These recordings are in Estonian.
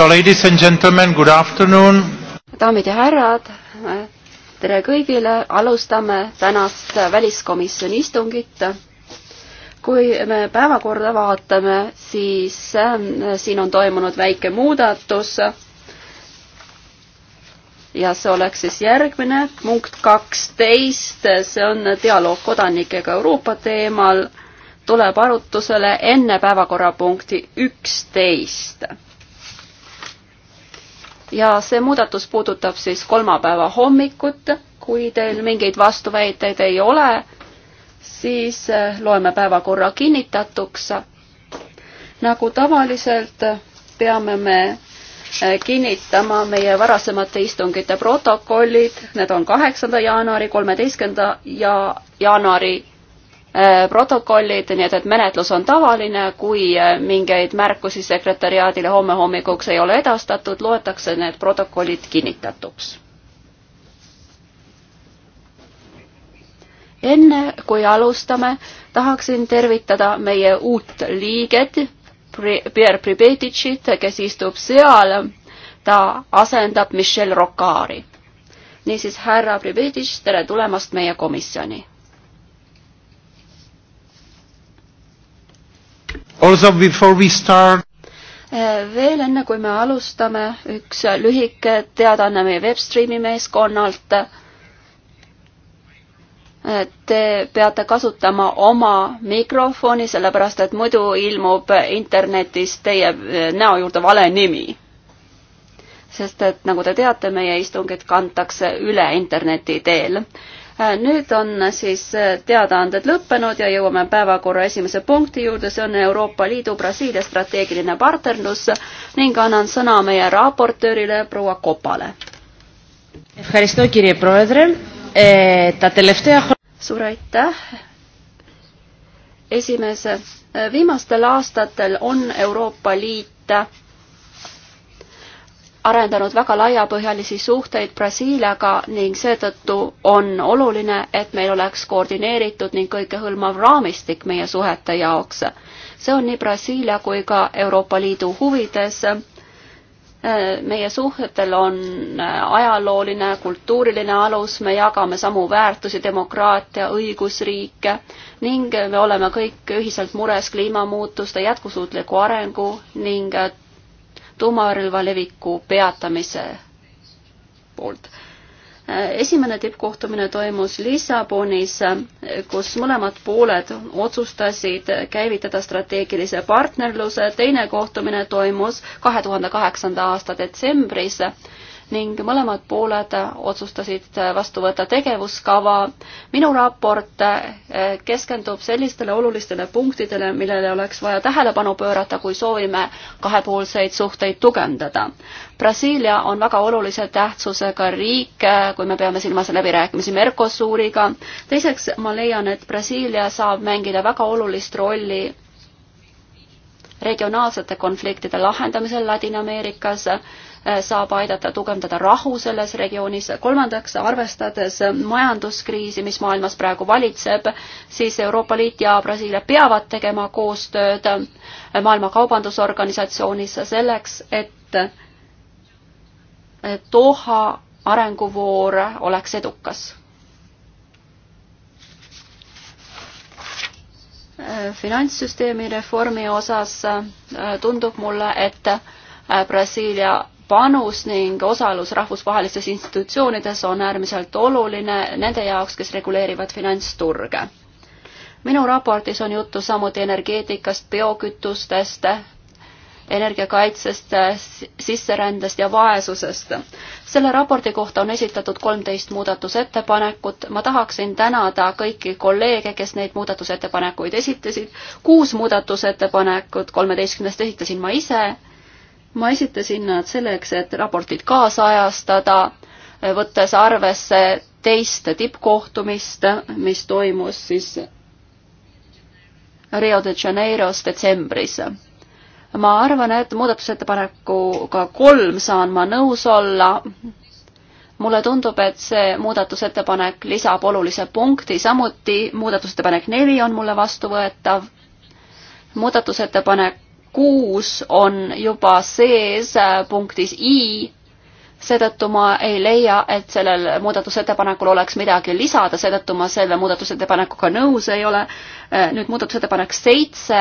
So ladies and gentlemen, good afternoon. daamid ja härrad, tere kõigile, alustame tänast väliskomisjoni istungit. kui me päevakorda vaatame, siis ähm, siin on toimunud väike muudatus. ja see oleks siis järgmine, punkt kaksteist, see on dialoog kodanikega Euroopa teemal, tuleb arutusele enne päevakorrapunkti üksteist ja see muudatus puudutab siis kolmapäeva hommikut. kui teil mingeid vastuväiteid ei ole, siis eh, loeme päevakorra kinnitatuks. nagu tavaliselt peame me eh, kinnitama meie varasemate istungite protokollid, need on kaheksanda jaanuari, kolmeteistkümnenda ja jaanuari Äh, protokollid, nii et, et menetlus on tavaline, kui äh, mingeid märkusi sekretäriaadile homme hommikuks ei ole edastatud, loetakse need protokollid kinnitatuks. enne kui alustame, tahaksin tervitada meie uut liiget, Pierre Pribetitšit, kes istub seal. ta asendab Michel Rocari. niisiis, härra Pribetitš, tere tulemast meie komisjoni Also before we start eh, veel enne, kui me alustame, üks lühike teadaanne meie webstreami meeskonnalt. Eh, te peate kasutama oma mikrofoni, sellepärast et muidu ilmub internetis teie eh, näo juurde vale nimi. sest et nagu te teate, meie istungid kantakse üle interneti teel Äh, nüüd on äh, siis äh, teadaanded lõppenud ja jõuame päevakorra esimese punkti juurde, see on Euroopa Liidu Brasiilia strateegiline partnerlus ning annan sõna meie raportöörile proua Kopale. suur aitäh, esimees, viimastel aastatel on Euroopa Liit arendanud väga laiapõhjalisi suhteid Brasiiliaga ning seetõttu on oluline, et meil oleks koordineeritud ning kõikehõlmav raamistik meie suhete jaoks. see on nii Brasiilia kui ka Euroopa Liidu huvides. meie suhetel on ajalooline, kultuuriline alus, me jagame samu väärtusi, demokraatia, õigusriike ning me oleme kõik ühiselt mures kliimamuutuste, jätkusuutliku arengu ning tuumarelva leviku peatamise poolt. esimene tippkohtumine toimus Lissabonis, kus mõlemad pooled otsustasid käivitada strateegilise partnerluse, teine kohtumine toimus kahe tuhande kaheksanda aasta detsembris ning mõlemad pooled otsustasid vastu võtta tegevuskava. minu raport eh, keskendub sellistele olulistele punktidele, millele oleks vaja tähelepanu pöörata, kui soovime kahepoolseid suhteid tugevdada. Brasiilia on väga olulise tähtsusega riik, eh, kui me peame silmas läbirääkimisi Mercosuriga. teiseks ma leian, et Brasiilia saab mängida väga olulist rolli regionaalsete konfliktide lahendamisel Ladina-Ameerikas Äh, saab aidata tugevdada rahu selles regioonis. kolmandaks, arvestades majanduskriisi, mis maailmas praegu valitseb, siis Euroopa Liit ja Brasiilia peavad tegema koostööd Maailma Kaubandusorganisatsioonis selleks, et Doha arenguvoor oleks edukas. finantssüsteemi reformi osas äh, tundub mulle, et äh, Brasiilia panus ning osalus rahvusvahelistes institutsioonides on äärmiselt oluline nende jaoks, kes reguleerivad finantsturge. minu raportis on juttu samuti energeetikast, biokütustest, energiakaitsest, sisserändest ja vaesusest. selle raporti kohta on esitatud kolmteist muudatusettepanekut. ma tahaksin tänada kõiki kolleege, kes neid muudatusettepanekuid esitasid. kuus muudatusettepanekut kolmeteistkümnest esitasin ma ise ma esitasin nad selleks, et raportit kaasajastada, võttes arvesse teist tippkohtumist, mis toimus siis Rio de Janeiros detsembris. ma arvan, et muudatusettepanekuga kolm saan ma nõus olla. mulle tundub, et see muudatusettepanek lisab olulise punkti, samuti muudatusettepanek neli on mulle vastuvõetav. muudatusettepanek kuus on juba sees äh, punktis I, seetõttu ma ei leia, et sellel muudatusettepanekul oleks midagi lisada, seetõttu ma selle muudatusettepanekuga nõus ei ole. Äh, nüüd muudatusettepanek seitse.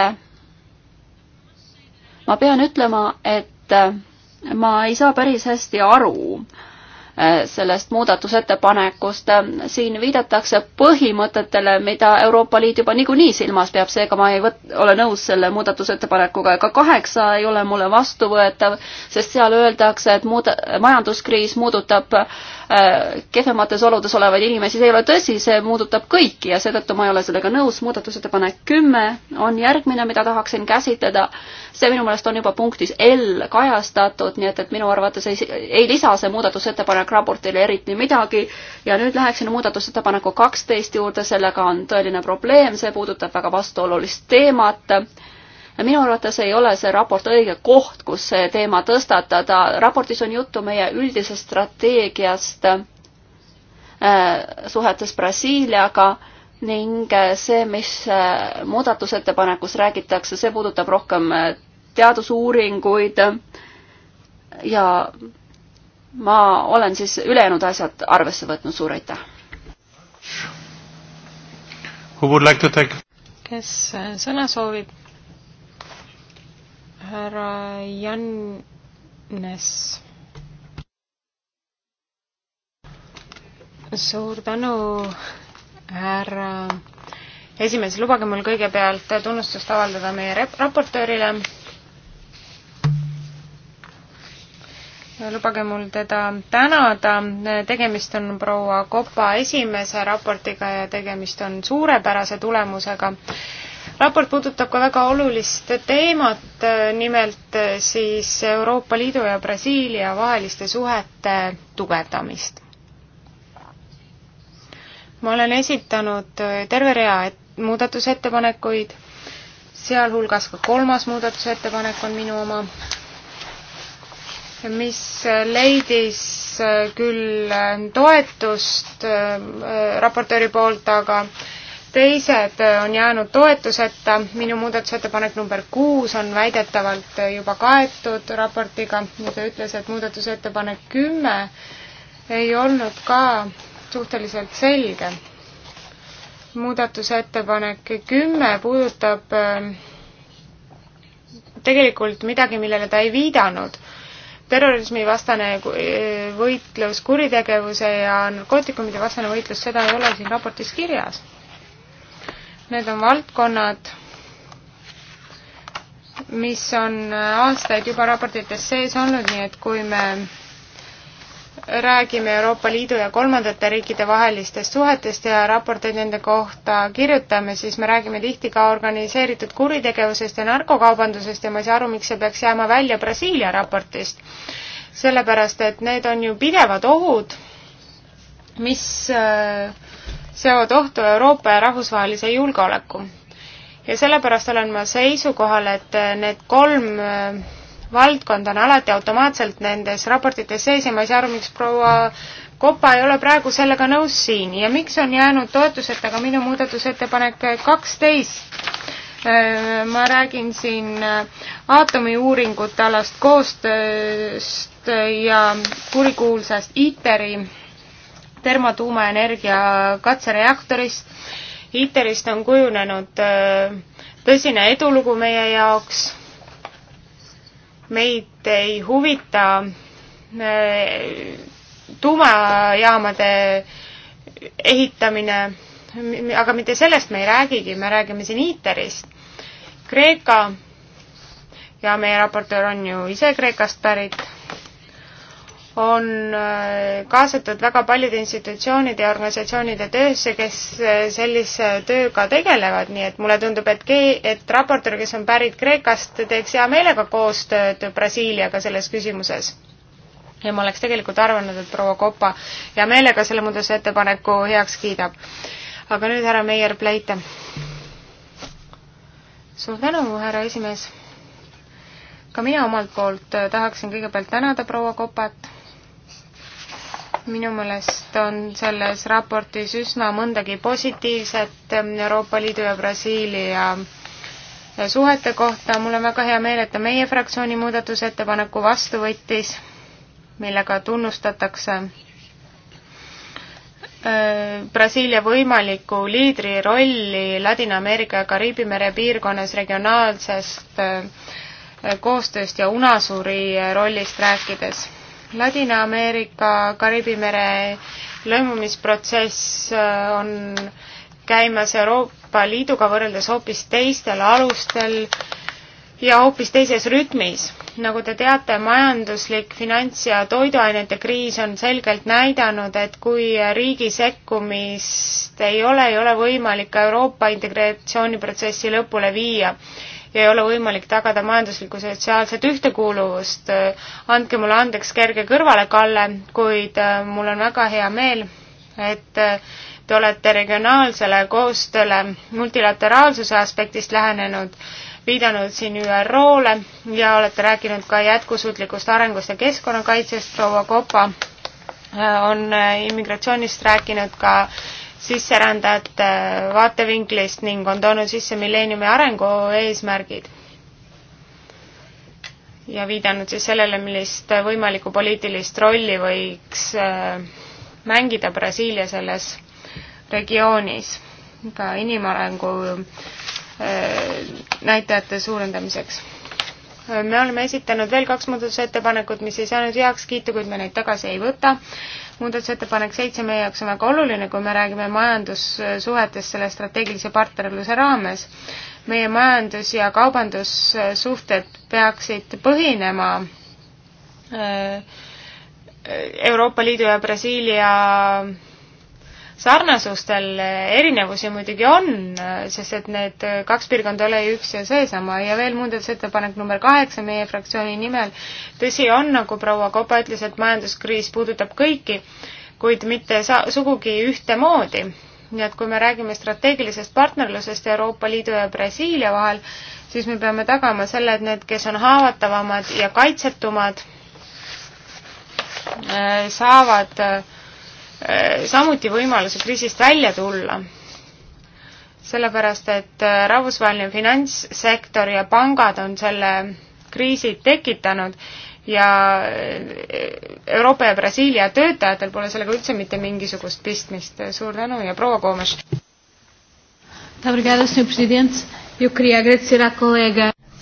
ma pean ütlema, et äh, ma ei saa päris hästi aru äh, Äh, sellest muudatusettepanekust. siin viidatakse põhimõtetele, mida Euroopa Liit juba niikuinii silmas peab, seega ma ei võt-, ole nõus selle muudatusettepanekuga, ega kaheksa ei ole mulle vastuvõetav, sest seal öeldakse, et muud-, majanduskriis muudutab äh, Äh, kehvemates oludes olevaid inimesi, see ei ole tõsi, see muudutab kõiki ja seetõttu ma ei ole sellega nõus. muudatusettepanek kümme on järgmine, mida tahaksin käsitleda. see minu meelest on juba punktis L kajastatud, nii et, et minu arvates ei, ei lisa see muudatusettepanek raportile eriti midagi. ja nüüd läheksin muudatusettepaneku kaksteist juurde, sellega on tõeline probleem, see puudutab väga vastuolulist teemat minu arvates ei ole see raport õige koht, kus see teema tõstatada. raportis on juttu meie üldisest strateegiast äh, suhetes Brasiiliaga ning äh, see, mis äh, muudatusettepanekus räägitakse, see puudutab rohkem teadusuuringuid ja ma olen siis ülejäänud asjad arvesse võtnud, suur aitäh! Like take... kes sõna soovib? härra Jannes. suur tänu, härra esimees, lubage mul kõigepealt tunnustust avaldada meie raportöörile. lubage mul teda tänada, tegemist on proua Kopa esimese raportiga ja tegemist on suurepärase tulemusega raport puudutab ka väga olulist teemat, nimelt siis Euroopa Liidu ja Brasiilia vaheliste suhete tugevdamist. ma olen esitanud terve rea muudatusettepanekuid, sealhulgas ka kolmas muudatusettepanek on minu oma, mis leidis küll toetust äh, raportööri poolt, aga äh, teised äh, on jäänud toetuseta, minu muudatusettepanek number kuus on väidetavalt äh, juba kaetud raportiga ja ta ütles, et muudatusettepanek kümme ei olnud ka suhteliselt selge. muudatusettepanek kümme puudutab äh, tegelikult midagi, millele ta ei viidanud. terrorismivastane võitlus, kuritegevuse ja narkootikumide vastane võitlus, seda ei ole siin raportis kirjas Need on valdkonnad, mis on aastaid juba raportites sees olnud, nii et kui me räägime Euroopa Liidu ja kolmandate riikide vahelistest suhetest ja raporteid nende kohta kirjutame, siis me räägime tihti ka organiseeritud kuritegevusest ja narkokaubandusest ja ma ei saa aru, miks see peaks jääma välja Brasiilia raportist. sellepärast, et need on ju pidevad ohud, mis äh, seavad ohtu Euroopa ja rahvusvahelise julgeoleku. ja sellepärast olen ma seisukohal, et need kolm äh, valdkonda on alati automaatselt nendes raportites sees ja ma ei saa aru, miks proua Kopa ei ole praegu sellega nõus siin ja miks on jäänud toetuseta ka minu muudatusettepanek kaksteist. Äh, ma räägin siin äh, aatomiuuringute alast koostööst ja kurikuulsast ITER-i termotuumaenergia katsereaktorist. ITER-ist on kujunenud äh, tõsine edulugu meie jaoks. meid ei huvita äh, tuumajaamade ehitamine, aga mitte sellest me ei räägigi, me räägime siin ITER-ist. Kreeka ja meie raportöör on ju ise Kreekast pärit on äh, kaasatud väga paljude institutsioonide ja organisatsioonide töösse, kes äh, sellise tööga tegelevad, nii et mulle tundub, et ke-, et raportöör, kes on pärit Kreekast, teeks hea meelega koostööd Brasiiliaga selles küsimuses. ja ma oleks tegelikult arvanud, et proua Kopa hea meelega selle muudatusettepaneku heaks kiidab. aga nüüd härra Meier Pleite. suur tänu, härra esimees! ka mina omalt poolt tahaksin kõigepealt tänada proua Kopat minu meelest on selles raportis üsna mõndagi positiivset Euroopa Liidu ja Brasiilia suhete kohta. mul on väga hea meel, et ta meie fraktsiooni muudatusettepaneku vastu võttis, millega tunnustatakse äh, Brasiilia võimaliku liidri rolli Ladina-Ameerika ja Kariibi mere piirkonnas regionaalsest äh, koostööst ja UNASURi rollist rääkides Ladina-Ameerika, Kariibi mere lõimumisprotsess äh, on käimas Euroopa Liiduga võrreldes hoopis teistel alustel ja hoopis teises rütmis. nagu te teate, majanduslik, finants- ja toiduainete kriis on selgelt näidanud, et kui riigi sekkumist ei ole, ei ole võimalik ka Euroopa integratsiooniprotsessi lõpule viia ja ei ole võimalik tagada majanduslikku sotsiaalset ühtekuuluvust. andke mulle andeks kerge kõrvalekalle, kuid äh, mul on väga hea meel, et äh, te olete regionaalsele koostööle multilateraalsuse aspektist lähenenud, viidanud siin ÜRO-le ja olete rääkinud ka jätkusuutlikust arengust ja keskkonnakaitsest, proua Kopa äh, on immigratsioonist rääkinud ka äh, sisserändajate äh, vaatevinklist ning on toonud sisse milleeniumi arengu eesmärgid ja viidanud siis sellele, millist võimalikku poliitilist rolli võiks äh, mängida Brasiilia selles regioonis ka inimarengu äh, näitajate suurendamiseks. me oleme esitanud veel kaks muudatusettepanekut, mis ei saanud heakskiitu, kuid me neid tagasi ei võta muudatusettepanek seitse meie jaoks on väga oluline, kui me räägime majandussuhetest selle strateegilise partnerluse raames. meie majandus- ja kaubandussuhted peaksid põhinema äh, Euroopa Liidu ja Brasiilia sarnasustel erinevusi muidugi on, sest et need kaks piirkonda ei ole ju üks ja seesama ja veel muudatusettepanek number kaheksa meie fraktsiooni nimel. tõsi on, nagu proua Kopa ütles, et majanduskriis puudutab kõiki, kuid mitte sa-, sugugi ühtemoodi. nii et kui me räägime strateegilisest partnerlusest Euroopa Liidu ja Brasiilia vahel, siis me peame tagama selle, et need, kes on haavatavamad ja kaitsetumad, saavad äh, Äh, samuti võimaluse kriisist välja tulla. sellepärast, et äh, rahvusvaheline finantssektor ja pangad on selle kriisi tekitanud ja äh, Euroopa ja Brasiilia töötajatel pole sellega üldse mitte mingisugust pistmist. suur tänu ja proua Koomas!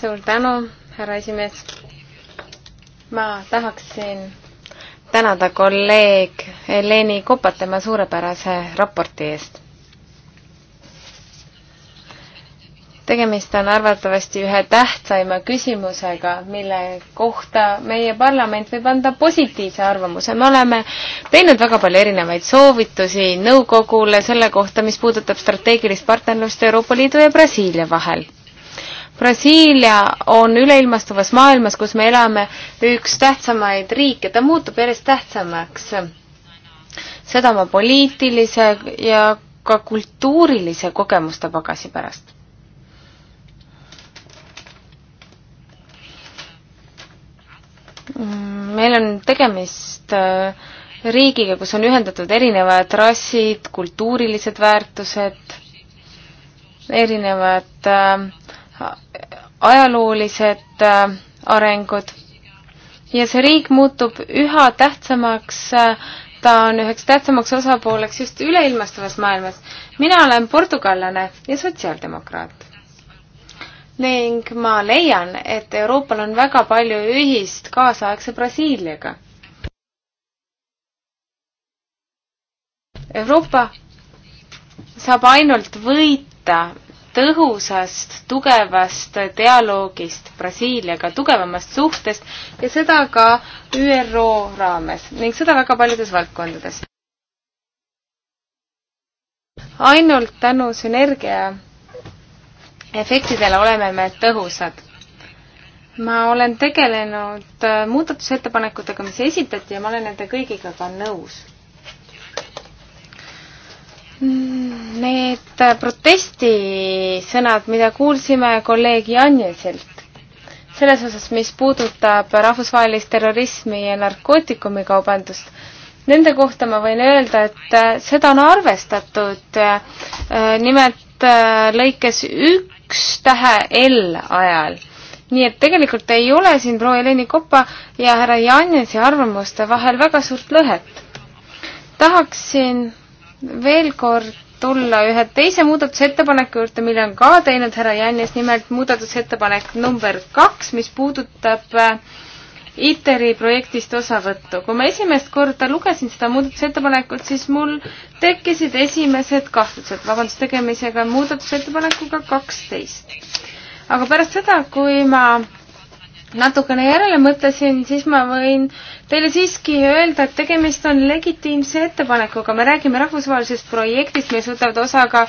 suur tänu, härra esimees! ma tahaksin tänada kolleeg Eleni Kopat tema suurepärase raporti eest. tegemist on arvatavasti ühe tähtsaima küsimusega, mille kohta meie parlament võib anda positiivse arvamuse. me oleme teinud väga palju erinevaid soovitusi nõukogule selle kohta, mis puudutab strateegilist partnerlust Euroopa Liidu ja Brasiilia vahel Brasiilia on üleilmastuvas maailmas, kus me elame, üks tähtsamaid riike, ta muutub järjest tähtsamaks. seda oma poliitilise ja ka kultuurilise kogemuste pagasi pärast. meil on tegemist äh, riigiga, kus on ühendatud erinevad rassid, kultuurilised väärtused, erinevad äh, ajaloolised äh, arengud. ja see riik muutub üha tähtsamaks, äh, ta on üheks tähtsamaks osapooleks just üleilmastuvas maailmas. mina olen portugallane ja sotsiaaldemokraat. ning ma leian, et Euroopal on väga palju ühist kaasaegse Brasiiliaga. Euroopa saab ainult võita tõhusast, tugevast dialoogist Brasiiliaga, tugevamast suhtest ja seda ka ÜRO raames ning seda väga paljudes valdkondades. ainult tänu sünergia efektidele oleme me tõhusad. ma olen tegelenud muudatusettepanekutega, mis esitati ja ma olen nende kõigiga ka nõus Mm, need protestisõnad, mida kuulsime kolleeg Janjesilt, selles osas, mis puudutab rahvusvahelist terrorismi ja narkootikumikaubandust, nende kohta ma võin öelda, et äh, seda on arvestatud. Äh, äh, nimelt lõikes üks tähe L ajal. nii et tegelikult ei ole siin proua Heleni Kopa ja härra Janjesi arvamuste vahel väga suurt lõhet. tahaksin veel kord tulla ühe teise muudatusettepaneku juurde, mille on ka teinud härra Jannis, nimelt muudatusettepanek number kaks, mis puudutab äh, ITER-i projektist osavõttu. kui ma esimest korda lugesin seda muudatusettepanekut, siis mul tekkisid esimesed kahtlused, vabandust, tegemisega muudatusettepanekuga kaksteist. aga pärast seda, kui ma natukene järele mõtlesin, siis ma võin teile siiski öelda, et tegemist on legitiimse ettepanekuga. me räägime rahvusvahelisest projektist, milles võtavad osa ka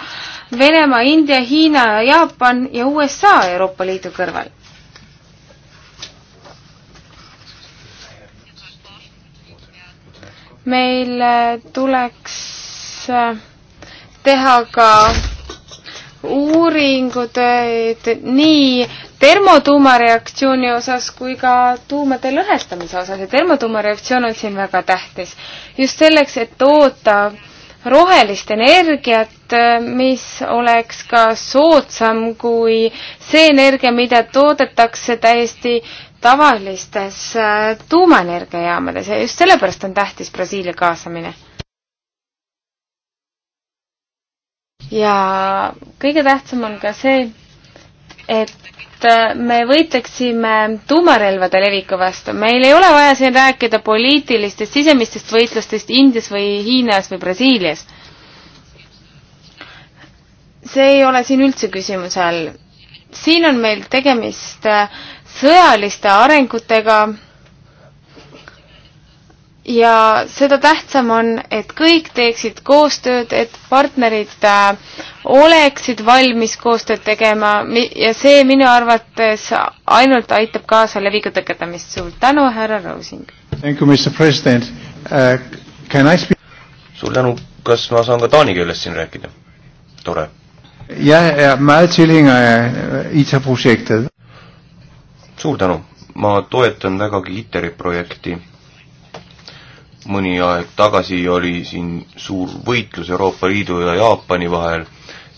Venemaa, India, Hiina, Jaapan ja USA Euroopa Liidu kõrval. meil äh, tuleks äh, teha ka uuringutööd nii termotuumareaktsiooni osas kui ka tuumade lõhestamise osas ja termotuumareaktsioon on siin väga tähtis. just selleks, et toota rohelist energiat, mis oleks ka soodsam kui see energia, mida toodetakse täiesti tavalistes äh, tuumaenergiajaamades ja just sellepärast on tähtis Brasiilia kaasamine. ja kõige tähtsam on ka see, et Äh, me võitleksime tuumarelvade leviku vastu. meil ei ole vaja siin rääkida poliitilistest sisemistest võitlustest Indias või Hiinas või Brasiilias. see ei ole siin üldse küsimuse all. siin on meil tegemist äh, sõjaliste arengutega ja seda tähtsam on, et kõik teeksid koostööd, et partnerid äh, oleksid valmis koostööd tegema ja see minu arvates ainult aitab kaasa leviku tõketamist. suur tänu, härra Rausing! Uh, suur tänu, kas ma saan ka taani keeles siin rääkida? tore! Äh, suur tänu, ma toetan vägagi ITER-i projekti mõni aeg tagasi oli siin suur võitlus Euroopa Liidu ja Jaapani vahel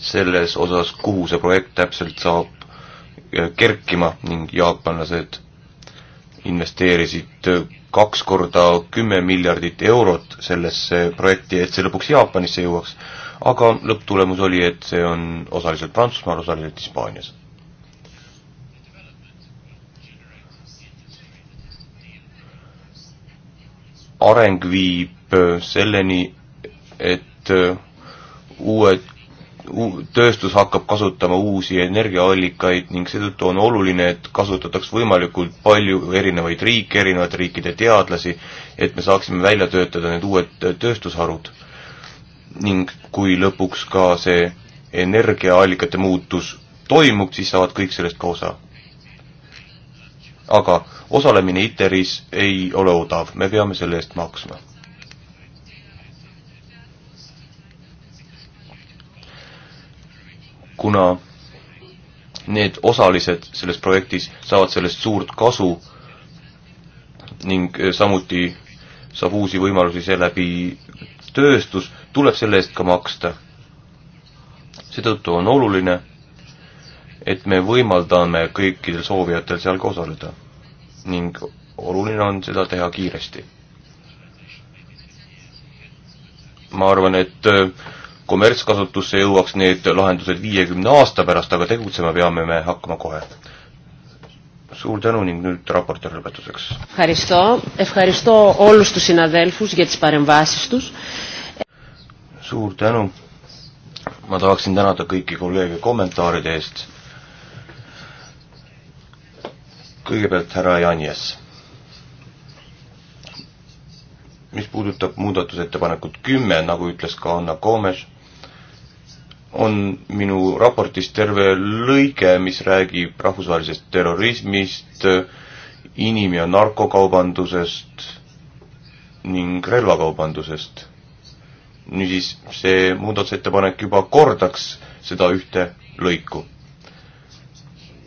selles osas, kuhu see projekt täpselt saab äh, kerkima ning jaapanlased investeerisid äh, kaks korda kümme miljardit eurot sellesse projekti, et see lõpuks Jaapanisse jõuaks. aga lõpptulemus oli, et see on osaliselt Prantsusmaal, osaliselt Hispaanias areng viib äh, selleni, et äh, uued tööstus hakkab kasutama uusi energiaallikaid ning seetõttu on oluline, et kasutataks võimalikult palju erinevaid riike, erinevate riikide teadlasi, et me saaksime välja töötada need uued äh, tööstusharud. ning kui lõpuks ka see energiaallikate muutus toimub, siis saavad kõik sellest ka osa aga osalemine ITER-is ei ole odav, me peame selle eest maksma. kuna need osalised selles projektis saavad sellest suurt kasu ning eh, samuti saab uusi võimalusi seeläbi tööstus, tuleb selle eest ka maksta. seetõttu on oluline, et me võimaldame kõikidel soovijatel seal ka osaleda ning oluline on seda teha kiiresti. ma arvan, et äh, kommertskasutusse jõuaks need lahendused viiekümne aasta pärast, aga tegutsema peame me hakkama kohe. suur tänu ning nüüd raportööri lõpetuseks. suur tänu. ma tahaksin tänada kõiki kolleege kommentaaride eest kõigepealt härra Janjes. mis puudutab muudatusettepanekut kümme, nagu ütles ka Anna Koomes, on minu raportis terve lõige, mis räägib rahvusvahelisest terrorismist, inim- ja narkokaubandusest ning relvakaubandusest. niisiis, see muudatusettepanek juba kordaks seda ühte lõiku.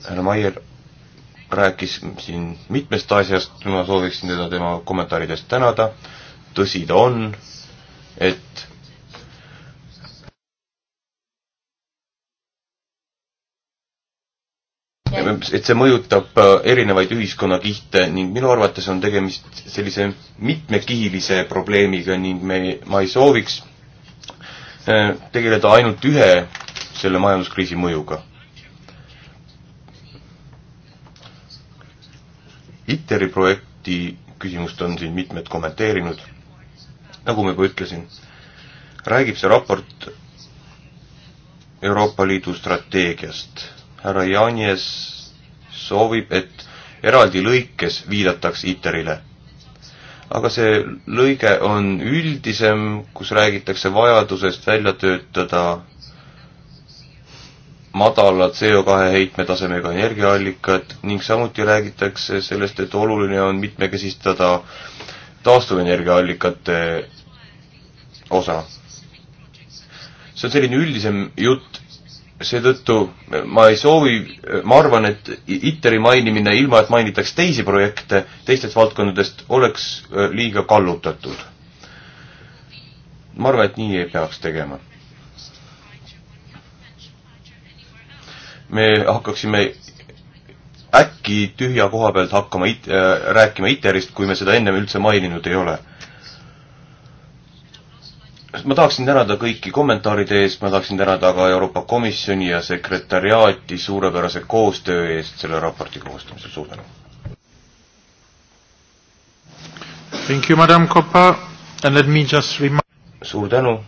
härra Maier rääkis siin mitmest asjast, ma sooviksin teda tema kommentaaridest tänada, tõsi ta on, et et see mõjutab äh, erinevaid ühiskonnakihte ning minu arvates on tegemist sellise mitmekihilise probleemiga ning me, ma ei sooviks äh, tegeleda ainult ühe selle majanduskriisi mõjuga ITER-i projekti küsimust on siin mitmed kommenteerinud. nagu ma juba ütlesin, räägib see raport Euroopa Liidu strateegiast. härra Janjes soovib, et eraldi lõikes viidataks ITER-ile. aga see lõige on üldisem, kus räägitakse vajadusest välja töötada madala CO2 heitmetasemega energiaallikad ning samuti räägitakse sellest, et oluline on mitmekesistada taastuvenergiaallikate osa. see on selline üldisem jutt, seetõttu ma ei soovi, ma arvan, et ITER-i mainimine, ilma et mainitaks teisi projekte teistest valdkondadest, oleks äh, liiga kallutatud. ma arvan, et nii ei peaks tegema me hakkaksime äkki tühja koha pealt hakkama it- äh,, rääkima ITER-ist, kui me seda ennem üldse maininud ei ole. ma tahaksin tänada kõiki kommentaaride eest, ma tahaksin tänada ka Euroopa Komisjoni ja sekretariaati suurepärase koostöö eest selle raporti koostamisel, suur tänu! Thank you, madam Koppa and let me just remind suur tänu!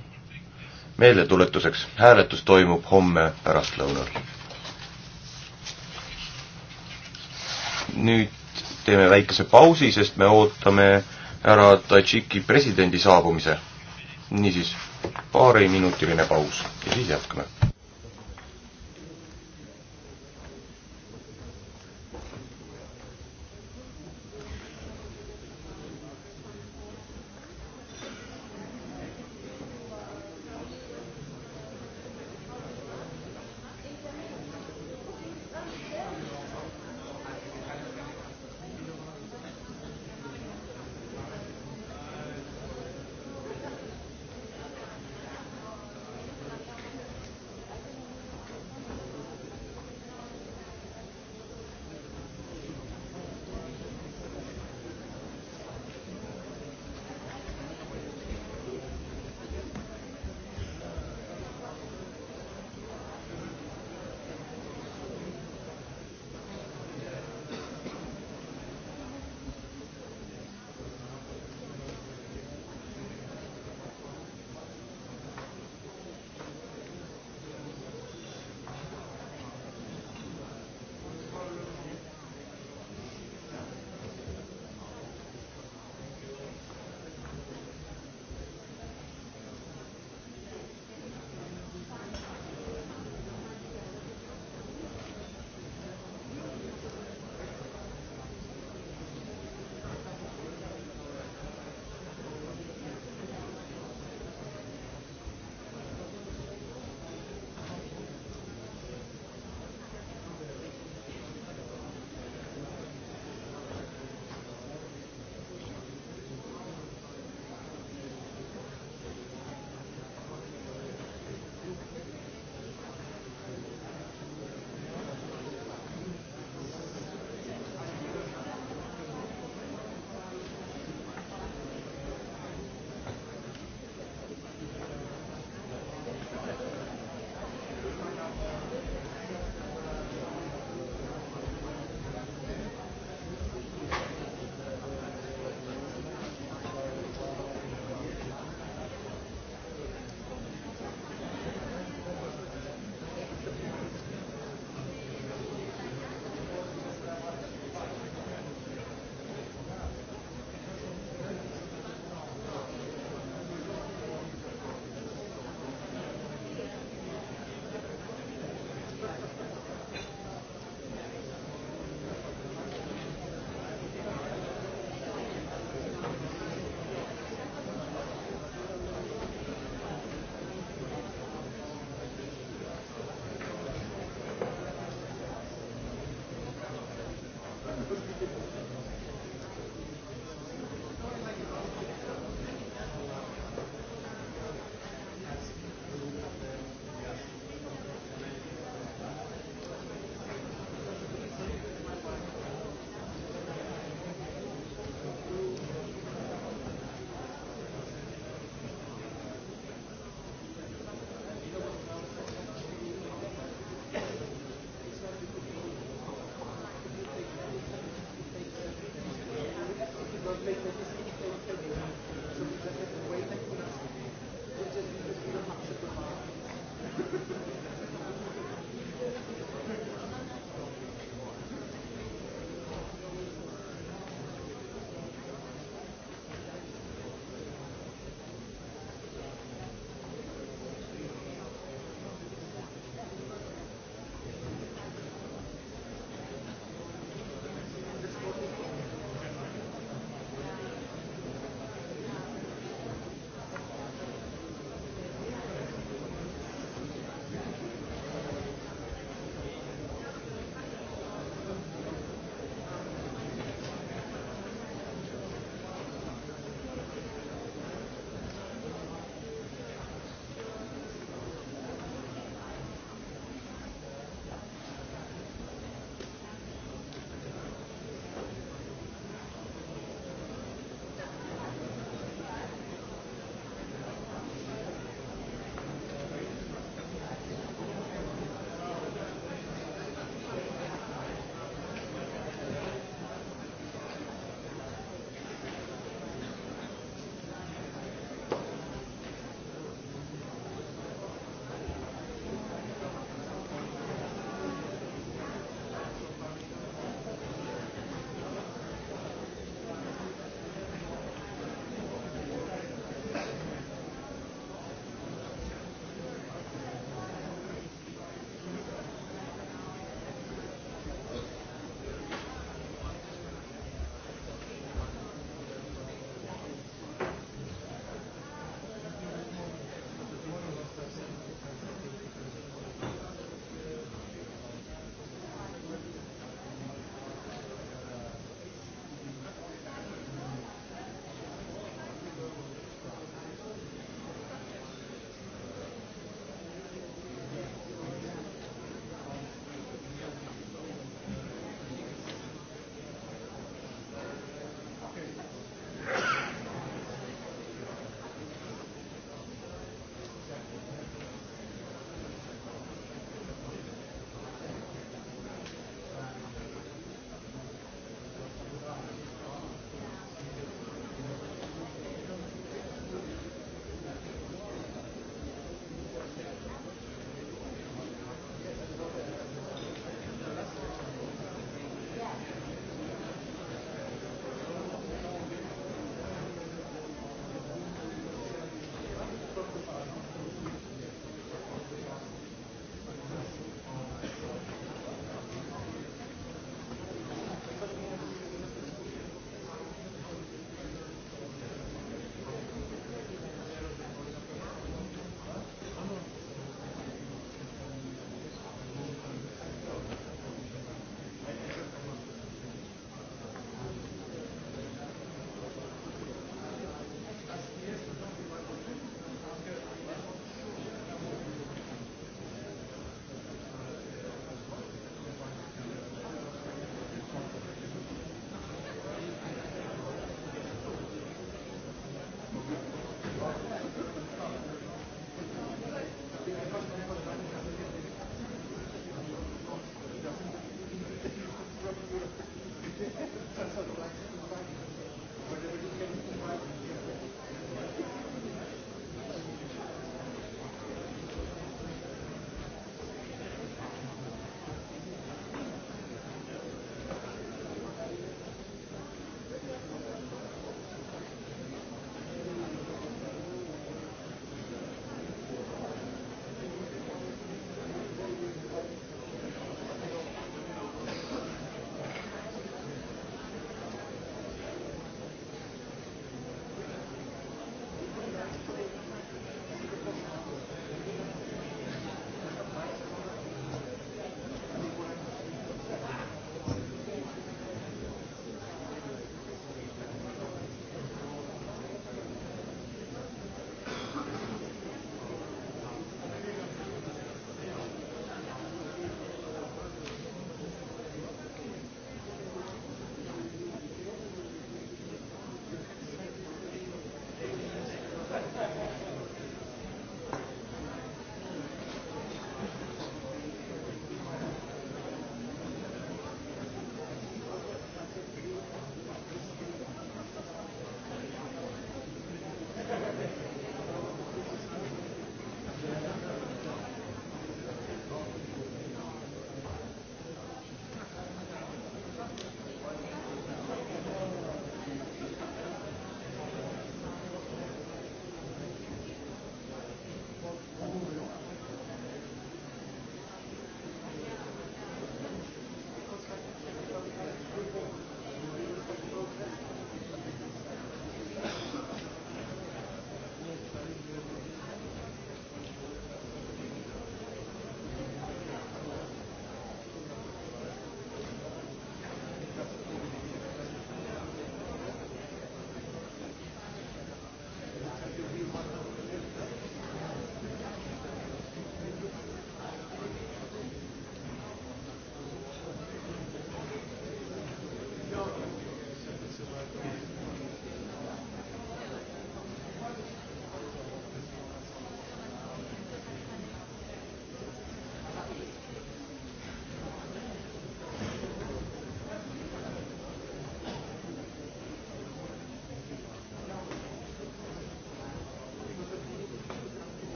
meeldetuletuseks, hääletus toimub homme pärastlõunal nüüd teeme väikese pausi, sest me ootame ära Tadžiki presidendi saabumise. niisiis, paariminutiline paus ja siis jätkame.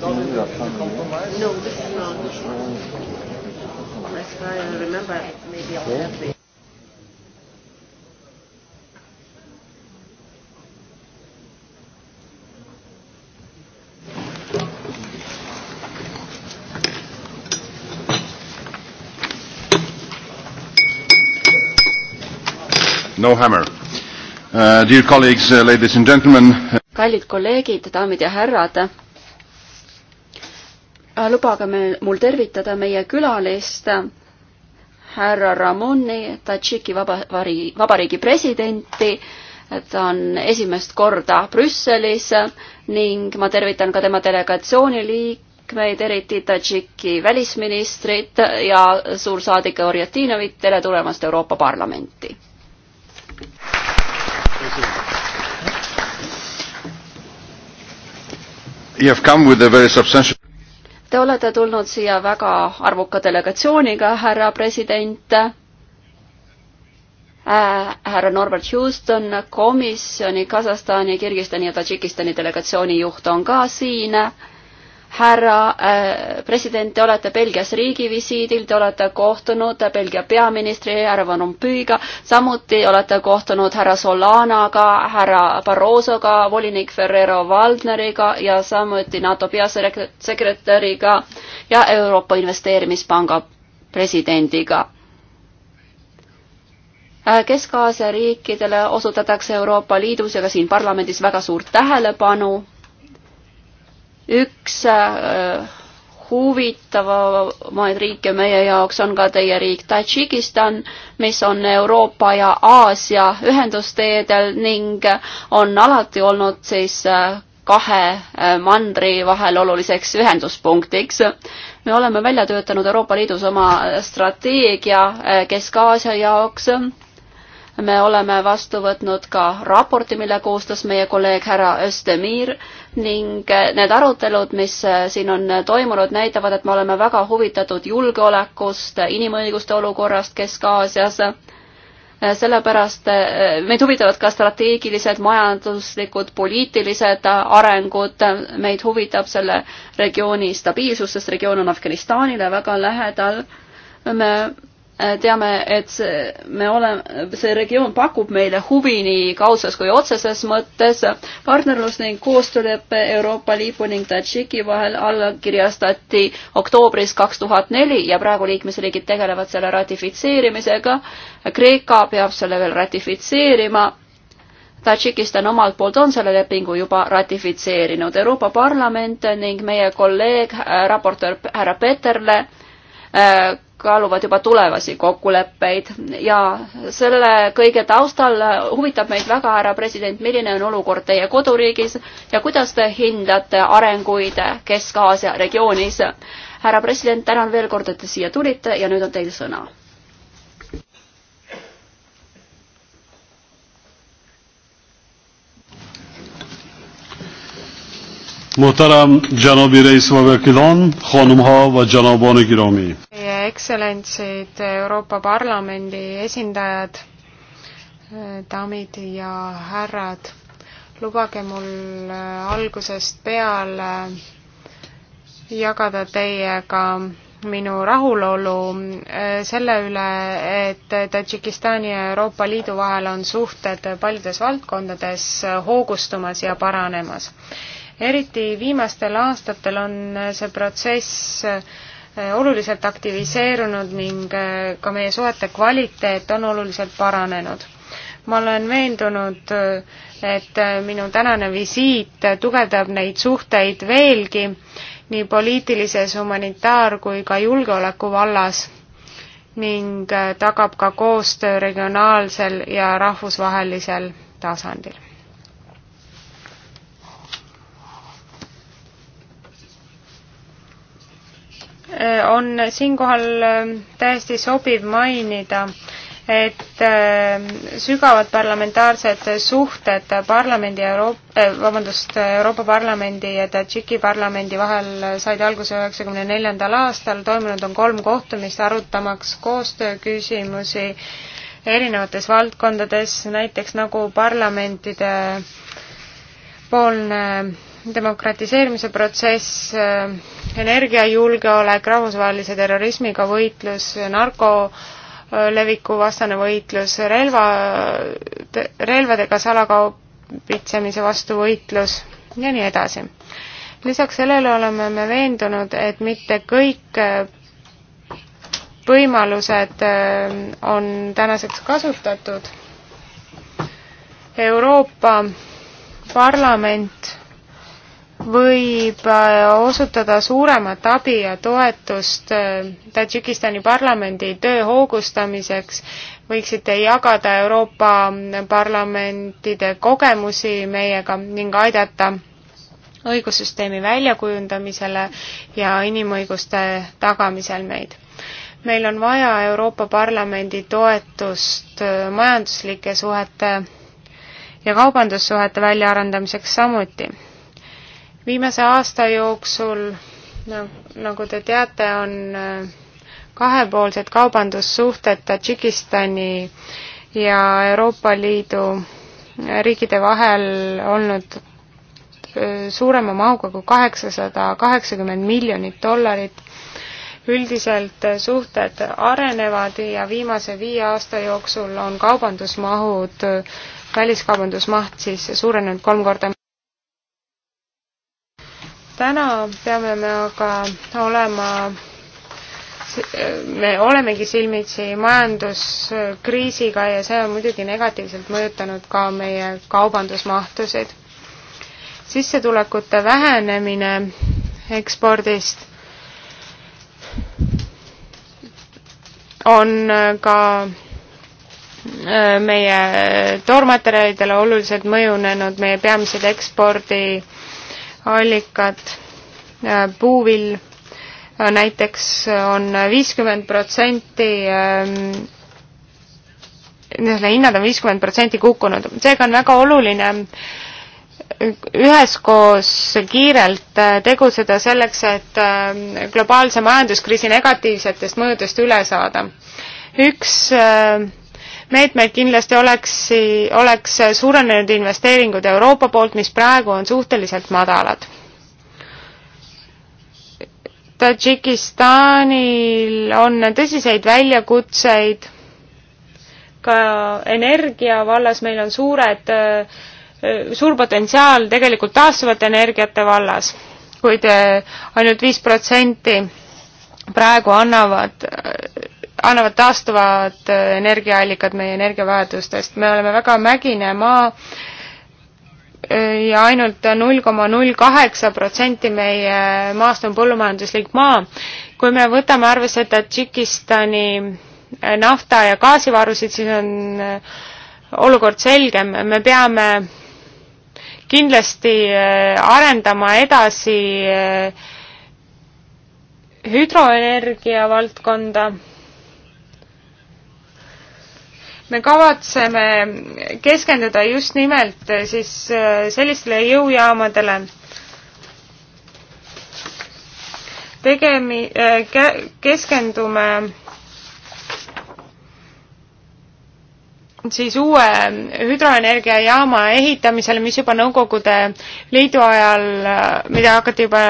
No, this is not. As far as I remember, maybe I'll have the. No hammer. Uh, dear colleagues, uh, ladies and gentlemen. Uh, kallid kolleegid, daamid ja härrad Äh, lubage me, mul tervitada meie külalist, härra Ramoni, Tadžiki vabariigi, vabariigi presidenti. ta on esimest korda Brüsselis ning ma tervitan ka tema delegatsiooni liikmeid, eriti Tadžiki välisministrit ja suursaadik Orjatinovit, tere tulemast Euroopa Parlamenti. You have come with a very substantial Te olete tulnud siia väga arvuka delegatsiooniga, härra president äh,. härra Norbert Houston, komisjoni Kasahstani, Kirgistani ja Tadžikistani delegatsiooni juht on ka siin äh, härra äh, president, te olete Belgias riigivisiidil, te olete kohtunud Belgia peaministri härra Van Rompuyga, samuti olete kohtunud härra Solanaga, härra Barrosoga, volinik Ferrero Waldneriga ja samuti NATO peasekretäriga ja Euroopa Investeerimispanga presidendiga äh, Kesk-Aasia riikidele osutatakse Euroopa Liidus ja ka siin parlamendis väga suurt tähelepanu üks äh, huvitavamaid riike meie jaoks on ka teie riik Tadžikistan, mis on Euroopa ja Aasia ühendusteedel ning on alati olnud siis äh, kahe äh, mandri vahel oluliseks ühenduspunktiks. me oleme välja töötanud Euroopa Liidus oma strateegia Kesk-Aasia jaoks. me oleme vastu võtnud ka raporti, mille koostas meie kolleeg härra Östemir ning äh, need arutelud, mis äh, siin on äh, toimunud, näitavad, et me oleme väga huvitatud julgeolekust, inimõiguste olukorrast Kesk-Aasias, sellepärast meid huvitavad ka strateegilised, majanduslikud, poliitilised arengud, meid huvitab selle regiooni stabiilsus, sest regioon on Afganistanile väga lähedal. me Äh, teame, et see, me oleme, see regioon pakub meile huvi nii kaudses kui otseses mõttes. partnerlus ning koostöölepe Euroopa Liidu ning Tadžiki vahel allakirjastati oktoobris kaks tuhat neli ja praegu liikmesriigid tegelevad selle ratifitseerimisega. Kreeka peab selle veel ratifitseerima Tadžikistan omalt poolt on selle lepingu juba ratifitseerinud. Euroopa Parlament ning meie kolleeg, äh, raportöör härra Peterle äh, kaaluvad juba tulevasi kokkuleppeid ja selle kõige taustal huvitab meid väga, härra president, milline on olukord teie koduriigis ja kuidas te hindate arenguid Kesk-Aasia regioonis. härra president, tänan veel kord, et te siia tulite ja nüüd on teil sõna محترم جناب رئیس و وکیلان خانم ها و جنابان گرامی اکسلنسید Euroopa Parlamendi esindajad daamid ja härrad lubage mul äh, algusest peale jagada teiega minu rahulolu äh, selle üle, et Tadžikistani ja Euroopa Liidu vahel on suhted paljudes valdkondades hoogustumas ja paranemas eriti viimastel aastatel on see protsess äh, oluliselt aktiviseerunud ning äh, ka meie suhete kvaliteet on oluliselt paranenud. ma olen veendunud, äh, et minu tänane visiit tugevdab neid suhteid veelgi nii poliitilises, humanitaar- kui ka julgeoleku vallas ning tagab ka koostöö regionaalsel ja rahvusvahelisel tasandil Äh, on siinkohal äh, täiesti sobiv mainida, et äh, sügavad parlamentaarsed suhted parlamendi Euroop-, vabandust, Euroopa Parlamendi ja Tadžiki parlamendi vahel said alguse üheksakümne neljandal aastal, toimunud on kolm kohtumist, arutamaks koostööküsimusi erinevates valdkondades, näiteks nagu parlamentide poolne demokratiseerimise protsess, energiajulgeolek, rahvusvahelise terrorismiga võitlus, narko leviku vastane võitlus, relva, relvadega salakaubitsemise vastu võitlus ja nii edasi. lisaks sellele oleme me veendunud, et mitte kõik võimalused äh, on tänaseks kasutatud. Euroopa Parlament võib äh, osutada suuremat abi ja toetust äh, Tadžikistani parlamendi töö hoogustamiseks, võiksite jagada Euroopa parlamentide kogemusi meiega ning aidata õigussüsteemi väljakujundamisele ja inimõiguste tagamisel meid. meil on vaja Euroopa Parlamendi toetust äh, majanduslike suhete ja kaubandussuhete väljaarendamiseks samuti viimase aasta jooksul, nagu te teate, on äh, kahepoolsed kaubandussuhted Tadžikistani ja Euroopa Liidu riikide vahel olnud äh, suurema mahuga kui kaheksasada kaheksakümmend miljonit dollarit. üldiselt äh, suhted arenevad ja viimase viie aasta jooksul on kaubandusmahud, väliskaubandusmaht siis suurenenud kolm korda täna peame me aga olema me olemegi silmitsi majanduskriisiga ja see on muidugi negatiivselt mõjutanud ka meie kaubandusmahtusid. sissetulekute vähenemine ekspordist on äh, ka äh, meie toormaterjalidele oluliselt mõjunenud, meie peamised ekspordi allikad, äh, puuvill äh, näiteks äh, on viiskümmend protsenti ähm, selle hinnad on viiskümmend protsenti kukkunud, seega on väga oluline üheskoos kiirelt tegutseda selleks, et globaalse majanduskriisi negatiivsetest mõjudest üle saada. üks meetmeid kindlasti oleks, oleks suurenenud investeeringud Euroopa poolt, mis praegu on suhteliselt madalad. Tadžikistanil on tõsiseid väljakutseid ka energia vallas, meil on suured, äh, suur potentsiaal tegelikult taastuvate energiate vallas, kuid äh, ainult viis protsenti praegu annavad äh, annavad taastuvad äh, energiaallikad meie energiavajadustest. me oleme väga mägine maa äh, ja ainult null koma null kaheksa protsenti meie maast on põllumajanduslik maa. kui me võtame arvesse Tadžikistani äh, nafta- ja gaasivarusid, siis on olukord selgem, me peame kindlasti arendama edasi hüdroenergia valdkonda me kavatseme keskenduda just nimelt eh, siis eh, sellistele jõujaamadele, tegemi-, eh, keskendume siis uue hüdroenergiajaama ehitamisele, mis juba Nõukogude Liidu ajal, mida hakati juba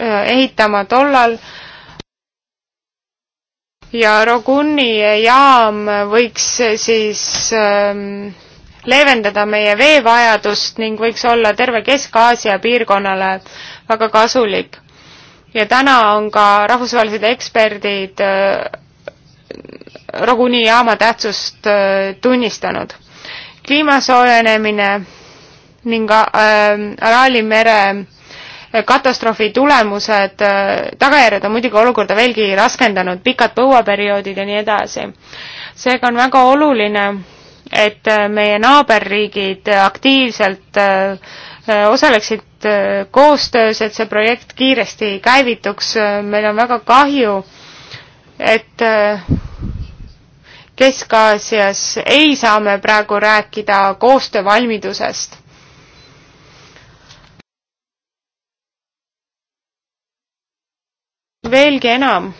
ehitama tollal, ja Roguni jaam võiks siis ähm, leevendada meie veevajadust ning võiks olla terve Kesk-Aasia piirkonnale väga kasulik. ja täna on ka rahvusvahelised eksperdid äh, Roguni jaama tähtsust äh, tunnistanud. kliima soojenemine ning äh, Araali mere katastroofi tulemused, äh, tagajärjed on muidugi olukorda veelgi raskendanud, pikad põuaperioodid ja nii edasi. seega on väga oluline, et äh, meie naaberriigid aktiivselt äh, osaleksid koostöös, et see projekt kiiresti käivituks, meil on väga kahju, et Kesk-Aasias ei saa me praegu rääkida koostöövalmidusest veelgi enam,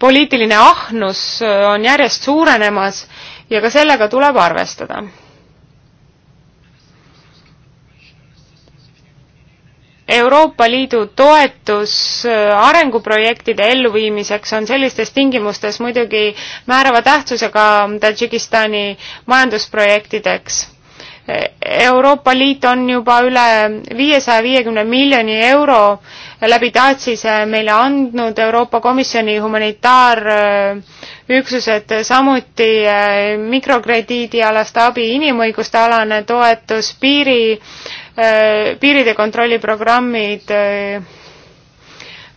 poliitiline ahnus on järjest suurenemas ja ka sellega tuleb arvestada. Euroopa Liidu toetus arenguprojektide elluviimiseks on sellistes tingimustes muidugi määrava tähtsusega Tadžikistani majandusprojektideks Euroopa Liit on juba üle viiesaja viiekümne miljoni euro läbi Taatsise meile andnud, Euroopa Komisjoni humanitaarüksused samuti eh, mikrokrediidialast abi, inimõiguste alane toetus, piiri, eh, piiride kontrolliprogrammid, eh,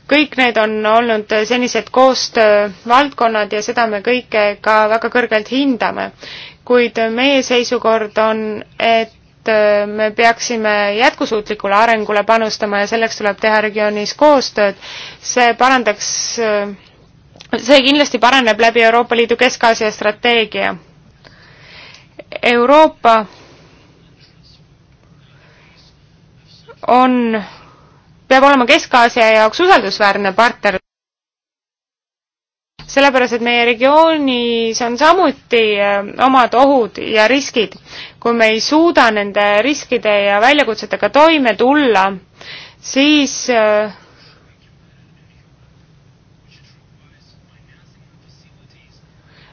kõik need on olnud senised koostöövaldkonnad ja seda me kõike ka väga kõrgelt hindame kuid meie seisukord on, et äh, me peaksime jätkusuutlikule arengule panustama ja selleks tuleb teha regioonis koostööd. see parandaks, äh, see kindlasti paraneb läbi Euroopa Liidu Kesk-Aasia strateegia. Euroopa on, peab olema Kesk-Aasia jaoks usaldusväärne partner sellepärast et meie regioonis on samuti äh, omad ohud ja riskid. kui me ei suuda nende riskide ja väljakutsetega toime tulla, siis äh,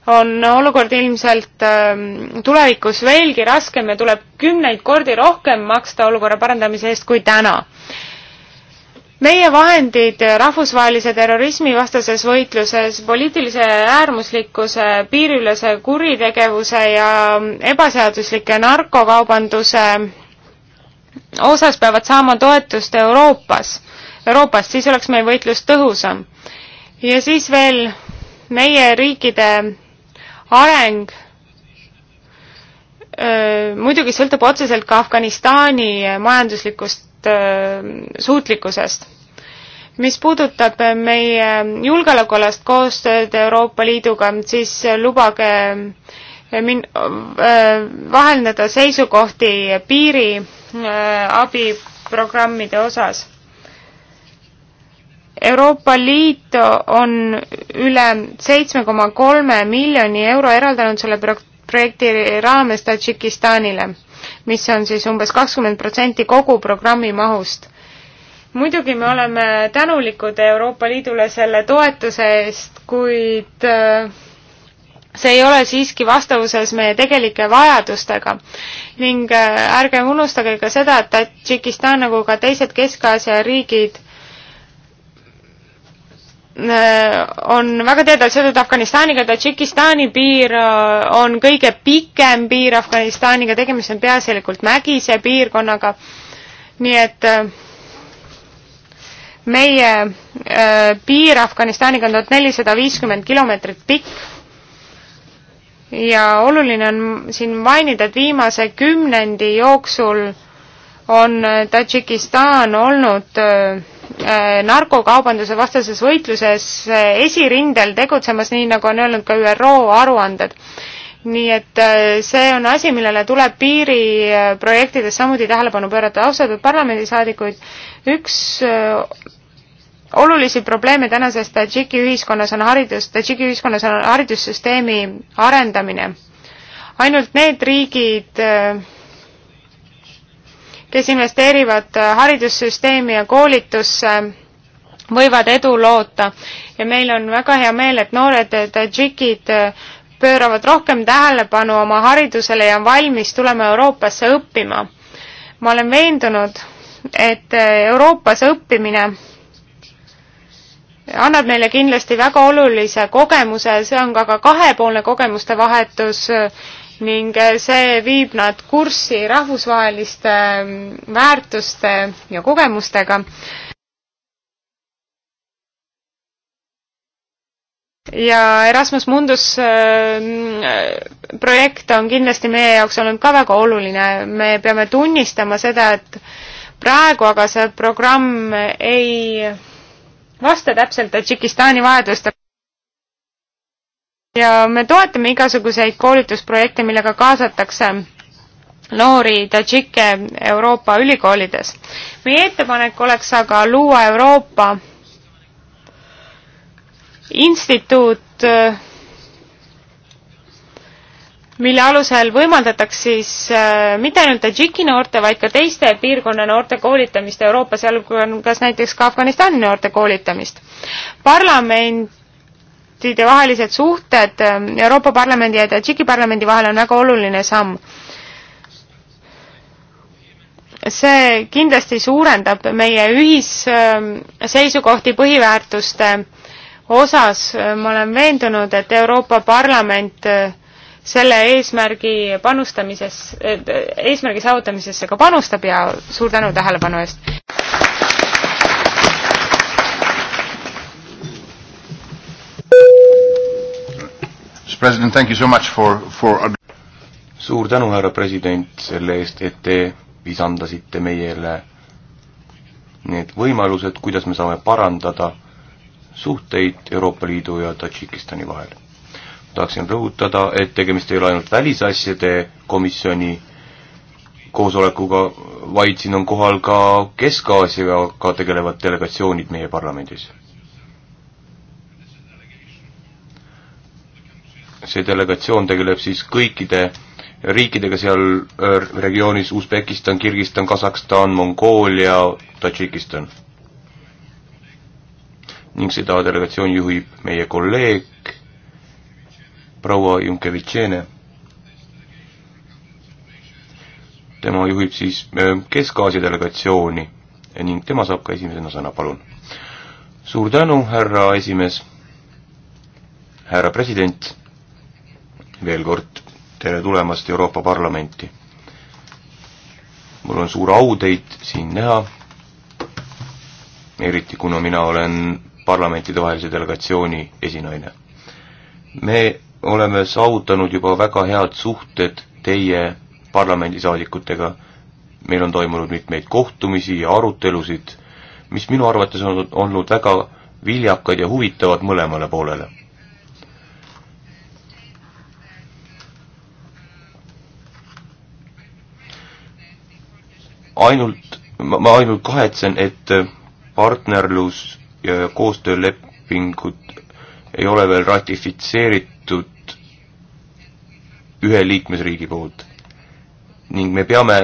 on olukord ilmselt ähm, tulevikus veelgi raskem ja tuleb kümneid kordi rohkem maksta olukorra parandamise eest kui täna meie vahendid rahvusvahelise terrorismivastases võitluses, poliitilise äärmuslikkuse, piiriülese kuritegevuse ja ebaseaduslike narkokaubanduse osas peavad saama toetust Euroopas, Euroopast, siis oleks meie võitlus tõhusam. ja siis veel meie riikide areng muidugi sõltub otseselt ka Afganistani majanduslikust suurest äh, suutlikkusest. mis puudutab äh, meie julgeolekualast koostööd Euroopa Liiduga, siis lubage äh, min-, vahendada seisukohti piiriabiprogrammide osas Euroopa Liit on üle seitsme koma kolme miljoni euro eraldanud selle projekti raames Tadžikistanile mis on siis umbes kakskümmend protsenti kogu programmi mahust. muidugi me oleme tänulikud Euroopa Liidule selle toetuse eest, kuid äh, see ei ole siiski vastavuses meie tegelike vajadustega ning äh, ärge unustage ka seda, et Tadžikistan nagu ka teised Kesk-Aasia riigid Äh, on väga teadvalt seotud Afganistaniga, Tadžikistani piir äh, on kõige pikem piir Afganistaniga, tegemist on peaasjalikult mägise piirkonnaga, nii et äh, meie piir Afganistaniga on tuhat nelisada viiskümmend kilomeetrit pikk ja oluline on siin mainida, et viimase kümnendi jooksul on Tadžikistan olnud öö, Äh, narkokaubanduse vastases võitluses äh, esirindel tegutsemas, nii nagu on öelnud ka ÜRO aruanded. nii et äh, see on asi, millele tuleb piiriprojektides samuti tähelepanu pöörata. austatud parlamendisaadikuid, üks olulisi probleeme tänases Tadžiki ühiskonnas on haridus, Tadžiki ühiskonnas on haridussüsteemi arendamine. ainult need riigid äh, kes investeerivad äh, haridussüsteemi ja koolitusse, võivad edu loota. ja meil on väga hea meel, et noored tadžikid äh, pööravad rohkem tähelepanu oma haridusele ja on valmis tulema Euroopasse õppima. ma olen veendunud, et äh, Euroopas õppimine annab neile kindlasti väga olulise kogemuse, see on ka, ka kahepoolne kogemuste vahetus ning see viib nad kurssi rahvusvaheliste ähm, väärtuste ja kogemustega. ja Erasmus Mundus ähm, projekt on kindlasti meie jaoks olnud ka väga oluline, me peame tunnistama seda, et praegu aga see programm ei vasta täpselt Tadžikistani vajadustele ja me toetame igasuguseid koolitusprojekte, millega kaasatakse noori tadžikke Euroopa ülikoolides. meie ettepanek oleks aga luua Euroopa instituut, mille alusel võimaldataks siis äh, mitte ainult Tadžiki noorte, vaid ka teiste piirkonna noorte koolitamist Euroopas, seal kas näiteks ka Afganistani noorte koolitamist. parlament parlamentide vahelised suhted ähm, Euroopa Parlamendi ja Tadžiki parlamendi vahel on väga oluline samm. see kindlasti suurendab meie ühisseisukohti ähm, põhiväärtuste osas, ma olen veendunud, et Euroopa Parlament äh, selle eesmärgi panustamises, äh, eesmärgi saavutamisesse ka panustab ja suur tänu tähelepanu eest! President, thank you so much for, for suur tänu, härra president, selle eest, et te visandasite meile need võimalused, kuidas me saame parandada suhteid Euroopa Liidu ja Tadžikistani vahel. tahaksin rõhutada, et tegemist ei ole ainult välisasjade komisjoni koosolekuga, vaid siin on kohal ka Kesk-Aasiaga tegelevad delegatsioonid meie parlamendis see delegatsioon tegeleb siis kõikide riikidega seal äh, regioonis, Usbekistan, Kirgistan, Kasahstan, Mongoolia, Tadžikistan. ning seda delegatsiooni juhib meie kolleeg proua Junkevitšene. tema juhib siis äh, Kesk-Aasia delegatsiooni ning tema saab ka esimesena sõna, palun. suur tänu, härra esimees, härra president veel kord tere tulemast Euroopa Parlamenti. mul on suur au teid siin näha, eriti kuna mina olen parlamentidevahelise delegatsiooni esinaine. me oleme saavutanud juba väga head suhted teie parlamendisaadikutega, meil on toimunud mitmeid kohtumisi ja arutelusid, mis minu arvates on olnud väga viljakad ja huvitavad mõlemale poolele ainult, ma ainult kahetsen, et äh, partnerlus ja koostöölepingut ei ole veel ratifitseeritud ühe liikmesriigi poolt. ning me peame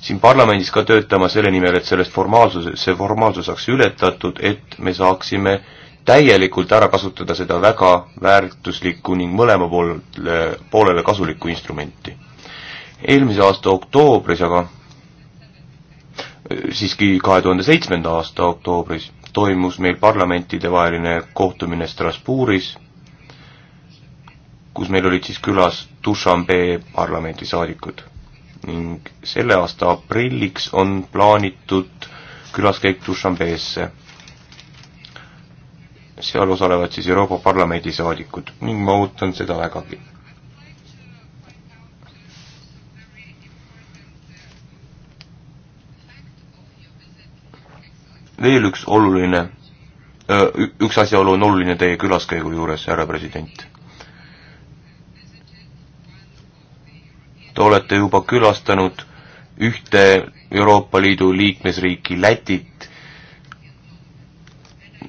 siin parlamendis ka töötama selle nimel, et sellest formaalsus, see formaalsus saaks ületatud, et me saaksime täielikult ära kasutada seda väga väärtuslikku ning mõlema poolele, poolele kasulikku instrumenti. eelmise aasta oktoobris aga siiski kahe tuhande seitsmenda aasta oktoobris toimus meil parlamentidevaheline kohtumine Strasbourgis, kus meil olid siis külas Dušanbe parlamendisaadikud. ning selle aasta aprilliks on plaanitud külaskäik Dušanbeesse. seal osalevad siis Euroopa Parlamendi saadikud ning ma ootan seda vägagi veel üks oluline, üks asjaolu on oluline teie külaskäigu juures, härra president. Te olete juba külastanud ühte Euroopa Liidu liikmesriiki, Lätit.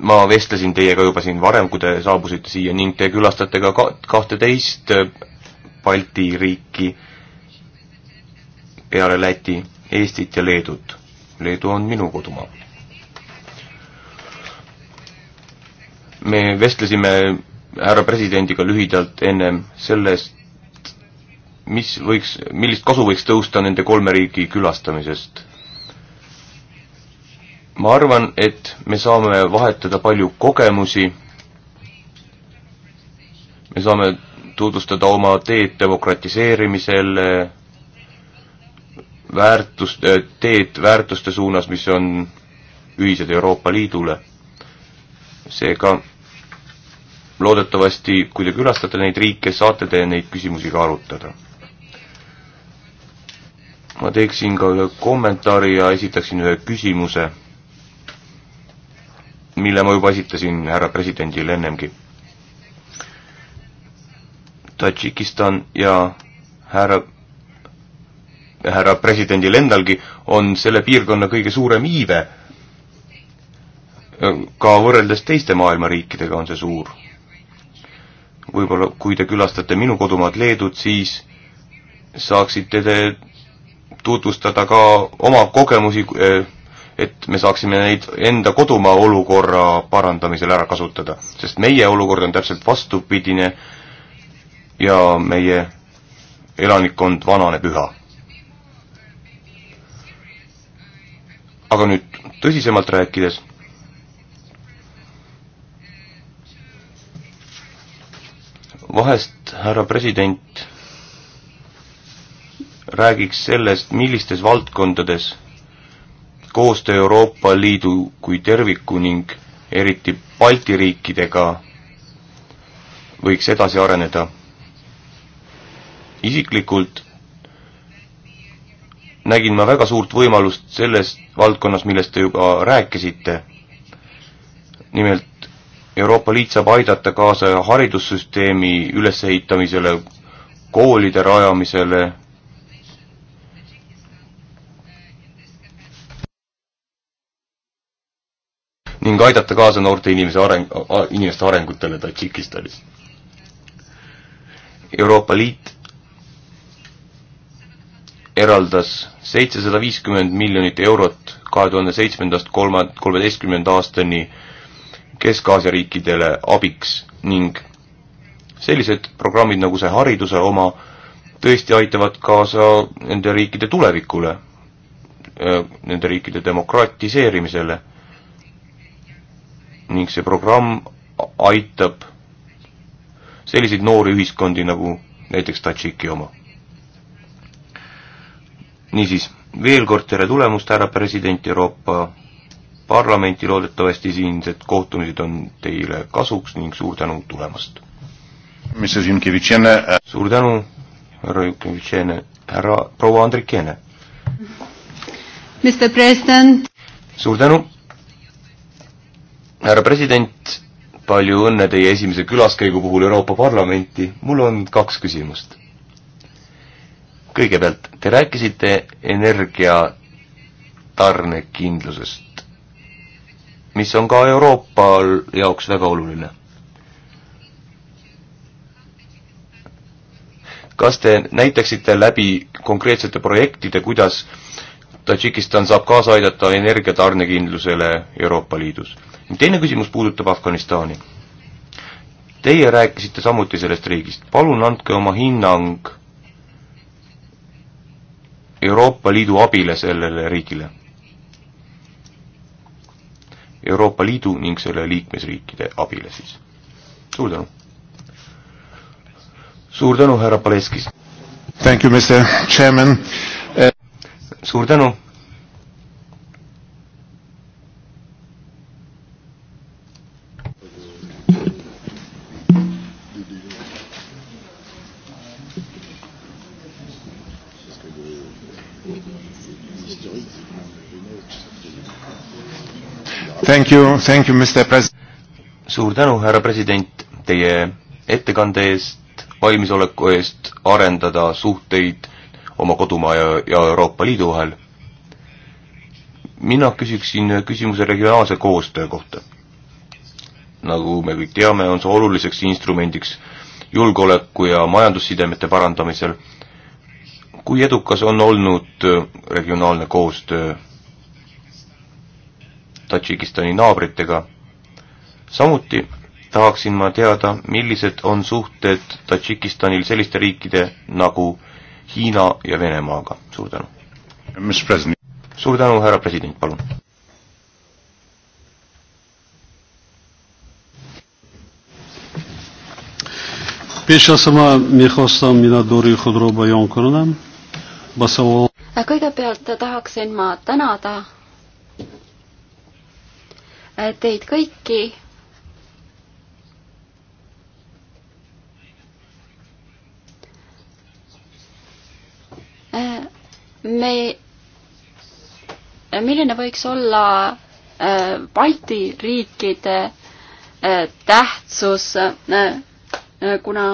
ma vestlesin teiega juba siin varem, kui te saabusite siia ning te külastate ka kahteteist Balti riiki peale Läti, Eestit ja Leedut. Leedu on minu kodumaa me vestlesime härra presidendiga lühidalt ennem sellest, mis võiks, millist kasu võiks tõusta nende kolme riigi külastamisest. ma arvan, et me saame vahetada palju kogemusi, me saame tutvustada oma teed demokratiseerimisel, väärtust, teed väärtuste suunas, mis on ühised Euroopa Liidule. seega loodetavasti, kui te külastate neid riike, saate te neid küsimusi ka arutada. ma teeksin ka ühe kommentaari ja esitaksin ühe küsimuse, mille ma juba esitasin härra presidendile ennemgi. Tadžikistan ja härra, härra presidendil endalgi on selle piirkonna kõige suurem iive. ka võrreldes teiste maailma riikidega on see suur võib-olla kui te külastate minu kodumaad Leedut, siis saaksite te tutvustada ka oma kogemusi, et me saaksime neid enda kodumaa olukorra parandamisel ära kasutada, sest meie olukord on täpselt vastupidine ja meie elanikkond vananeb üha. aga nüüd tõsisemalt rääkides vahest, härra president, räägiks sellest, millistes valdkondades koostöö Euroopa Liidu kui terviku ning eriti Balti riikidega võiks edasi areneda. isiklikult nägin ma väga suurt võimalust selles valdkonnas, millest te juba rääkisite, nimelt Euroopa Liit saab aidata kaasa haridussüsteemi ülesehitamisele, koolide rajamisele, ning aidata kaasa noorte inimese areng, inimeste arengutele Tadžikistanis. Euroopa Liit eraldas seitsesada viiskümmend miljonit eurot kahe tuhande seitsmendast kolma, kolmeteistkümnenda aastani Kesk-Aasia riikidele abiks ning sellised programmid nagu see hariduse oma tõesti aitavad kaasa nende riikide tulevikule, äh, nende riikide demokratiseerimisele ning see programm aitab selliseid noori ühiskondi nagu näiteks Tadžiki oma. niisiis, veel kord tere tulemast, härra president Euroopa parlamenti, loodetavasti siinsed kohtumised on teile kasuks ning suur tänu tulemast! Äh, suur tänu, härra Jukevitšene, härra proua Andrikene! suur tänu! härra president, palju õnne teie esimese külaskäigu puhul Euroopa Parlamenti, mul on kaks küsimust. kõigepealt, te rääkisite energia tarnekindlusest mis on ka Euroopa jaoks väga oluline. kas te näitaksite läbi konkreetsete projektide, kuidas Tadžikistan saab kaasa aidata energiatarnekindlusele Euroopa Liidus? teine küsimus puudutab Afganistani. Teie rääkisite samuti sellest riigist, palun andke oma hinnang Euroopa Liidu abile sellele riigile Euroopa Liidu ning selle liikmesriikide abile siis. suur tänu! suur tänu, härra Paleskis! Thank you, Mr Chairman uh...! suur tänu! Thank you, thank you, Mr Pres-. suur tänu, härra president, teie ettekande eest, valmisoleku eest arendada suhteid oma kodumaa ja, ja Euroopa Liidu vahel. mina küsiksin küsimuse regionaalse koostöö kohta. nagu me kõik teame, on see oluliseks instrumendiks julgeoleku ja majandussidemete parandamisel. kui edukas on olnud regionaalne koostöö Tadžikistani naabritega. samuti tahaksin ma teada, millised on suhted Tadžikistanil selliste riikide nagu Hiina ja Venemaaga, suur tänu. suur tänu, härra president, palun. пешаса ма мехостам мина дори худро баён кунам ба савол Kõigepealt tahaksin ma tänada Äh, teid kõiki. Äh, me, äh, milline võiks olla Balti riikide tähtsus, kuna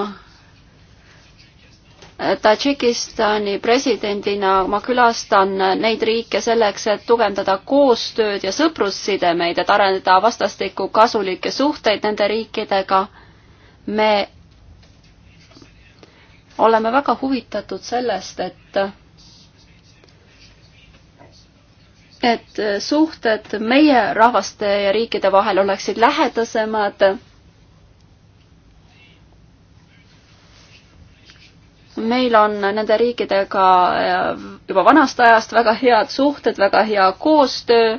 Tadžikistani presidendina ma külastan neid riike selleks, et tugevdada koostööd ja sõprussidemeid, et arendada vastastikku kasulikke suhteid nende riikidega. me oleme väga huvitatud sellest, et et suhted meie rahvaste ja riikide vahel oleksid lähedasemad meil on nende riikidega äh, juba vanast ajast väga head suhted, väga hea koostöö,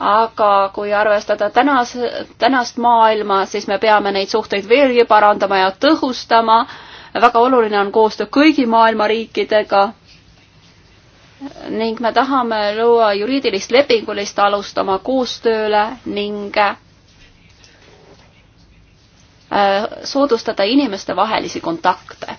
aga kui arvestada tänas, tänast maailma, siis me peame neid suhteid veelgi parandama ja tõhustama. väga oluline on koostöö kõigi maailma riikidega ning me tahame luua juriidilist lepingulist alust oma koostööle ning äh, soodustada inimestevahelisi kontakte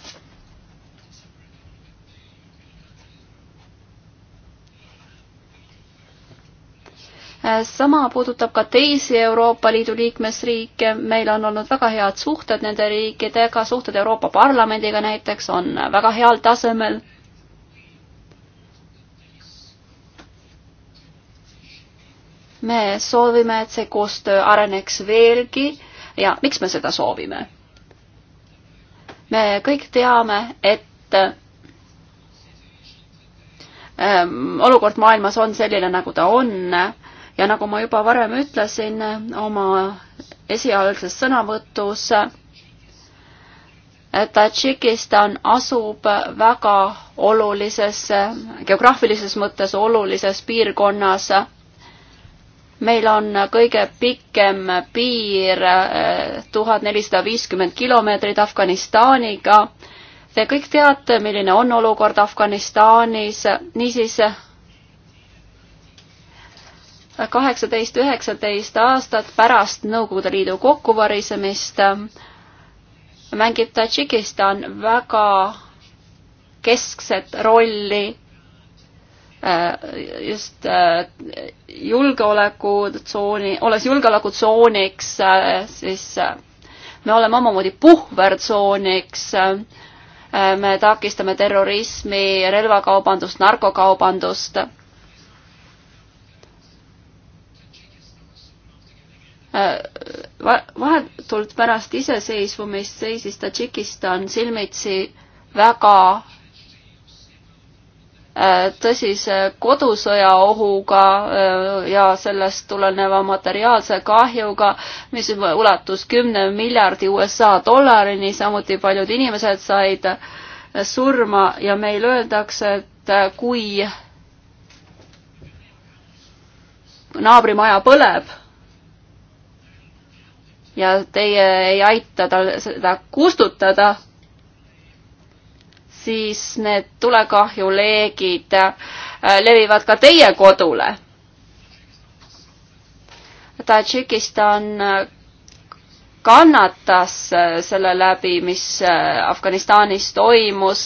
Äh, sama puudutab ka teisi Euroopa Liidu liikmesriike, meil on olnud väga head suhted nende riikidega, suhted Euroopa Parlamendiga näiteks on väga heal tasemel. me soovime, et see koostöö areneks veelgi ja miks me seda soovime? me kõik teame, et ähm, olukord maailmas on selline, nagu ta on ja nagu ma juba varem ütlesin eh, oma esialgses sõnavõtus, eh, Tadžikistan asub väga olulises, eh, geograafilises mõttes olulises piirkonnas. meil on kõige pikem piir, tuhat nelisada viiskümmend kilomeetrit Afganistaniga. Te kõik teate, milline on olukord Afganistanis, niisiis kaheksateist, üheksateist aastat pärast Nõukogude Liidu kokkuvarisemist ähm, mängib Tadžikistan väga keskset rolli äh, just äh, julgeolekutsooni, olles julgeolekutsooniks, äh, siis me oleme omamoodi puhvertsooniks, me takistame terrorismi, relvakaubandust, narkokaubandust Äh, vahetult pärast iseseisvumist seisis Tadžikistan silmitsi väga äh, tõsise kodusõja ohuga äh, ja sellest tuleneva materiaalse kahjuga, mis ulatus kümne miljardi USA dollarini, samuti paljud inimesed said surma ja meil öeldakse, et kui naabrimaja põleb, ja teie ei aita tal seda kustutada, siis need tulekahjuleegid äh, levivad ka teie kodule. Tadžikistan äh, kannatas äh, selle läbi, mis Afganistanis toimus,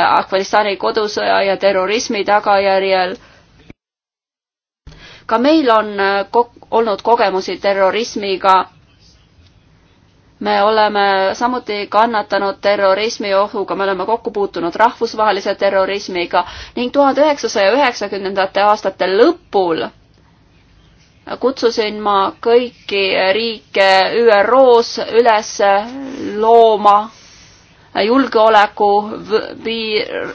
Afganistani kodusõja ja terrorismi tagajärjel. ka meil on kok-, olnud kogemusi terrorismiga me oleme samuti kannatanud terrorismiohuga, me oleme kokku puutunud rahvusvahelise terrorismiga ning tuhande üheksasaja üheksakümnendate aastate lõpul kutsusin ma kõiki riike ÜRO-s üles looma julgeoleku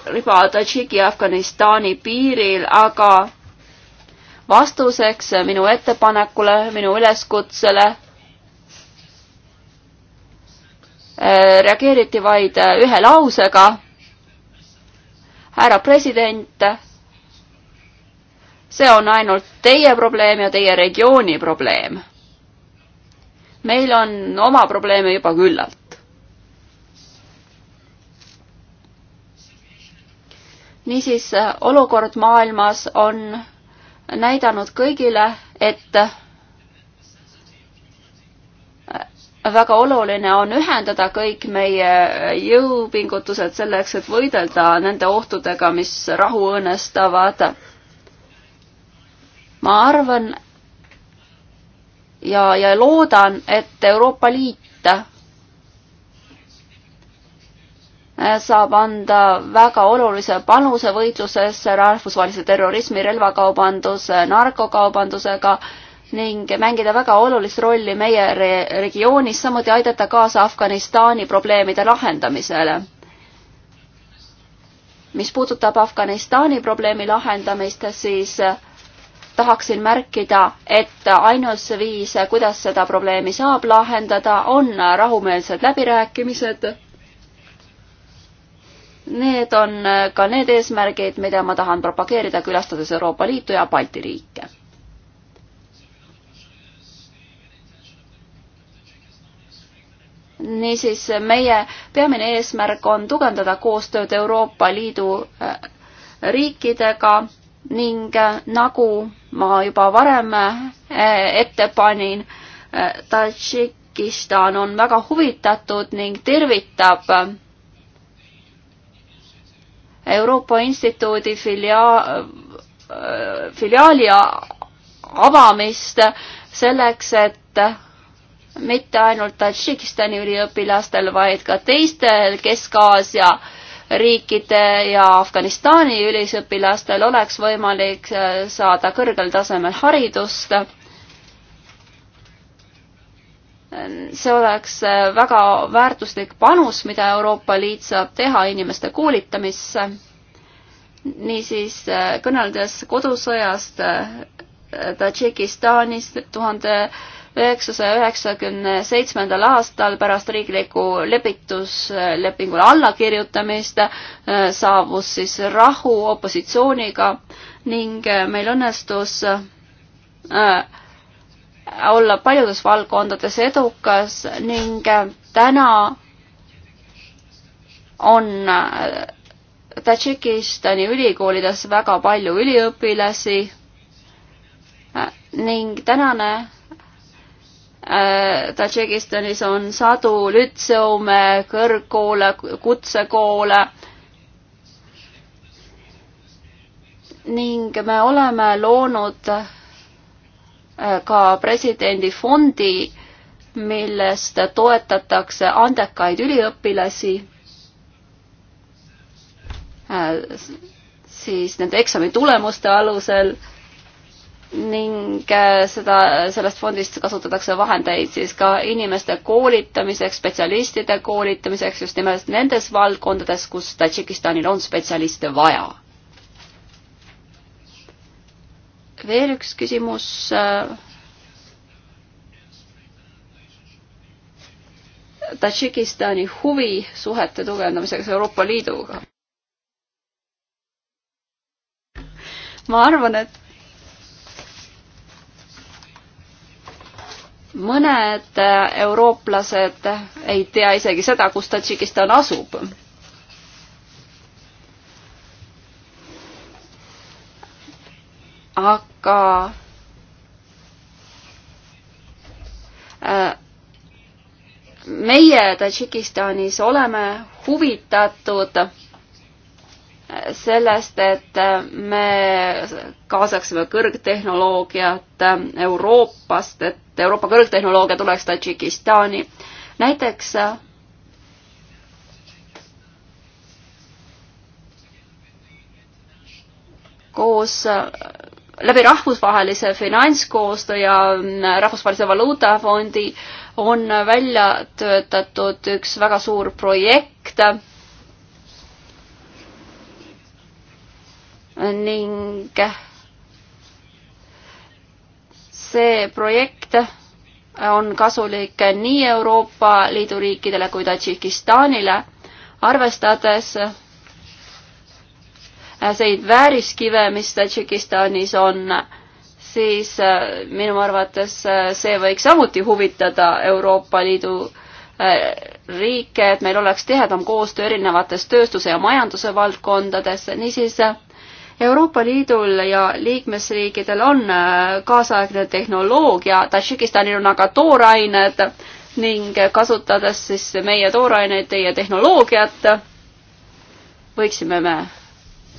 riba Tadžiki ja Afganistani piiril, aga vastuseks minu ettepanekule, minu üleskutsele Äh, reageeriti vaid äh, ühe lausega. härra president, see on ainult teie probleem ja teie regiooni probleem. meil on oma probleeme juba küllalt. niisiis, äh, olukord maailmas on näidanud kõigile, et väga oluline on ühendada kõik meie jõupingutused selleks, et võidelda nende ohtudega, mis rahu õõnestavad. ma arvan ja, ja loodan, et Euroopa Liit saab anda väga olulise panuse võitlusesse rahvusvahelise terrorismi, relvakaubanduse, narkokaubandusega ning mängida väga olulist rolli meie re regioonis, samuti aidata kaasa Afganistani probleemide lahendamisele. mis puudutab Afganistani probleemi lahendamist, siis äh, tahaksin märkida, et ainus viis, kuidas seda probleemi saab lahendada, on rahumeelsed läbirääkimised. Need on äh, ka need eesmärgid, mida ma tahan propageerida, külastades Euroopa Liitu ja Balti riike niisiis meie peamine eesmärk on tugevdada koostööd Euroopa Liidu äh, riikidega ning äh, nagu ma juba varem äh, ette panin, Tadžikistan on väga huvitatud ning tervitab Euroopa Instituudi filia-, filiaali avamist selleks, et mitte ainult Tadžikistani üliõpilastel, vaid ka teistel Kesk-Aasia riikide ja Afganistani ülisõpilastel oleks võimalik äh, saada kõrgel tasemel haridust. see oleks äh, väga väärtuslik panus, mida Euroopa Liit saab teha inimeste koolitamisse. niisiis, äh, kõneldes kodusõjast Tadžikistanis tuhande 1000 üheksasaja üheksakümne seitsmendal aastal pärast riikliku lepituslepingule allakirjutamist äh, saabus siis rahu opositsiooniga ning äh, meil õnnestus äh, olla paljudes valdkondades edukas ning täna on Tadžikistani ülikoolides väga palju üliõpilasi ning tänane Äh, Tadžikistanis on sadu lütseume, kõrgkoole, kutsekoole ning me oleme loonud äh, ka presidendifondi, millest toetatakse andekaid üliõpilasi äh, siis nende eksamitulemuste alusel ning äh, seda, sellest fondist kasutatakse vahendeid siis ka inimeste koolitamiseks, spetsialistide koolitamiseks just nimelt nendes valdkondades, kus Tadžikistanil on spetsialiste vaja. veel üks küsimus. Äh, Tadžikistani huvi suhete tugevdamiseks Euroopa Liiduga. ma arvan, et mõned äh, eurooplased ei tea isegi seda, kus Tadžikistan asub. aga äh, meie Tadžikistanis oleme huvitatud sellest, et me kaasaksime kõrgtehnoloogiat Euroopast, et Euroopa kõrgtehnoloogia tuleks Tadžikistani. näiteks koos läbi rahvusvahelise finantskoostöö ja Rahvusvahelise Valuutafondi on välja töötatud üks väga suur projekt ning see projekt on kasulik nii Euroopa Liidu riikidele kui Tadžikistanile, arvestades neid vääriskive, mis Tadžikistanis on, siis minu arvates see võiks samuti huvitada Euroopa Liidu eh, riike, et meil oleks tihedam koostöö erinevates tööstuse ja majanduse valdkondades, niisiis Euroopa Liidul ja liikmesriikidel on äh, kaasaegne tehnoloogia, Tadžikistanil on aga toorained ning kasutades siis meie tooraineid, teie tehnoloogiat, võiksime me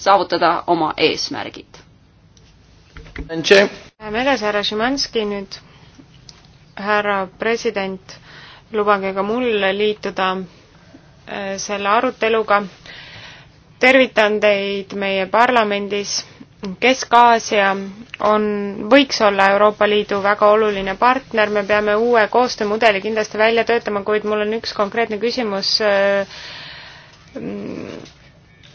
saavutada oma eesmärgid. Läheme edasi, härra Šimanski nüüd. härra president, lubage ka mul liituda äh, selle aruteluga tervitan teid meie parlamendis. Kesk-Aasia on, võiks olla Euroopa Liidu väga oluline partner, me peame uue koostöömudeli kindlasti välja töötama, kuid mul on üks konkreetne küsimus.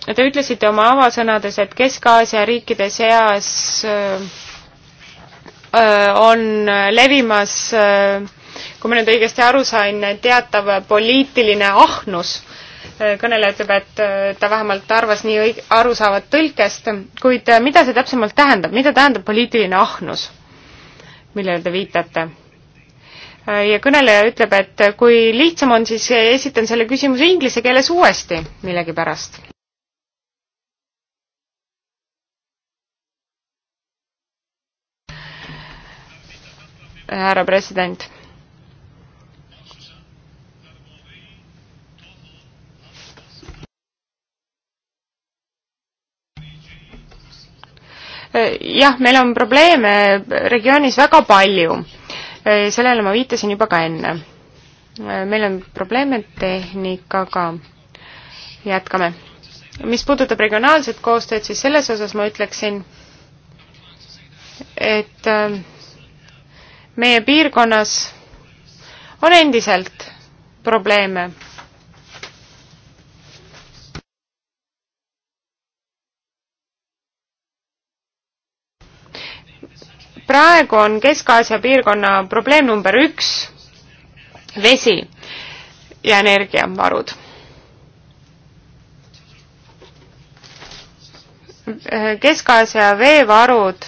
Te ütlesite oma avasõnades, et Kesk-Aasia riikide seas äh, on levimas, äh, kui ma nüüd õigesti aru sain, teatav poliitiline ahnus kõneleja ütleb, et äh, ta vähemalt arvas nii õig-, aru saavad tõlkest, kuid äh, mida see täpsemalt tähendab, mida tähendab poliitiline ahnus, millele te viitate? Äh, ja kõneleja ütleb, et kui lihtsam on, siis esitan selle küsimuse inglise keeles uuesti millegipärast. härra president jah, meil on probleeme regioonis väga palju. sellele ma viitasin juba ka enne. meil on probleeme tehnikaga. jätkame. mis puudutab regionaalset koostööd, siis selles osas ma ütleksin, et äh, meie piirkonnas on endiselt probleeme praegu on Kesk-Aasia piirkonna probleem number üks vesi ja energiavarud. Kesk-Aasia veevarud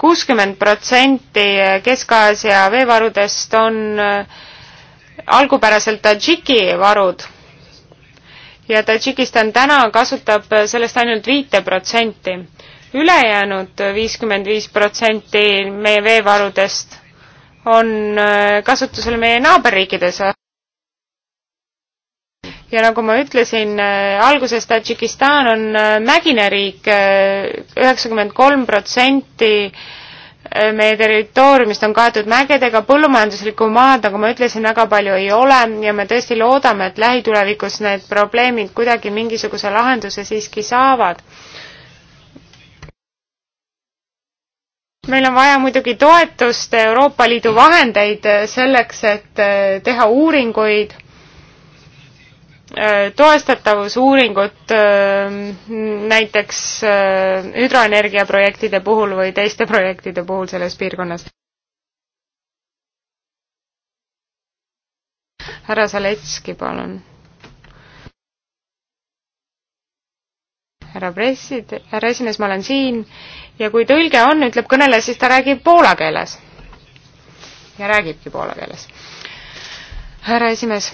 kuuskümmend protsenti Kesk-Aasia veevarudest on äh, algupäraselt Tadžiki varud ja Tadžikistan täna kasutab sellest ainult viite protsenti ülejäänud viiskümmend viis protsenti meie veevarudest on äh, kasutusel meie naaberriikides. ja nagu ma ütlesin, äh, alguses Tadžikistan on äh, mägine riik, üheksakümmend kolm protsenti meie territooriumist on kaetud mägedega, põllumajanduslikku maad, nagu ma ütlesin, väga palju ei ole ja me tõesti loodame, et lähitulevikus need probleemid kuidagi mingisuguse lahenduse siiski saavad meil on vaja muidugi toetust, Euroopa Liidu vahendeid eh, selleks, et eh, teha uuringuid, eh, toestatavusuuringut näiteks hüdroenergia projektide puhul või teiste projektide puhul selles piirkonnas. härra Zaletski, palun. härra pressid-, härra esimees, ma olen siin ja kui tõlge on, ütleb kõneleja, siis ta räägib poola keeles. ja räägibki poola keeles. härra esimees,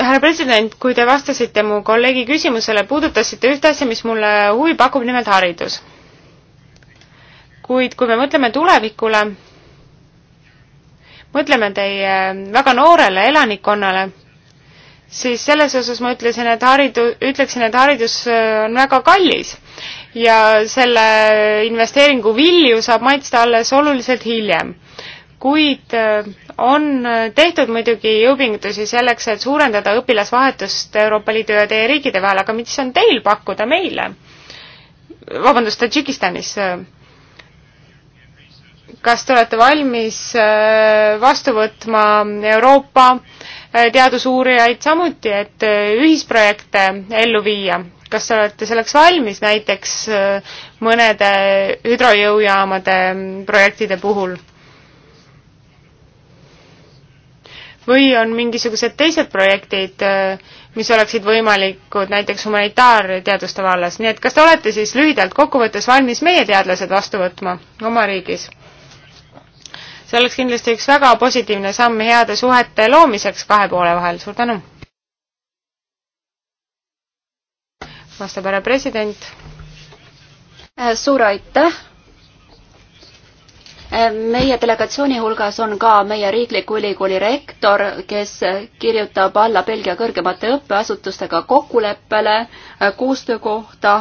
härra president, kui te vastasite mu kolleegi küsimusele, puudutasite ühte asja, mis mulle huvi pakub, nimelt haridus. kuid kui me mõtleme tulevikule, mõtleme teie väga noorele elanikkonnale, siis selles osas ma ütlesin, et haridu-, ütleksin, et haridus on väga kallis ja selle investeeringu vilju saab maitsta alles oluliselt hiljem. kuid äh, on tehtud muidugi jõupingutusi selleks, et suurendada õpilasvahetust Euroopa Liidu ja teie riikide vahel, aga mis on teil pakkuda meile? vabandust, Tadžikistanis kas te olete valmis äh, vastu võtma Euroopa äh, teadusuurijaid samuti, et ühisprojekte ellu viia? kas te olete selleks valmis näiteks äh, mõnede hüdrojõujaamade mm, projektide puhul? või on mingisugused teised projektid, äh, mis oleksid võimalikud näiteks humanitaarteaduste vallas, nii et kas te olete siis lühidalt kokkuvõttes valmis meie teadlased vastu võtma oma riigis? see oleks kindlasti üks väga positiivne samm heade suhete loomiseks kahe poole vahel, suur tänu! vastab härra president. Äh, suur aitäh äh, meie delegatsiooni hulgas on ka meie riikliku ülikooli rektor, kes kirjutab alla Belgia kõrgemate õppeasutustega kokkuleppele äh, koostöö kohta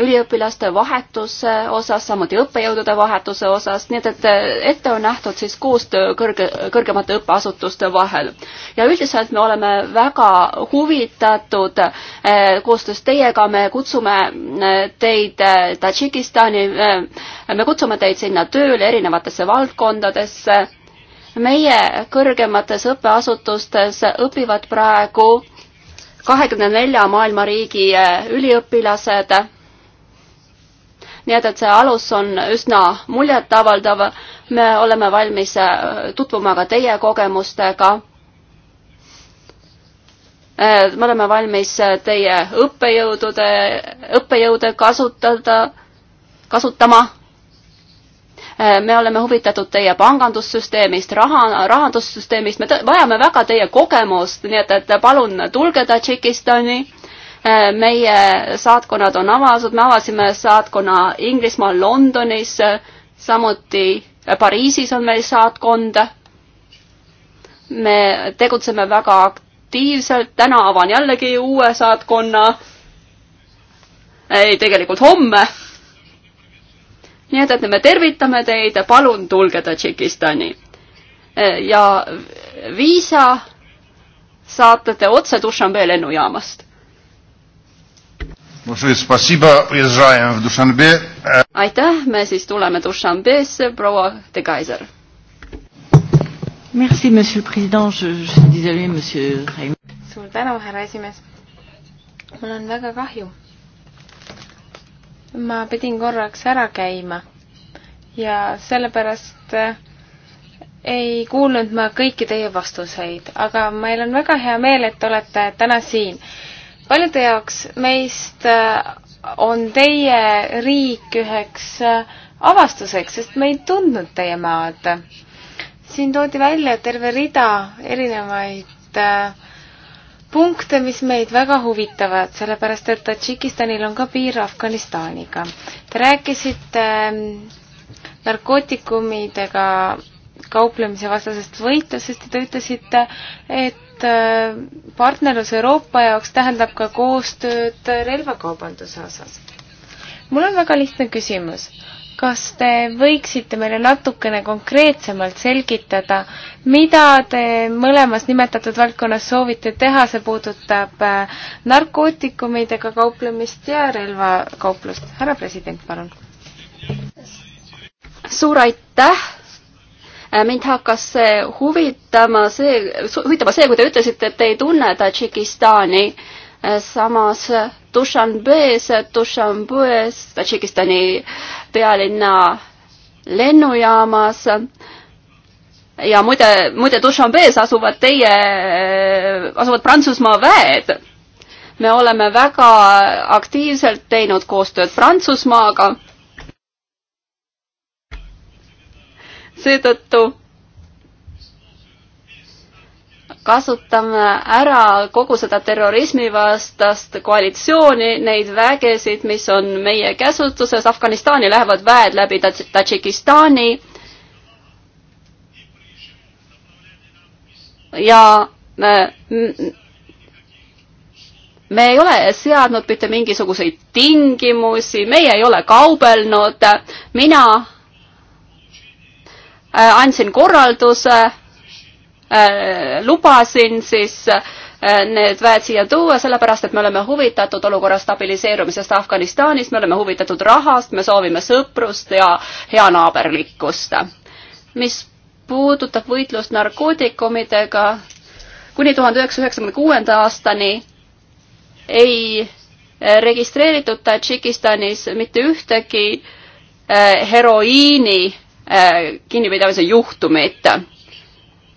üliõpilaste vahetuse osas, samuti õppejõudude vahetuse osas, nii et, et ette on nähtud siis koostöö kõrge, kõrgemate õppeasutuste vahel. ja üldiselt me oleme väga huvitatud eh, koostöös teiega, me kutsume eh, teid eh, Tadžikistani, me kutsume teid sinna tööle erinevatesse valdkondadesse, meie kõrgemates õppeasutustes õpivad praegu kahekümne nelja maailma riigi üliõpilased nii et, et see alus on üsna muljetavaldav. me oleme valmis äh, tutvuma ka teie kogemustega. Äh, me oleme valmis äh, teie õppejõudude, õppejõude kasutada, kasutama me oleme huvitatud teie pangandussüsteemist, raha, rahandussüsteemist, me vajame väga teie kogemust, nii et, et palun tulge Tadžikistani meie saatkonnad on avatud, me avasime saatkonna Inglismaal, Londonis, samuti Pariisis on meil saatkond. me tegutseme väga aktiivselt, täna avan jällegi uue saatkonna. ei, tegelikult homme. nii et, et me tervitame teid, palun tulge Tadžikistani. ja viisa saate te otse Dušanbe lennujaamast Э, aitäh, me siis tuleme Dušanbesse, proua de Kaiser. Merci, monsieur president, je suis désolé, monsieur Raimond. suur tänu, härra esimees. mul on väga kahju. ma pidin korraks ära käima ja sellepärast äh, ei kuulnud ma kõiki teie vastuseid, aga meil on väga hea meel, et olete täna siin paljude jaoks meist äh, on teie riik üheks äh, avastuseks, sest me ei tundnud teie maad. siin toodi välja terve rida erinevaid äh, punkte, mis meid väga huvitavad, sellepärast et Tadžikistanil on ka piir Afganistaniga. Te rääkisite ähm, narkootikumidega kauplemise vastasest võitlusest ja te ütlesite, et äh, partnerlus Euroopa jaoks tähendab ka koostööd relvakaubanduse osas. mul on väga lihtne küsimus. kas te võiksite meile natukene konkreetsemalt selgitada, mida te mõlemas nimetatud valdkonnas soovite teha, see puudutab äh, narkootikumidega kauplemist ja relvakauplust. härra president, palun. suur aitäh Äh, mind hakkas see huvitama, see, huvitama see, kui te ütlesite, et te ei tunne Tadžikistani äh, samas äh, Dušanbees, Dušanbees, Tadžikistani pealinna lennujaamas. ja muide, muide Dušanbees asuvad teie, asuvad Prantsusmaa väed. me oleme väga aktiivselt teinud koostööd Prantsusmaaga seetõttu kasutame ära kogu seda terrorismivastast koalitsiooni, neid vägesid, mis on meie käsutuses, Afganistani lähevad väed läbi Tadžikistani ja me, me ei ole seadnud mitte mingisuguseid tingimusi, meie ei ole kaubelnud, mina Äh, andsin korralduse, äh, lubasin siis äh, need väed siia tuua, sellepärast et me oleme huvitatud olukorra stabiliseerumisest Afganistanis, me oleme huvitatud rahast, me soovime sõprust ja heanaaberlikkust. mis puudutab võitlust narkootikumidega, kuni tuhande üheksasaja üheksakümne kuuenda aastani ei registreeritud Tadžikistanis mitte ühtegi heroiini Äh, kinnipidamise juhtumit.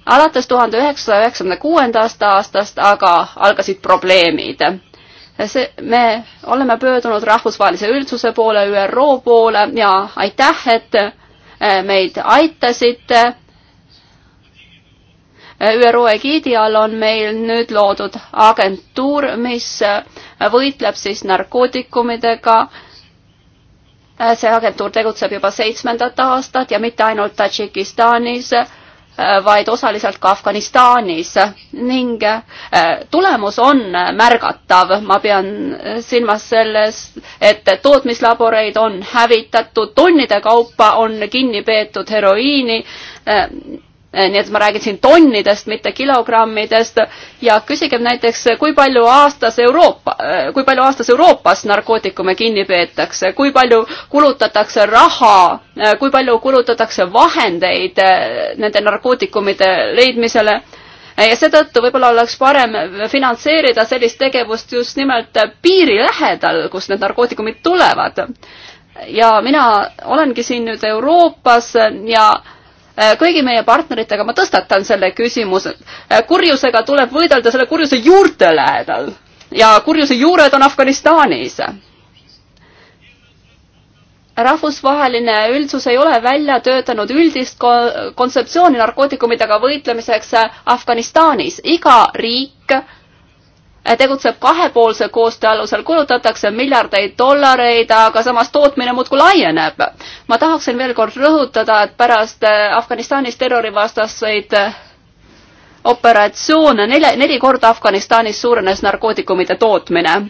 alates tuhande üheksasaja üheksakümne kuuenda aasta aastast aga algasid probleemid. see, me oleme pöördunud rahvusvahelise üldsuse poole, ÜRO poole ja aitäh, et äh, meid aitasite. ÜRO egiidi all on meil nüüd loodud agentuur, mis võitleb siis narkootikumidega äh, Äh, see agentuur tegutseb juba seitsmendat aastat ja mitte ainult Tadžikistanis, äh, vaid osaliselt ka Afganistanis ning äh, tulemus on märgatav, ma pean silmas selles, et tootmislaboreid on hävitatud, tonnide kaupa on kinni peetud heroiini Eh, nii et ma räägin siin tonnidest, mitte kilogrammidest ja küsigem näiteks, kui palju aastas Euroopa, eh, kui palju aastas Euroopas narkootikume kinni peetakse, kui palju kulutatakse raha, eh, kui palju kulutatakse vahendeid nende narkootikumide leidmisele ja seetõttu võib-olla oleks parem finantseerida sellist tegevust just nimelt piiri lähedal, kust need narkootikumid tulevad. ja mina olengi siin nüüd Euroopas ja Äh, kõigi meie partneritega ma tõstatan selle küsimuse. Äh, kurjusega tuleb võidelda selle kurjuse juurte lähedal ja kurjuse juured on Afganistanis. rahvusvaheline üldsus ei ole välja töötanud üldist kontseptsiooni narkootikumidega võitlemiseks Afganistanis. iga riik tegutseb kahepoolse koostöö alusel, kulutatakse miljardeid dollareid, aga samas tootmine muudkui laieneb. ma tahaksin veel kord rõhutada, et pärast äh, Afganistanis terrorivastaseid äh, operatsioone neli, neli korda Afganistanis suurenes narkootikumide tootmine.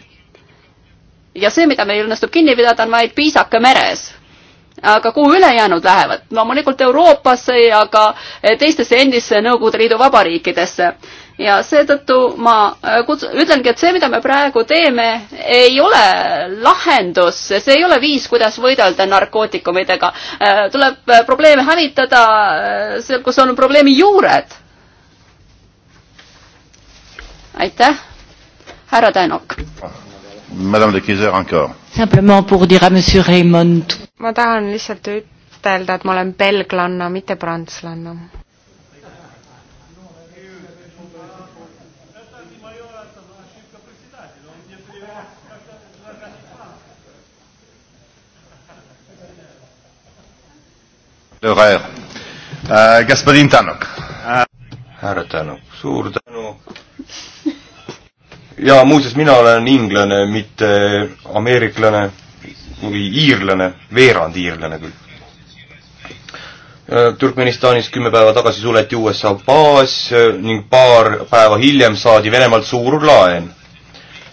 ja see, mida meil õnnestub kinni pidada, on vaid piisake meres aga kuhu ülejäänud lähevad? loomulikult Euroopasse ja ka äh, teistesse endisse Nõukogude Liidu vabariikidesse ja seetõttu ma äh, kuts-, ütlengi, et see, mida me praegu teeme, ei ole lahendus, see ei ole viis, kuidas võidelda narkootikumidega. Äh, tuleb äh, probleeme hävitada seal, kus on probleemi juured. aitäh, härra Tänok. Madame de Kiser encore. Simplement pour dire à monsieur Raymond. ma tahan lihtsalt ütelda, et ma olen belglanna, mitte prantslanna Raja. Euh, Gasparin Tanok. härra Tanok, suur tänu. ja muuseas, mina olen inglane, mitte ameeriklane või iirlane, veerand iirlane küll. Äh, Türkmenistanis kümme päeva tagasi suleti USA baas äh, ning paar päeva hiljem saadi Venemaalt suur laen.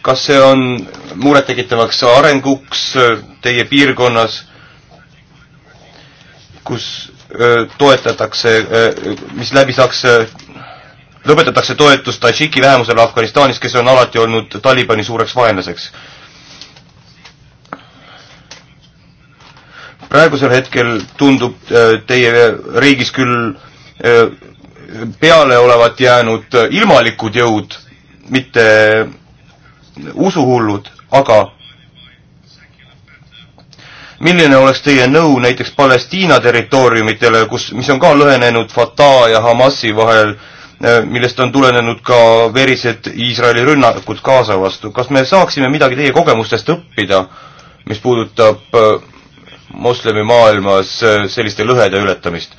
kas see on murettekitavaks arenguks äh, teie piirkonnas kus toetatakse, mis läbi saaks, lõpetatakse toetus Tadžiki vähemusele Afganistanis, kes on alati olnud Talibani suureks vaenlaseks. praegusel hetkel tundub teie riigis küll peale olevat jäänud ilmalikud jõud, mitte usuhullud, aga milline oleks teie nõu näiteks Palestiina territooriumitele, kus, mis on ka lõhenenud Fatah ja Hamasi vahel, eh, millest on tulenenud ka verised Iisraeli rünnakud Gaza vastu. kas me saaksime midagi teie kogemustest õppida, mis puudutab eh, moslemi maailmas eh, selliste lõhede ületamist?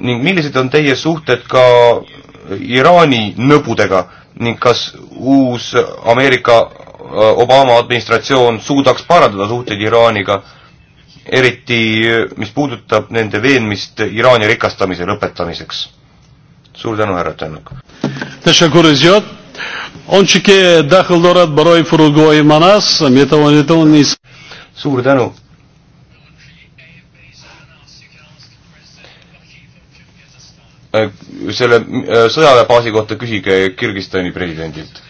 ning millised on teie suhted ka Iraani nõbudega ning kas uus Ameerika Äh, Obama administratsioon suudaks parandada suhteid Iraaniga, eriti äh, mis puudutab nende veenmist Iraani rikastamise lõpetamiseks. suur tänu, härra Tänak! suur tänu! Äh, selle sõjaväebaasi kohta küsige Kirgistani presidendilt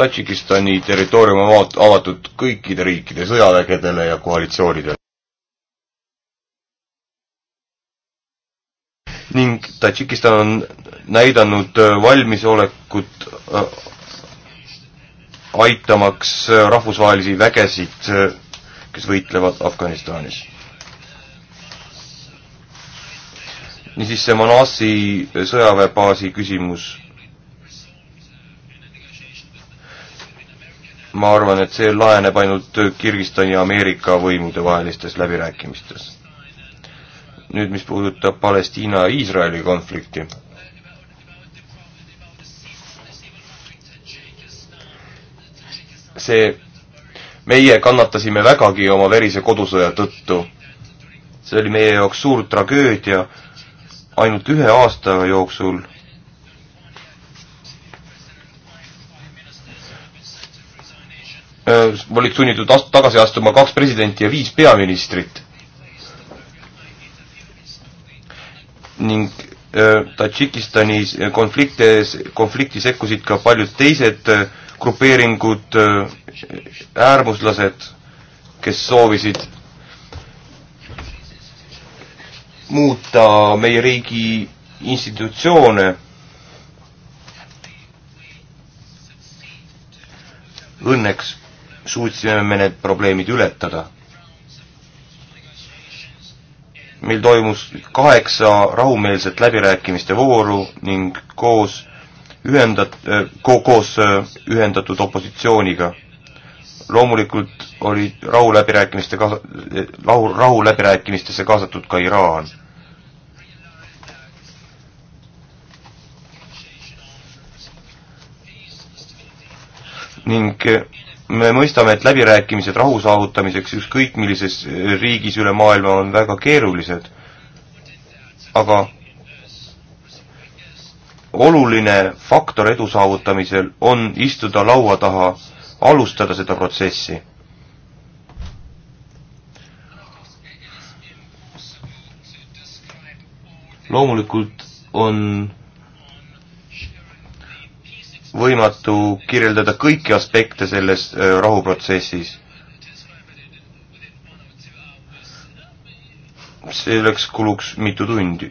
Tadžikistani territoorium on avatud kõikide riikide sõjavägedele ja koalitsioonidele. ning Tadžikistan on näidanud äh, valmisolekut äh, aitamaks äh, rahvusvahelisi vägesid, kes võitlevad Afganistanis. niisiis see Manasi sõjaväebaasi küsimus ma arvan, et see laheneb ainult Kirgistani ja Ameerika võimude vahelistes läbirääkimistes. nüüd, mis puudutab Palestiina-Iisraeli konflikti, see, meie kannatasime vägagi oma verise kodusõja tõttu. see oli meie jaoks suur tragöödia, ainult ühe aasta jooksul Äh, olid sunnitud ast-, tagasi astuma kaks presidenti ja viis peaministrit. ning äh, Tadžikistani äh, konfliktes, konflikti sekkusid ka paljud teised grupeeringud, äärmuslased, kes soovisid muuta meie riigi institutsioone õnneks suutsime me need probleemid ületada. meil toimus kaheksa rahumeelset läbirääkimiste vooru ning koos ühendat- äh, ko,, koos äh, ühendatud opositsiooniga. loomulikult oli rahuläbirääkimiste kaasa-, rahu, rahuläbirääkimistesse kaasatud ka Iraan ning äh, me mõistame, et läbirääkimised rahu saavutamiseks ükskõik millises riigis üle maailma on väga keerulised, aga oluline faktor edu saavutamisel on istuda laua taha, alustada seda protsessi. loomulikult on võimatu kirjeldada kõiki aspekte selles äh, rahuprotsessis. selleks kuluks mitu tundi.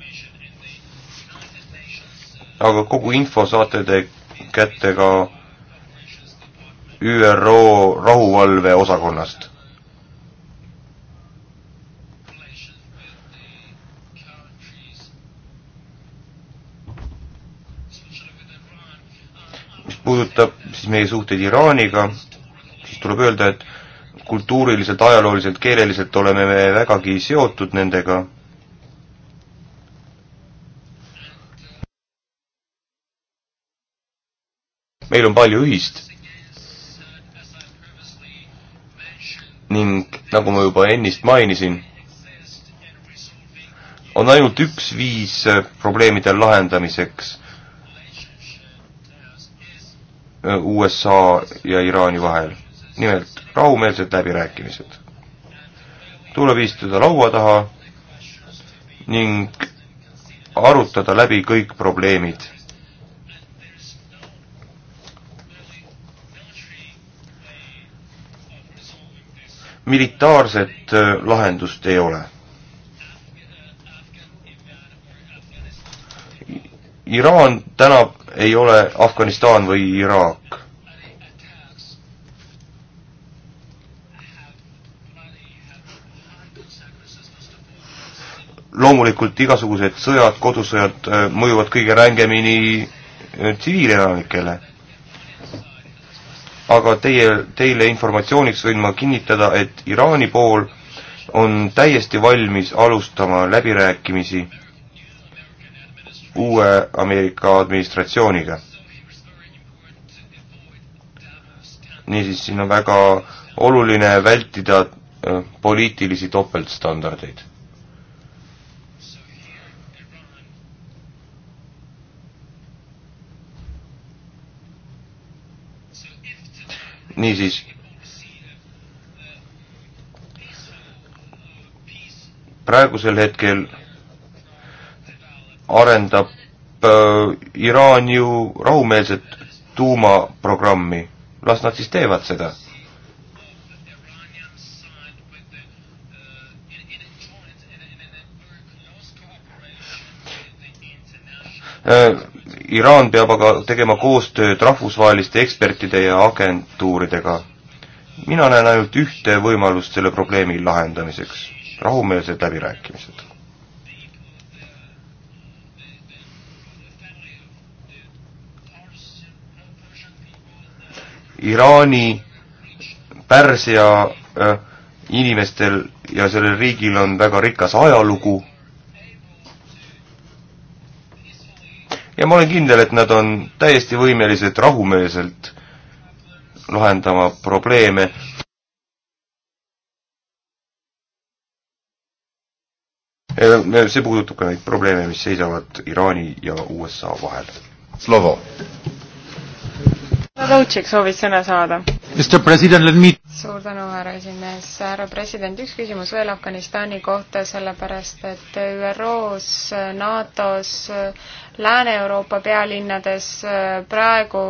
aga kogu info saate te kätte ka ÜRO rahuvalveosakonnast. puudutab siis meie suhteid Iraaniga, siis tuleb öelda, et kultuuriliselt, ajalooliselt, keeleliselt oleme me vägagi seotud nendega. meil on palju ühist. ning nagu ma juba ennist mainisin, on ainult üks viis probleemide lahendamiseks Äh, USA ja Iraani vahel. nimelt rahumeelsed läbirääkimised. tuleb istuda laua taha ning arutada läbi kõik probleemid. militaarset äh, lahendust ei ole Iraan tänab ei ole Afganistan või Iraak. loomulikult igasugused sõjad, kodusõjad äh, mõjuvad kõige rängemini äh, tsiviilelanikele aga teie, teile informatsiooniks võin ma kinnitada, et Iraani pool on täiesti valmis alustama läbirääkimisi uue Ameerika administratsiooniga. niisiis, siin on väga oluline vältida äh, poliitilisi topeltstandardeid. niisiis, praegusel hetkel arendab äh, Iraan ju rahumeelset tuumaprogrammi, las nad siis teevad seda. Äh, Iraan peab aga tegema koostööd rahvusvaheliste ekspertide ja agentuuridega. mina näen ainult ühte võimalust selle probleemi lahendamiseks, rahumeelsed läbirääkimised Iraani, Pärsia äh, inimestel ja sellel riigil on väga rikas ajalugu. ja ma olen kindel, et nad on täiesti võimelised rahumeelselt lahendama probleeme. Äh, see puudutab ka neid probleeme, mis seisavad Iraani ja USA vahel. Slovo. Lautšik soovis sõna saada. Me... suur tänu, härra esimees. härra president, üks küsimus veel Afganistani kohta, sellepärast et ÜRO-s, NATO-s, Lääne-Euroopa pealinnades praegu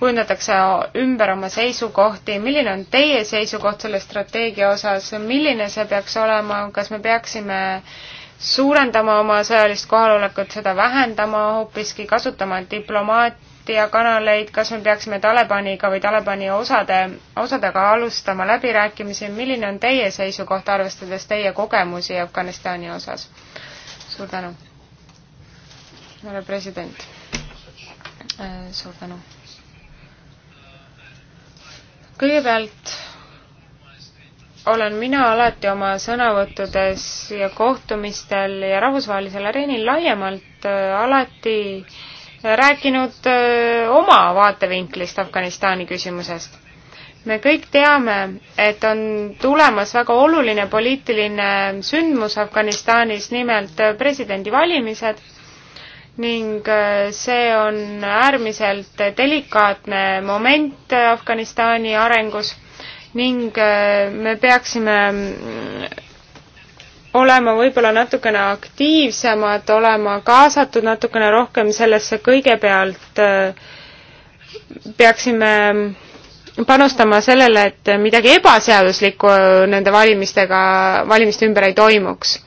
kujundatakse ümber oma seisukohti, milline on teie seisukoht selle strateegia osas, milline see peaks olema, kas me peaksime suurendama oma sõjalist kohalolekut, seda vähendama hoopiski, kasutama diplomaat-, meediakanaleid, kas me peaksime Talibaniga või Talibani osade, osadega alustama läbirääkimisi, milline on teie seisukoht, arvestades teie kogemusi Afganistani osas? suur tänu, härra president. Äh, suur tänu. kõigepealt olen mina alati oma sõnavõttudes ja kohtumistel ja rahvusvahelisel areenil laiemalt äh, alati äh, rääkinud oma vaatevinklist Afganistani küsimusest. me kõik teame, et on tulemas väga oluline poliitiline sündmus Afganistanis, nimelt presidendivalimised ning see on äärmiselt delikaatne moment Afganistani arengus ning me peaksime olema võib-olla natukene aktiivsemad, olema kaasatud natukene rohkem sellesse, kõigepealt äh, peaksime panustama sellele, et midagi ebaseaduslikku nende valimistega, valimiste ümber ei toimuks.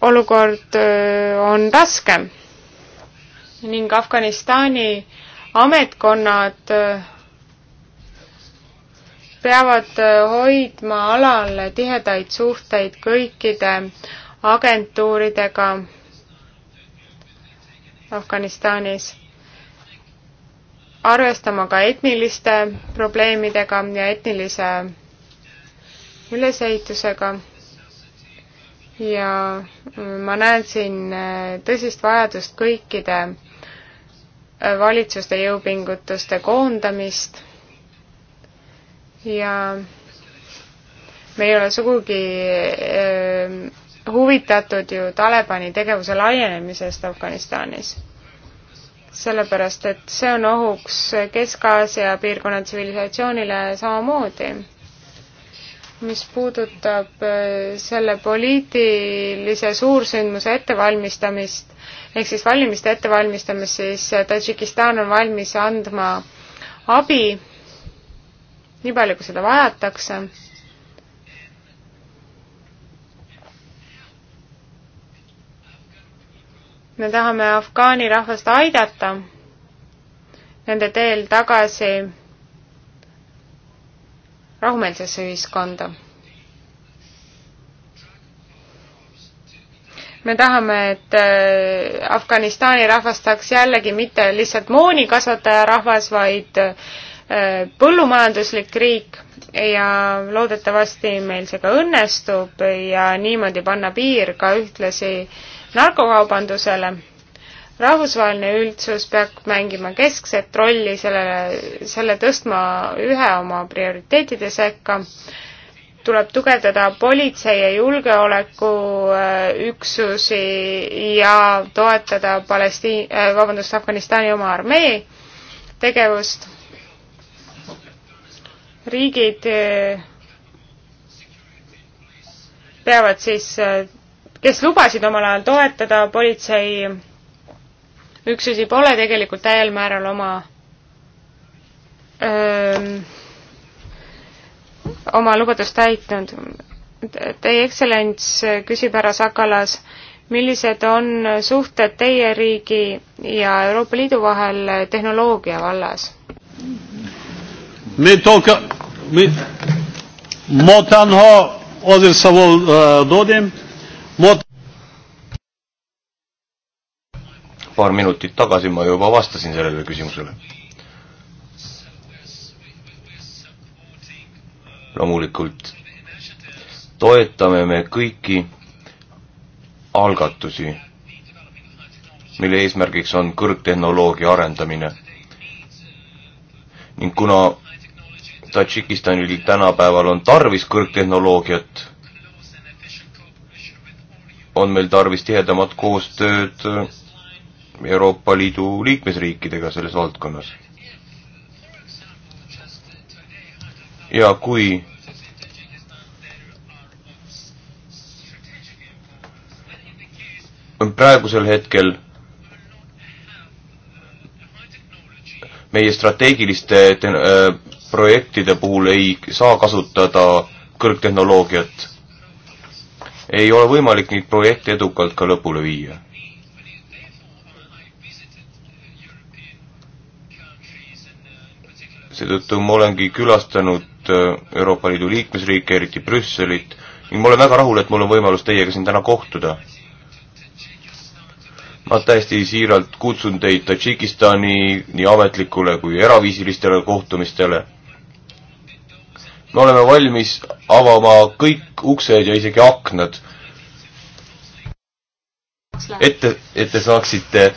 olukord äh, on raske ning Afganistani ametkonnad äh, peavad äh, hoidma alal tihedaid suhteid kõikide agentuuridega Afganistanis, arvestama ka etniliste probleemidega ja etnilise ülesehitusega ja äh, ma näen siin äh, tõsist vajadust kõikide valitsuste jõupingutuste koondamist ja me ei ole sugugi äh, huvitatud ju Talibani tegevuse laienemisest Afganistanis. sellepärast, et see on ohuks Kesk-Aasia piirkonna tsivilisatsioonile samamoodi. mis puudutab äh, selle poliitilise suursündmuse ettevalmistamist, ehk siis valimiste ettevalmistamist, siis Tadžikistan on valmis andma abi nii palju, kui seda vajatakse. me tahame Afgaani rahvast aidata nende teel tagasi rahumeelsesse ühiskonda. me tahame, et äh, Afganistani rahvas saaks jällegi mitte lihtsalt moonikasvataja rahvas, vaid äh, põllumajanduslik riik ja loodetavasti meil see ka õnnestub ja niimoodi panna piir ka ühtlasi narkokaubandusele. rahvusvaheline üldsus peab mängima keskset rolli sellele, selle tõstma ühe oma prioriteetide sekka. tuleb tugevdada politsei ja julgeolekuüksusi äh, ja toetada Palestiin-, äh, vabandust, Afganistani oma armee tegevust riigid eh, peavad siis, eh, kes lubasid omal ajal toetada politseiüksusi, pole tegelikult täiel määral oma öö, ehm, oma lubadust täitnud. Teie ekstsellents eh, küsib härra Sakalas, millised on suhted teie riigi ja Euroopa Liidu vahel tehnoloogia vallas? me to ka, me, mo të anho, ozir sa vol e, dodim, mo të... paar minutit tagasi ma juba vastasin sellele küsimusele. loomulikult toetame me kõiki algatusi, mille eesmärgiks on kõrgtehnoloogia arendamine. ning kuna Tadžikistanil tänapäeval on tarvis kõrgtehnoloogiat, on meil tarvis tihedamat koostööd Euroopa Liidu liikmesriikidega selles valdkonnas. ja kui praegusel hetkel meie strateegiliste te-, projektide puhul ei saa kasutada kõrgtehnoloogiat. ei ole võimalik neid projekte edukalt ka lõpule viia. seetõttu ma olengi külastanud äh, Euroopa Liidu liikmesriike, eriti Brüsselit, ning ma olen väga rahul, et mul on võimalus teiega siin täna kohtuda ma täiesti siiralt kutsun teid Tadžikistani nii ametlikule kui eraviisilistele kohtumistele me oleme valmis avama kõik uksed ja isegi aknad. ette, et te saaksite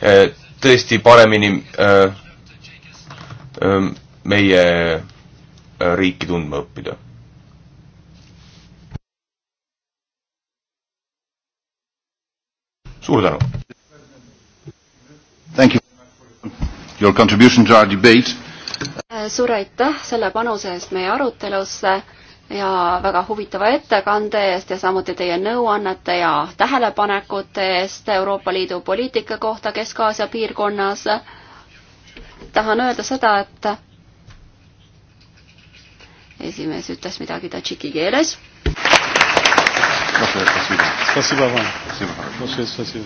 eh, tõesti paremini eh, eh, meie riiki tundma õppida. suur tänu! Thank you for your contribution to our debate Äh, suur aitäh selle panuse eest meie arutelusse ja väga huvitava ettekande eest ja samuti teie nõuannete ja tähelepanekute eest Euroopa Liidu poliitika kohta Kesk-Aasia piirkonnas. tahan öelda seda, et esimees ütles midagi tadžiki keeles. Спасибо вам. Спасибо. Большое спасибо.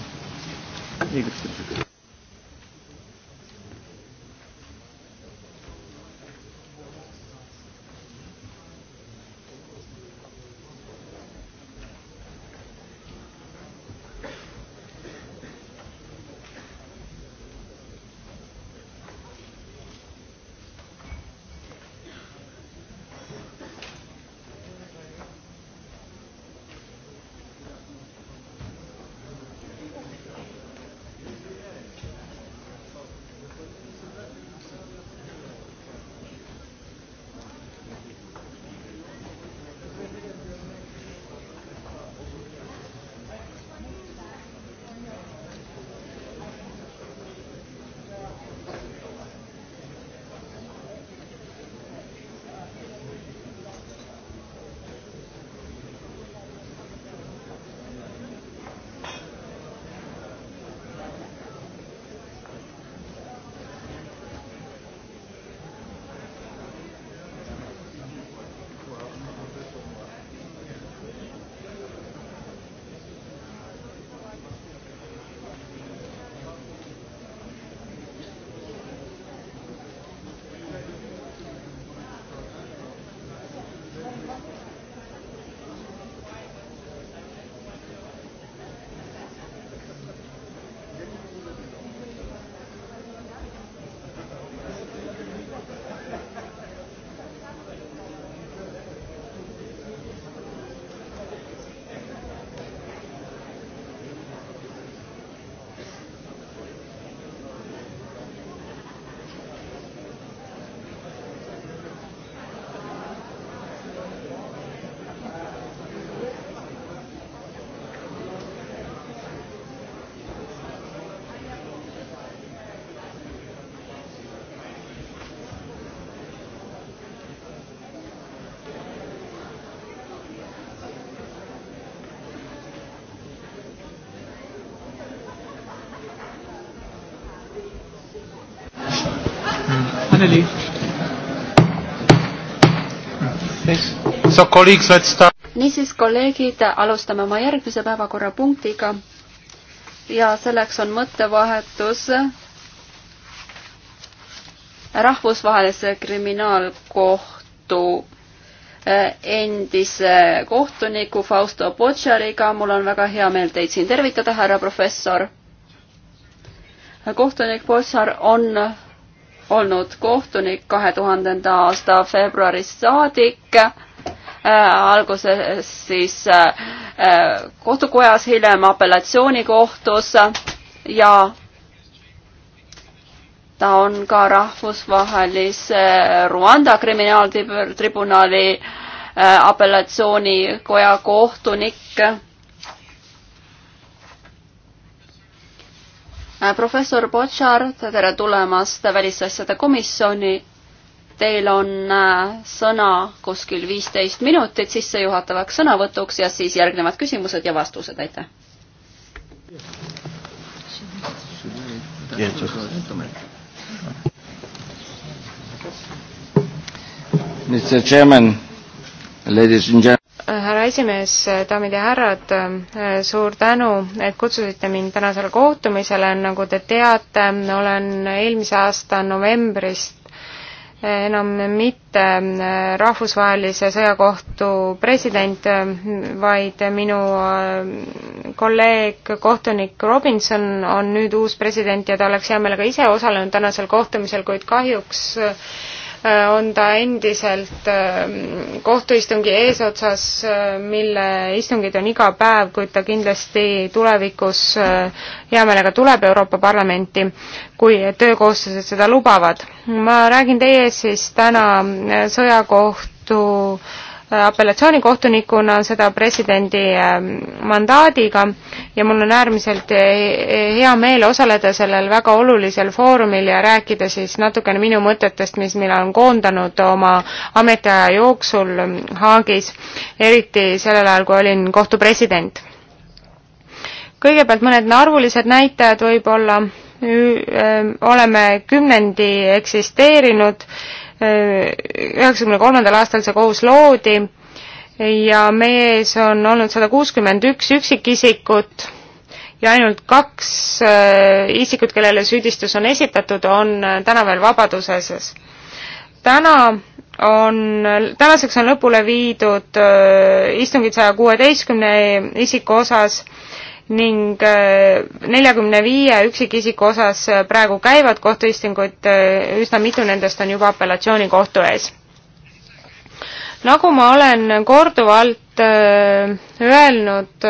Finally. Yes. So colleagues, let's start. niisiis, kolleegid, alustame oma järgmise päevakorrapunktiga ja selleks on mõttevahetus rahvusvahelise kriminaalkohtu eh, endise kohtuniku Fausto Bocciariga. mul on väga hea meel teid siin tervitada, härra professor. kohtunik Bocciar on olnud kohtunik kahe tuhandenda aasta veebruarist saadik äh, alguses siis äh, kohtukojas, hiljem apellatsioonikohtus ja ta on ka rahvusvahelise Rwanda kriminaaltribunali äh, apellatsioonikoja kohtunik Äh, professor Botšar, tere tulemast Välisasjade komisjoni. Teil on äh, sõna kuskil viisteist minutit sissejuhatavaks sõnavõtuks ja siis järgnevad küsimused ja vastused, aitäh. Mr Chairman, ladies and gentlemen härra esimees, daamid ja härrad, suur tänu, et kutsusite mind tänasele kohtumisele, nagu te teate, olen eelmise aasta novembrist enam mitte rahvusvahelise sõjakohtu president, vaid minu äh, kolleeg kohtunik Robinson on nüüd uus president ja ta oleks hea meelega ise osalenud tänasel kohtumisel, kuid kahjuks Äh, on ta endiselt ähm, kohtuistungi eesotsas, äh, mille istungid on iga päev, kuid ta kindlasti tulevikus äh, hea meelega tuleb Euroopa Parlamenti, kui töökohustused seda lubavad. ma räägin teie ees siis täna sõjakohtu apellatsioonikohtunikuna, seda presidendi ähm, mandaadiga ja mul on äärmiselt äh, hea meel osaleda sellel väga olulisel foorumil ja rääkida siis natukene minu mõtetest, mis mina olen koondanud oma ametiaja jooksul ähm, Haagis, eriti sellel ajal, kui olin kohtu president. kõigepealt mõned arvulised näitajad võib-olla, ähm, oleme kümnendi eksisteerinud üheksakümne kolmandal aastal see kohus loodi ja meie ees on olnud sada kuuskümmend üks üksikisikut ja ainult kaks äh, isikut, kellele süüdistus on esitatud, on äh, täna veel vabaduses. täna on, tänaseks on lõpule viidud äh, istungid saja kuueteistkümne isiku osas ning äh, neljakümne viie üksikisiku osas äh, praegu käivad kohtuistingud, äh, üsna mitu nendest on juba apellatsioonikohtu ees. nagu ma olen korduvalt öelnud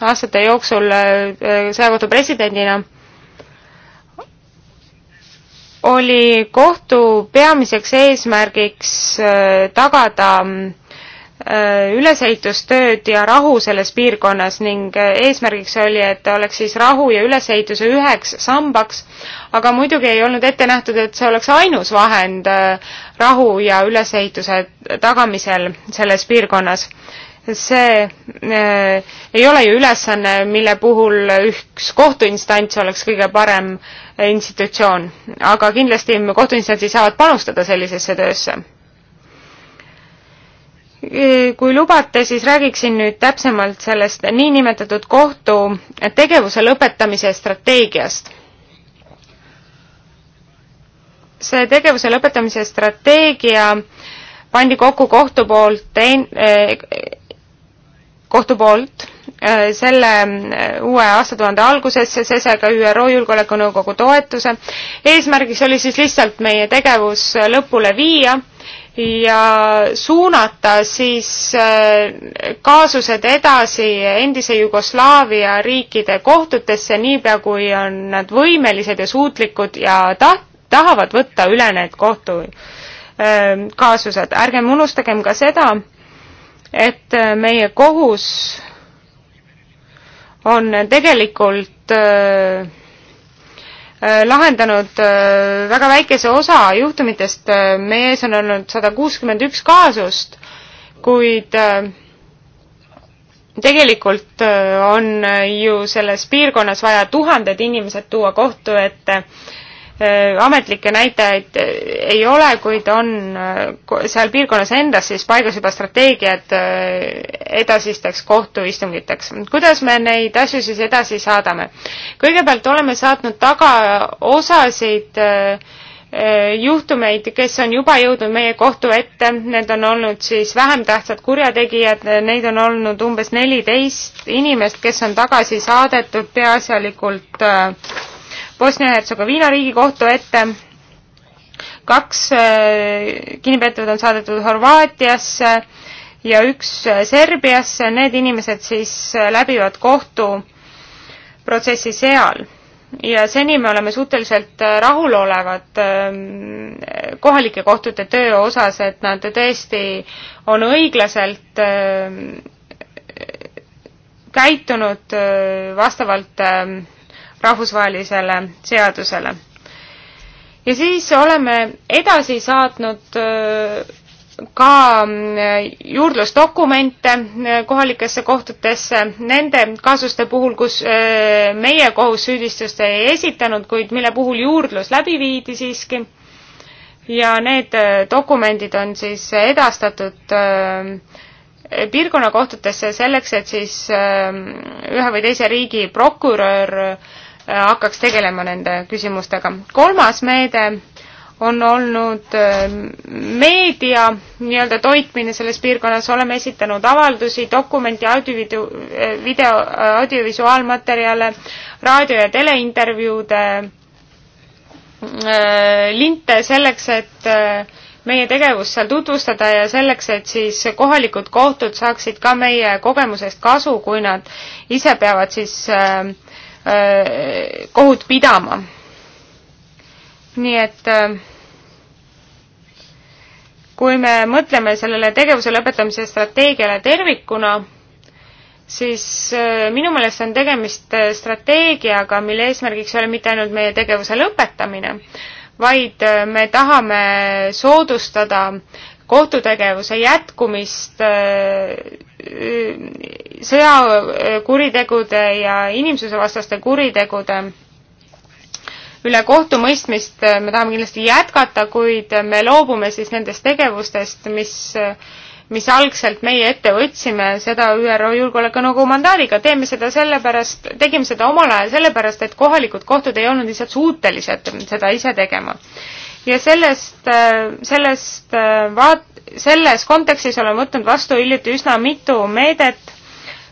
aastate jooksul sõjakohtu presidendina, oli kohtu peamiseks eesmärgiks tagada Äh, ülesehitustööd ja rahu selles piirkonnas ning äh, eesmärgiks oli, et oleks siis rahu ja ülesehituse üheks sambaks, aga muidugi ei olnud ette nähtud, et see oleks ainus vahend äh, rahu ja ülesehituse tagamisel selles piirkonnas. see äh, ei ole ju ülesanne, mille puhul üks kohtuinstants oleks kõige parem institutsioon, aga kindlasti kohtuinstantsid saavad panustada sellisesse töösse kui lubate, siis räägiksin nüüd täpsemalt sellest niinimetatud kohtu tegevuse lõpetamise strateegiast. see tegevuse lõpetamise strateegia pandi kokku kohtu poolt, eh, kohtu poolt eh, selle eh, uue aastatuhande alguses ja seesega ÜRO Julgeolekunõukogu toetuse. eesmärgiks oli siis lihtsalt meie tegevus lõpule viia ja suunata siis äh, kaasused edasi endise Jugoslaavia riikide kohtutesse niipea, kui on nad võimelised ja suutlikud ja taht-, tahavad võtta üle need kohtu ähm, kaasused. ärgem unustagem ka seda, et äh, meie kohus on tegelikult öö, äh, Äh, lahendanud äh, väga väikese osa juhtumitest, äh, meie ees on olnud sada kuuskümmend üks kaasust, kuid tegelikult on ju selles piirkonnas vaja tuhanded inimesed tuua kohtu ette Äh, ametlikke näitajaid äh, ei ole, kuid on äh, seal piirkonnas endas siis paigas juba strateegiad edasisteks kohtuistungiteks. kuidas me neid asju siis edasi saadame? kõigepealt oleme saatnud tagaosasid juhtumeid, kes on juba jõudnud meie kohtu ette, need on olnud siis vähem tähtsad kurjategijad, neid on olnud umbes neliteist inimest, kes on tagasi saadetud peaasjalikult äh, Bosnia-Hertsegoviina riigikohtu ette, kaks äh, kinnipeetavad on saadetud Horvaatiasse ja üks äh, Serbiasse, need inimesed siis äh, läbivad kohtuprotsessi seal. ja seni me oleme suhteliselt rahulolevad ähm, kohalike kohtute töö osas, et nad tõesti on õiglaselt ähm, käitunud vastavalt ähm, rahvusvahelisele seadusele. ja siis oleme edasi saatnud äh, ka äh, juurdlusdokumente äh, kohalikesse kohtutesse nende kaasuste puhul, kus meie kohus süüdistust ei esitanud, kuid mille puhul juurdlus läbi viidi siiski. ja need dokumendid on siis edastatud piirkonnakohtutesse selleks, et siis ühe või teise riigi prokurör Äh, hakkaks tegelema nende küsimustega. kolmas meede on olnud äh, meedia nii-öelda toitmine selles piirkonnas, oleme esitanud avaldusi, dokumenti, audio, äh, video, audiovisuaalmaterjale, raadio- ja teleintervjuude linte selleks, et meie tegevust seal tutvustada ja selleks, et siis kohalikud kohtud saaksid ka meie kogemusest kasu, kui nad ise peavad siis äh, Äh, kohut pidama. nii et äh, kui me mõtleme sellele tegevuse lõpetamise strateegiale tervikuna, siis äh, minu meelest on tegemist strateegiaga, mille eesmärgiks ei ole mitte ainult meie tegevuse lõpetamine, vaid me tahame soodustada kohtutegevuse jätkumist sõjakuritegude ja inimsusevastaste kuritegude üle kohtumõistmist me tahame kindlasti jätkata, kuid me loobume siis nendest tegevustest, mis, mis algselt meie ette võtsime, seda ÜRO Julgeolekunõukogu mandaadiga. teeme seda sellepärast, tegime seda omal ajal sellepärast, et kohalikud kohtud ei olnud lihtsalt suutelised seda ise tegema. ja sellest, sellest vaat-, selles kontekstis olen võtnud vastu hiljuti üsna mitu meedet,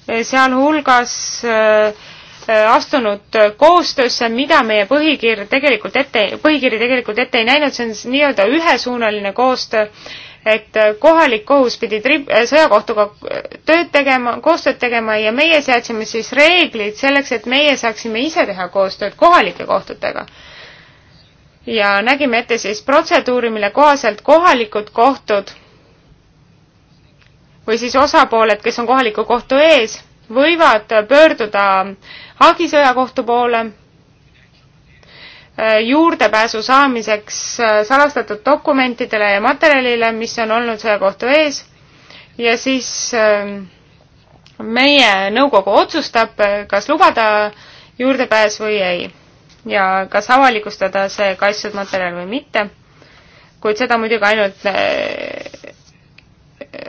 Eh, sealhulgas eh, eh, astunud koostöösse, mida meie põhikirj tegelikult ette, põhikiri tegelikult ette ei näinud, see on nii-öelda ühesuunaline koostöö, et kohalik kohus pidi tri-, sõjakohtuga tööd tegema, koostööd tegema ja meie seadsime siis reeglid selleks, et meie saaksime ise teha koostööd kohalike kohtutega ja nägime ette siis protseduuri, mille kohaselt kohalikud kohtud või siis osapooled, kes on kohaliku kohtu ees, võivad pöörduda Haagi sõjakohtu poole äh, juurdepääsu saamiseks äh, salastatud dokumentidele ja materjalile, mis on olnud sõjakohtu ees ja siis ähm, meie nõukogu otsustab, äh, kas lubada juurdepääs või ei ja kas avalikustada see kaitstud materjal või mitte, kuid seda muidugi ainult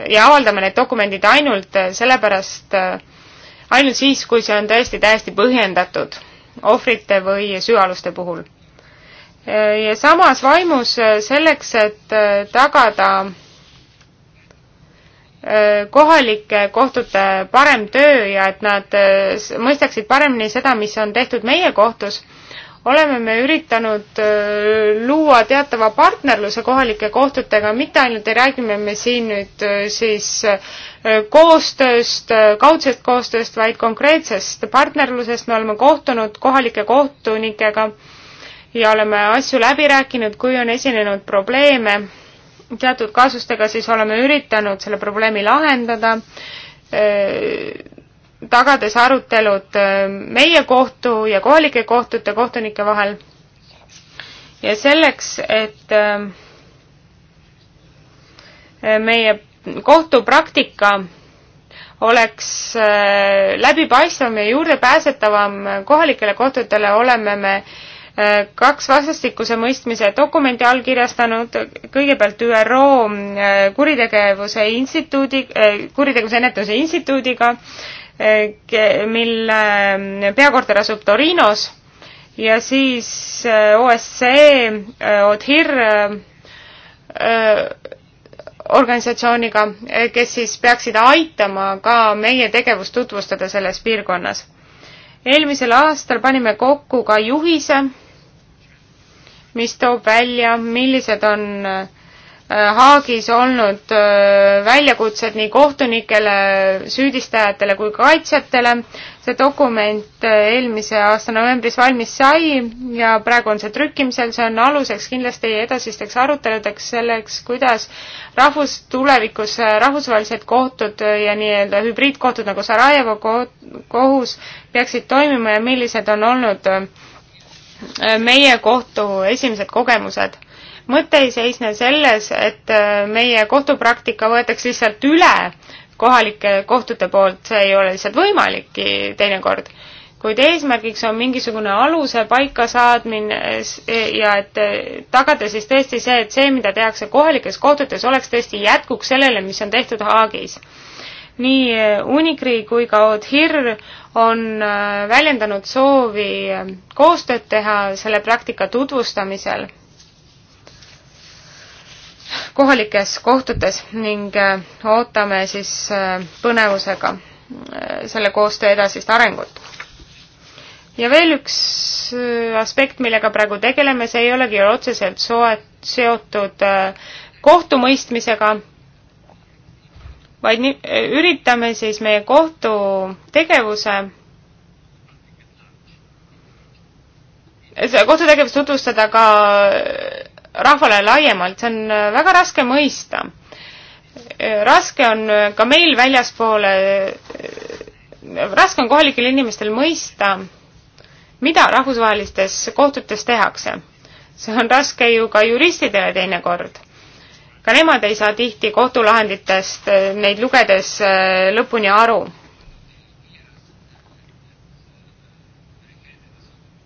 ja avaldame need dokumendid ainult äh, sellepärast, äh, ainult siis, kui see on tõesti täiesti põhjendatud ohvrite või süüaluste puhul. Äh, ja samas vaimus selleks, et tagada kohalike kohtute parem töö ja et nad mõistaksid paremini seda, mis on tehtud meie kohtus oleme me üritanud äh, luua teatava partnerluse kohalike kohtutega, mitte ainult ei räägi me siin nüüd äh, siis äh, koostööst, kaudsest koostööst, vaid konkreetsest partnerlusest, me oleme kohtunud kohalike kohtunikega ja oleme asju läbi rääkinud, kui on esinenud probleeme teatud kaasustega, siis oleme üritanud selle probleemi lahendada tagades arutelud äh, meie kohtu ja kohalike kohtute kohtunike vahel. ja selleks, et äh, meie kohtupraktika oleks äh, läbipaistvam ja juurdepääsetavam kohalikele kohtutele, oleme me kaks vastastikuse mõistmise dokumenti allkirjastanud, kõigepealt ÜRO kuritegevuse instituudi, kuritegevuse ennetuse instituudiga mille peakorter asub Torinos ja siis OSCE, äh, ODHIR äh, äh, organisatsiooniga, kes siis peaksid aitama ka meie tegevust tutvustada selles piirkonnas. eelmisel aastal panime kokku ka juhise, mis toob välja, millised on äh, Äh, Haagis olnud äh, väljakutsed nii kohtunikele, süüdistajatele kui kaitsjatele. see dokument äh, eelmise aasta novembris valmis sai ja praegu on see trükkimisel, see on aluseks kindlasti edasisteks aruteludeks selleks, kuidas rahvus, tulevikus rahvusvahelised kohtud ja nii-öelda hübriidkohtud nagu Sarajevo kohus peaksid toimima ja millised on olnud meie kohtu esimesed kogemused mõte ei seisne selles, et äh, meie kohtupraktika võetakse lihtsalt üle kohalike kohtute poolt, see ei ole lihtsalt võimalikki teinekord, kuid eesmärgiks on mingisugune aluse paika saadmine äh, ja et äh, tagada siis tõesti see, et see, mida tehakse kohalikes kohtutes, oleks tõesti jätkuks sellele, mis on tehtud Haagis nii Unikri kui ka Odhir on väljendanud soovi koostööd teha selle praktika tutvustamisel kohalikes kohtutes ning äh, ootame siis äh, põnevusega äh, selle koostöö edasist arengut. ja veel üks aspekt, millega praegu tegeleme, see ei olegi otseselt soet-, seotud kohtumõistmisega, vaid nii, üritame siis meie kohtutegevuse seda kohtutegevust tutvustada ka rahvale laiemalt, see on äh, väga raske mõista. Äh, raske on äh, ka meil väljaspoole, raske on kohalikel inimestel mõista, mida rahvusvahelistes kohtutes tehakse. see on raske ju ka juristidele teinekord. ka nemad ei saa tihti kohtulahenditest neid lugedes lõpuni aru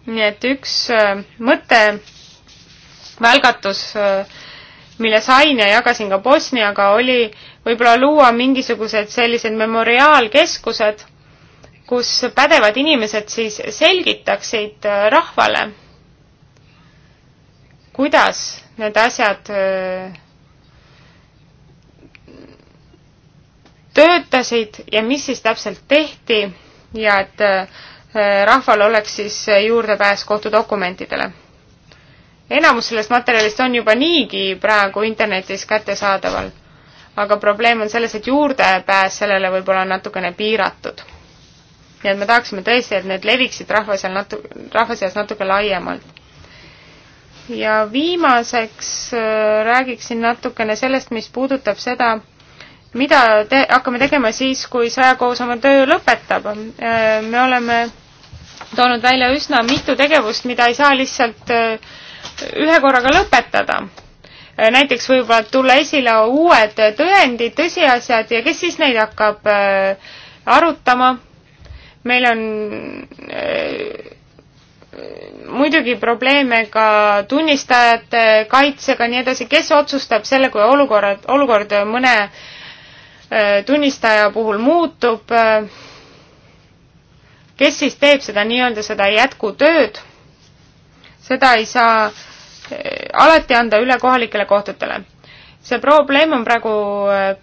nii et üks mõte algatus, äh, mille sain ja jagasin ka Bosniaga, oli võib-olla luua mingisugused sellised memoriaalkeskused, kus pädevad inimesed siis selgitaksid äh, rahvale, kuidas need asjad äh, töötasid ja mis siis täpselt tehti ja et rahval oleks siis juurdepääs kohtudokumentidele enamus sellest materjalist on juba niigi praegu internetis kättesaadaval. aga probleem on selles, et juurdepääs sellele võib-olla on natukene piiratud. nii et me tahaksime tõesti, et need leviksid rahva seal natu-, rahva seas natuke laiemalt. ja viimaseks äh, räägiksin natukene sellest, mis puudutab seda, mida te-, hakkame tegema siis, kui sõjakohus oma töö lõpetab. Äh, me oleme toonud välja üsna mitu tegevust, mida ei saa lihtsalt äh, ühe korraga lõpetada. Äh, näiteks võivad tulla esile uued tõendid, tõsiasjad ja kes siis neid hakkab äh, arutama. meil on äh, muidugi probleeme ka tunnistajate kaitsega, nii edasi, kes otsustab selle, kui olukorrad, olukord mõne tunnistaja puhul muutub, kes siis teeb seda nii-öelda, seda jätkutööd, seda ei saa Eh, alati anda üle kohalikele kohtutele. see probleem on praegu eh,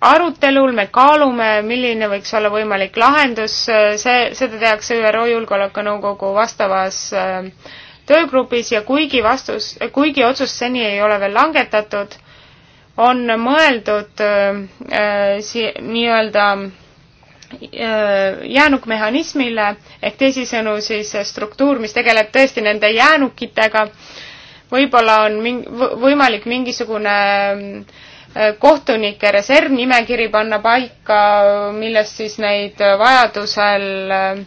arutelul, me kaalume, milline võiks olla võimalik lahendus, eh, see, seda tehakse ÜRO Julgeolekunõukogu vastavas töögrupis ja kuigi vastus, kuigi otsust seni ei ole veel langetatud, on mõeldud äh, si-, nii-öelda jäänukmehhanismile ehk teisisõnu siis struktuur, mis tegeleb tõesti nende jäänukitega äh,, võib-olla on ming-, võimalik mingisugune äh, kohtunike reservnimekiri panna paika, millest siis neid vajadusel äh,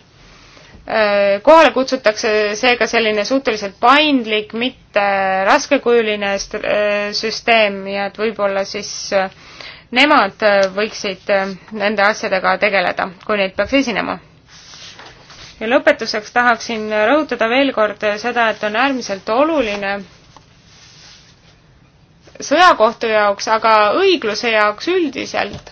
kohale kutsutakse, seega selline suhteliselt paindlik, mitte raskekujuline äh, süsteem ja et võib-olla siis nemad võiksid nende asjadega tegeleda, kui neid peaks esinema ja lõpetuseks tahaksin rõhutada veel kord seda, et on äärmiselt oluline sõjakohtu jaoks, aga õigluse jaoks üldiselt,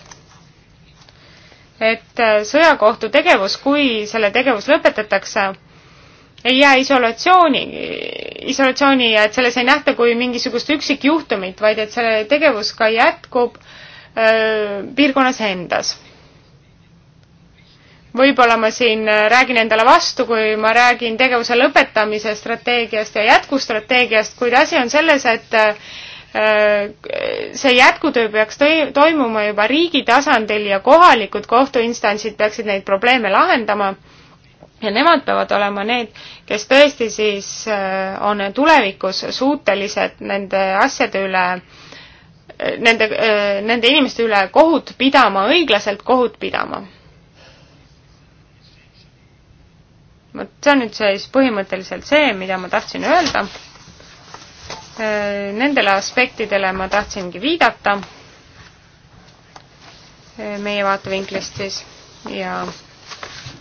et sõjakohtu tegevus, kui selle tegevus lõpetatakse, ei jää isolatsiooni, isolatsiooni ja et selles ei nähta kui mingisugust üksikjuhtumit, vaid et selle tegevus ka jätkub öö, äh, piirkonnas endas võib-olla ma siin äh, räägin endale vastu, kui ma räägin tegevuse lõpetamise strateegiast ja jätkustrateegiast, kuid asi on selles, et äh, see jätkutöö peaks toimuma juba riigi tasandil ja kohalikud kohtuinstantsid peaksid neid probleeme lahendama ja nemad peavad olema need, kes tõesti siis äh, on tulevikus suutelised nende asjade üle, nende, nende inimeste üle kohut pidama, õiglaselt kohut pidama vot see on nüüd siis põhimõtteliselt see, mida ma tahtsin öelda. Äh, nendele aspektidele ma tahtsingi viidata äh, meie vaatevinklist siis ja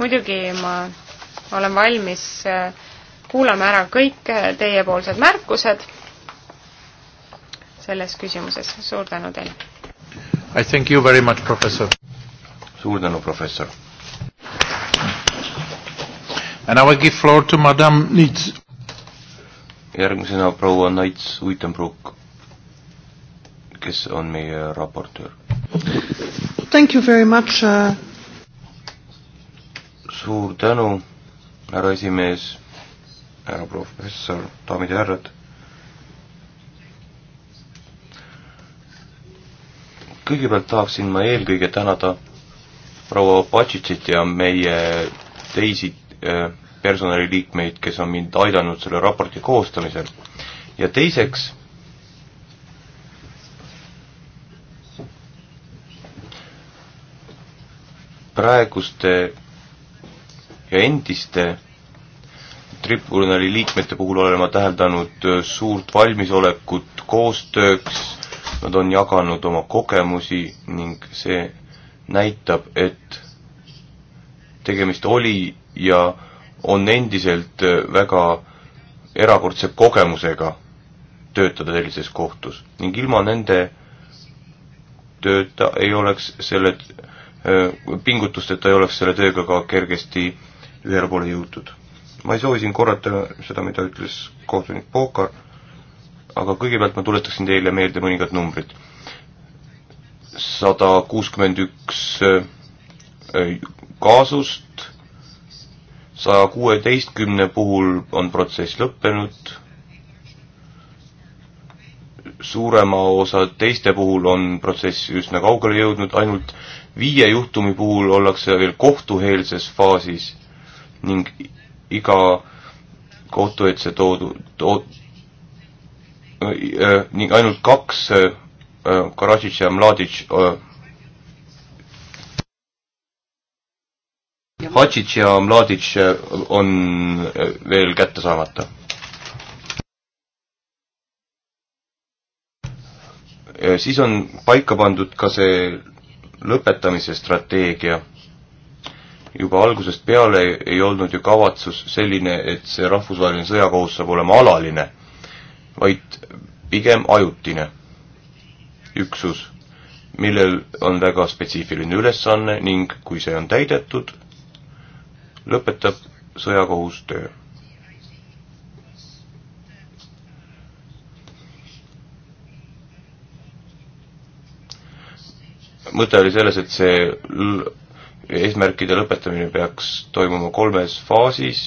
muidugi ma olen valmis äh, kuulame ära kõik teiepoolsed märkused selles küsimuses. suur tänu teile! I thank you very much, professor! suur tänu, professor! And I will give floor to Madame Nits. järgmisena proua Nats Uitenbruck, kes on meie raportöör. Thank you very much uh.... suur tänu, härra esimees, härra professor, daamid ja härrad. kõigepealt tahaksin ma eelkõige tänada proua Patsitsit ja meie teisi äh, personaliliikmeid, kes on mind aidanud selle raporti koostamisel. ja teiseks, praeguste ja endiste tribunali liikmete puhul olen ma täheldanud äh, suurt valmisolekut koostööks, nad on jaganud oma kogemusi ning see näitab, et tegemist oli ja on endiselt äh, väga erakordse kogemusega töötada sellises kohtus ning ilma nende tööta ei oleks selle, äh, pingutusteta ei oleks selle tööga ka kergesti ühele poole jõutud. ma ei soovi siin korrata seda, mida ütles kohtunik Pookar, aga kõigepealt ma tuletaksin teile meelde mõningad numbrid. sada kuuskümmend üks äh, kaasust, saja kuueteistkümne puhul on protsess lõppenud, suurema osa teiste puhul on protsess üsna kaugele jõudnud, ainult viie juhtumi puhul ollakse veel kohtueelses faasis ning iga kohtu ette toodu- to,, äh, ning ainult kaks, äh, Karadžitš ja Mladič äh, Hatšits ja Mladic eh, on eh, veel kätte saamata. siis on paika pandud ka see lõpetamise strateegia. juba algusest peale ei olnud ju kavatsus selline, et see rahvusvaheline sõjakohus saab olema alaline, vaid pigem ajutine üksus, millel on väga spetsiifiline ülesanne ning kui see on täidetud, lõpetab sõjakohus töö. mõte oli selles, et see eesmärkide lõpetamine peaks toimuma kolmes faasis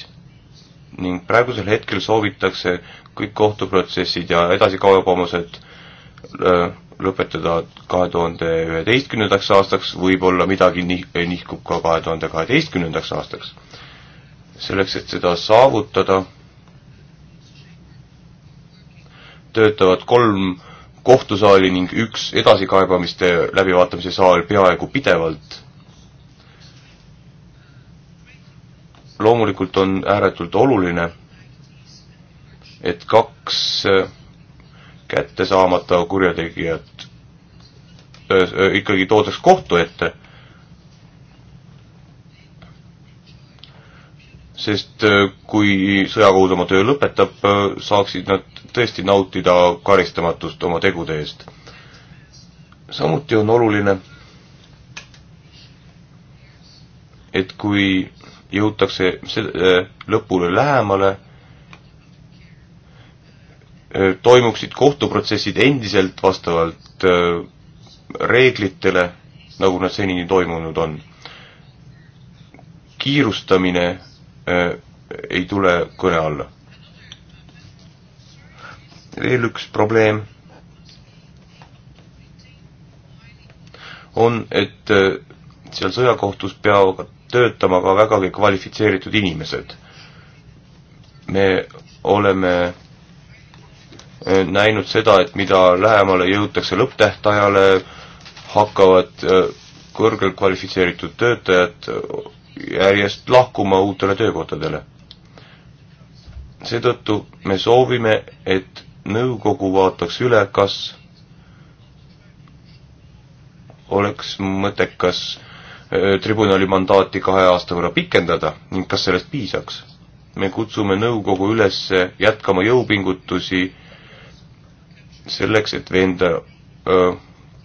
ning praegusel hetkel soovitakse kõik kohtuprotsessid ja edasikaebamused äh, lõpetada kahe tuhande üheteistkümnendaks aastaks, võib-olla midagi nih-, nihkub ka kahe tuhande kaheteistkümnendaks aastaks selleks, et seda saavutada, töötavad kolm kohtusaali ning üks edasikaebamiste läbivaatamise saal peaaegu pidevalt. loomulikult on ääretult oluline, et kaks kättesaamata kurjategijat ikkagi toodaks kohtu ette sest äh, kui sõjakohus oma töö lõpetab, äh, saaksid nad tõesti nautida karistamatust oma tegude eest. samuti on oluline, et kui jõutakse äh, lõpule lähemale, toimuksid kohtuprotsessid endiselt vastavalt reeglitele, nagu nad senini toimunud on. kiirustamine Äh, ei tule kõne alla. veel üks probleem on, et äh, seal sõjakohtus peavad töötama ka vägagi kvalifitseeritud inimesed. me oleme äh, näinud seda, et mida lähemale jõutakse lõpptähtajale, hakkavad kõrgelt kvalifitseeritud töötajad järjest lahkuma uutele töökohtadele. seetõttu me soovime, et nõukogu vaataks üle, kas oleks mõttekas tribunali mandaati kahe aasta võrra pikendada ning kas sellest piisaks. me kutsume nõukogu üles jätkama jõupingutusi selleks, et veenda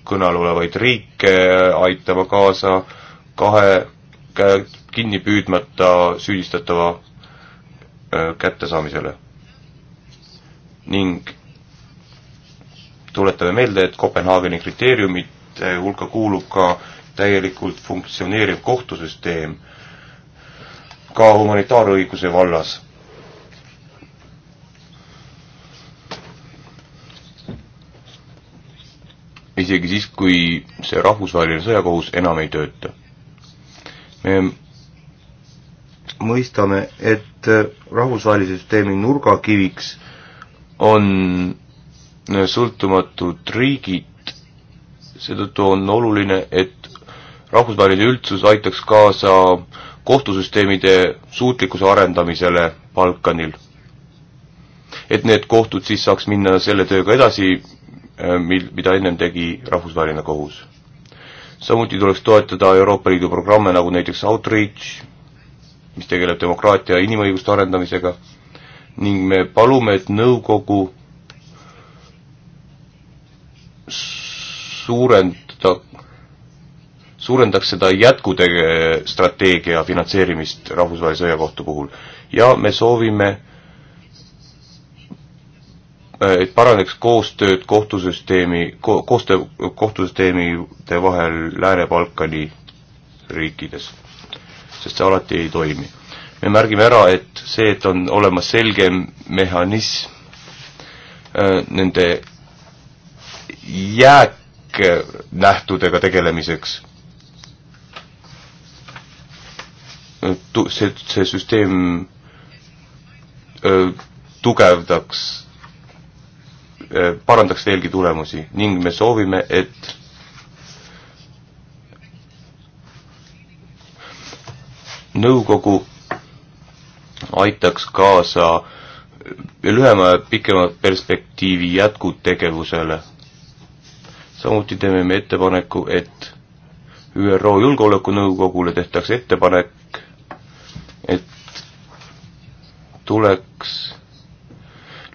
kõnal olevaid riike aitama kaasa kahe kinni püüdmata süüdistatava kättesaamisele. ning tuletame meelde, et Kopenhaageni kriteeriumite hulka kuulub ka täielikult funktsioneeriv kohtusüsteem, ka humanitaarõiguse vallas. isegi siis, kui see rahvusvaheline sõjakohus enam ei tööta me mõistame, et äh, rahvusvahelise süsteemi nurgakiviks on äh, sõltumatud riigid, seetõttu on oluline, et rahvusvaheline üldsus aitaks kaasa kohtusüsteemide suutlikkuse arendamisele Balkanil. et need kohtud siis saaks minna selle tööga edasi, äh, mil, mida ennem tegi rahvusvaheline kohus samuti tuleks toetada Euroopa Liidu programme, nagu näiteks Outreach, mis tegeleb demokraatia ja inimõiguste arendamisega, ning me palume, et nõukogu suurenda, suurendaks seda jätkutege-, strateegia finantseerimist Rahvusvahelise Sõjakohtu puhul. ja me soovime et paraneks koostööd kohtusüsteemi ko,, koostöö, kohtusüsteemide vahel Lääne-Balkani riikides, sest see alati ei toimi. me märgime ära, et see, et on olemas selgem mehhanism äh, nende jääknähtudega tegelemiseks, äh, see, see süsteem äh, tugevdaks Eh, parandaks veelgi tulemusi ning me soovime, et nõukogu aitaks kaasa lühema ja pikema perspektiivi jätkutegevusele. samuti teeme me ettepaneku, et ÜRO Julgeolekunõukogule tehtaks ettepanek, et tuleks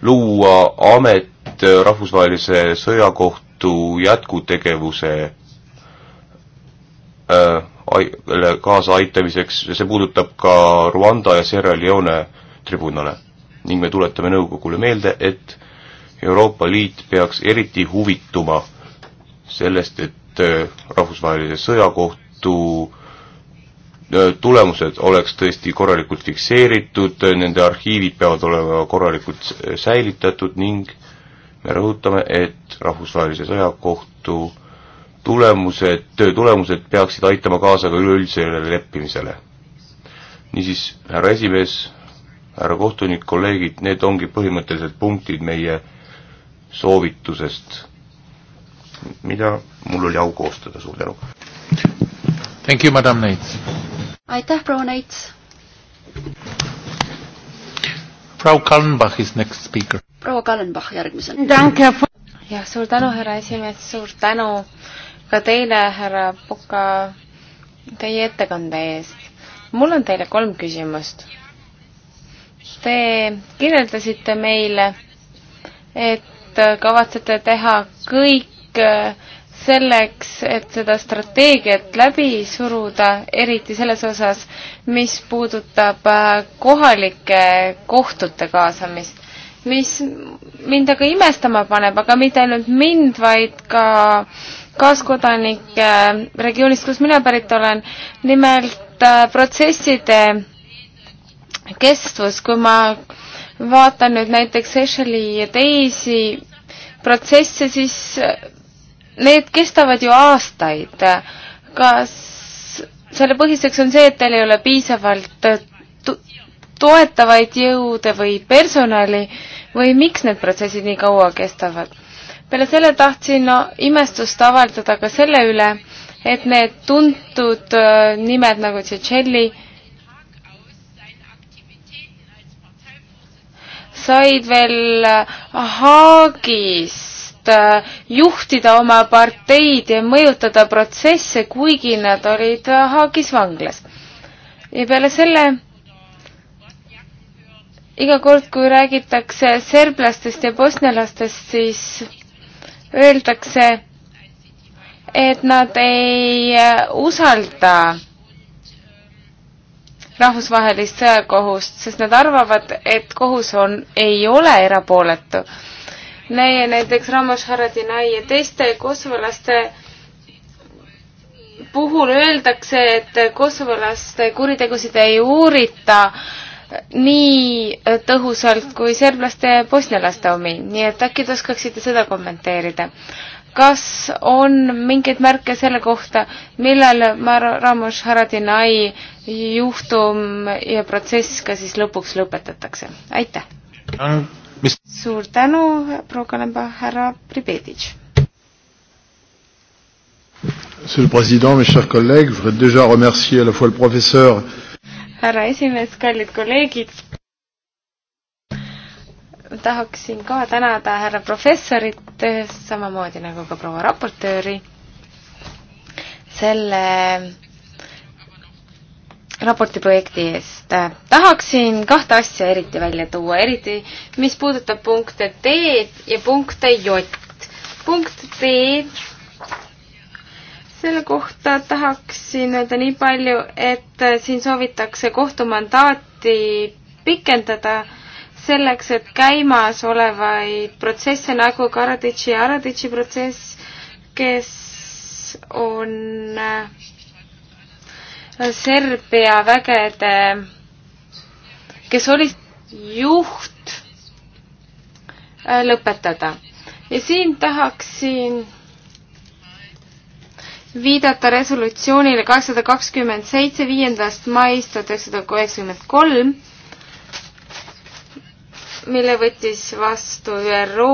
luua amet, et äh, rahvusvahelise sõjakohtu jätkutegevuse äh, kaasaaitamiseks, see puudutab ka Rwanda ja Sierra Leone tribunale. ning me tuletame nõukogule meelde, et Euroopa Liit peaks eriti huvituma sellest, et äh, rahvusvahelise sõjakohtu äh, tulemused oleks tõesti korralikult fikseeritud, nende arhiivid peavad olema korralikult säilitatud ning me rõhutame, et Rahvusvahelise Sõjakohtu tulemused, töö tulemused peaksid aitama kaasa ka üleüldisele leppimisele. niisiis, härra esimees, härra kohtunik, kolleegid, need ongi põhimõttelised punktid meie soovitusest, mida mul oli au koostada, suur tänu. Thank you, madam Neits. aitäh, proua Neits. Frau Kallenbach is next speaker proua Kallenbach järgmisena. jah, suur tänu, härra esimees, suur tänu ka teile, härra Puka, teie ettekande eest. mul on teile kolm küsimust. Te kirjeldasite meile, et kavatsete teha kõik eh, selleks, et seda strateegiat läbi suruda, eriti selles osas, mis puudutab eh, kohalike kohtute kaasamist mis mind aga imestama paneb, aga mitte ainult mind, vaid ka kaaskodanike regioonist, kust mina pärit olen, nimelt äh, protsesside kestvus, kui ma vaatan nüüd näiteks Echeli ja teisi protsesse, siis äh, need kestavad ju aastaid. kas selle põhjuseks on see, et teil ei ole piisavalt äh, toetavaid jõude või personali või miks need protsessid nii kaua kestavad. peale selle tahtsin no, imestust avaldada ka selle üle, et need tuntud äh, nimed nagu Tšetšelli said veel äh, Haagist äh, juhtida oma parteid ja mõjutada protsesse, kuigi nad olid äh, Haagis vanglas. ja peale selle iga kord, kui räägitakse serblastest ja bosnialastest, siis öeldakse, et nad ei äh, usalda rahvusvahelist sõjakohust, sest nad arvavad, et kohus on, ei ole erapooletu. näiteks Ramos Haradinai ja teiste kosovolaste puhul öeldakse, et kosovolaste kuritegusid ei uurita nii tõhusalt kui serblaste ja bosnialaste omi, nii et äkki te oskaksite seda kommenteerida. kas on mingeid märke selle kohta, millal Mar-, Ramos Haradinai juhtum ja protsess ka siis lõpuks lõpetatakse? aitäh! Mis... suur tänu, proua Kalemba, härra Pribeditš! Monsieur le Président, mes chers collègues, je voudrais déjà remercier à la fois le professeur euh, härra esimees, kallid kolleegid. tahaksin ka tänada härra professorit, samamoodi nagu ka proua raportööri, selle raporti projekti eest. tahaksin kahte asja eriti välja tuua, eriti mis puudutab punkte D-d ja punkte J. punkt D selle kohta tahaksin öelda nii palju, et siin soovitakse kohtumandaati pikendada selleks, et käimasolevaid protsesse nagu Karadžitši ja Aradžitši protsess, kes on Serbia vägede, kes oli juht, lõpetada. ja siin tahaksin viidata resolutsioonile kaheksasada kakskümmend seitse viiendast maist tuhat üheksasada kaheksakümmend kolm, mille võttis vastu ÜRO,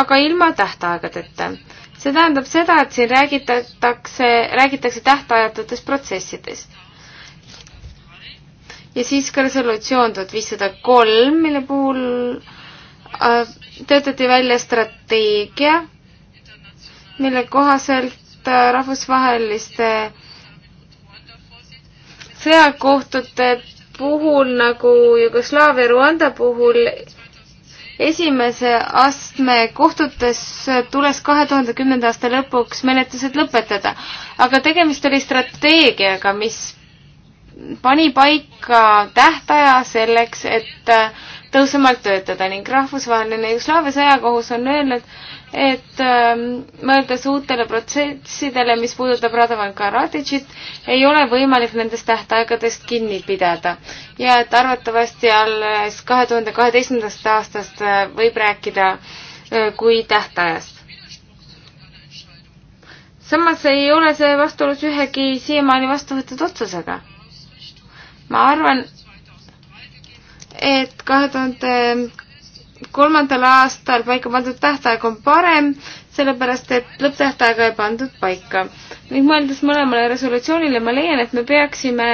aga ilma tähtaegadeta. see tähendab seda, et siin räägitakse, räägitakse tähtajatutest protsessidest. ja siis ka resolutsioon tuhat viissada kolm, mille puhul äh, töötati välja strateegia, mille kohaselt et äh, rahvusvaheliste sõjakohtute puhul nagu Jugoslaavia, Rwanda puhul esimese astme kohtutes tuleks kahe tuhande kümnenda aasta lõpuks menetlused lõpetada. aga tegemist oli strateegiaga, mis pani paika tähtaja selleks, et äh, tõhusamalt töötada ning rahvusvaheline Jugoslaavia sõjakohus on öelnud, et ähm, mõeldes uutele protsessidele, mis puudutab Radovan Karadžit, ei ole võimalik nendest tähtaegadest kinni pidada ja et arvatavasti alles kahe tuhande kaheteistkümnendast aastast äh, võib rääkida äh, kui tähtajast. samas ei ole see vastuolus ühegi siiamaani vastu võetud otsusega. ma arvan, et kahe tuhande kolmandal aastal paika pandud tähtaeg on parem, sellepärast et lõpptähtaega ei pandud paika. ning mõeldes mõlemale resolutsioonile, ma leian, et me peaksime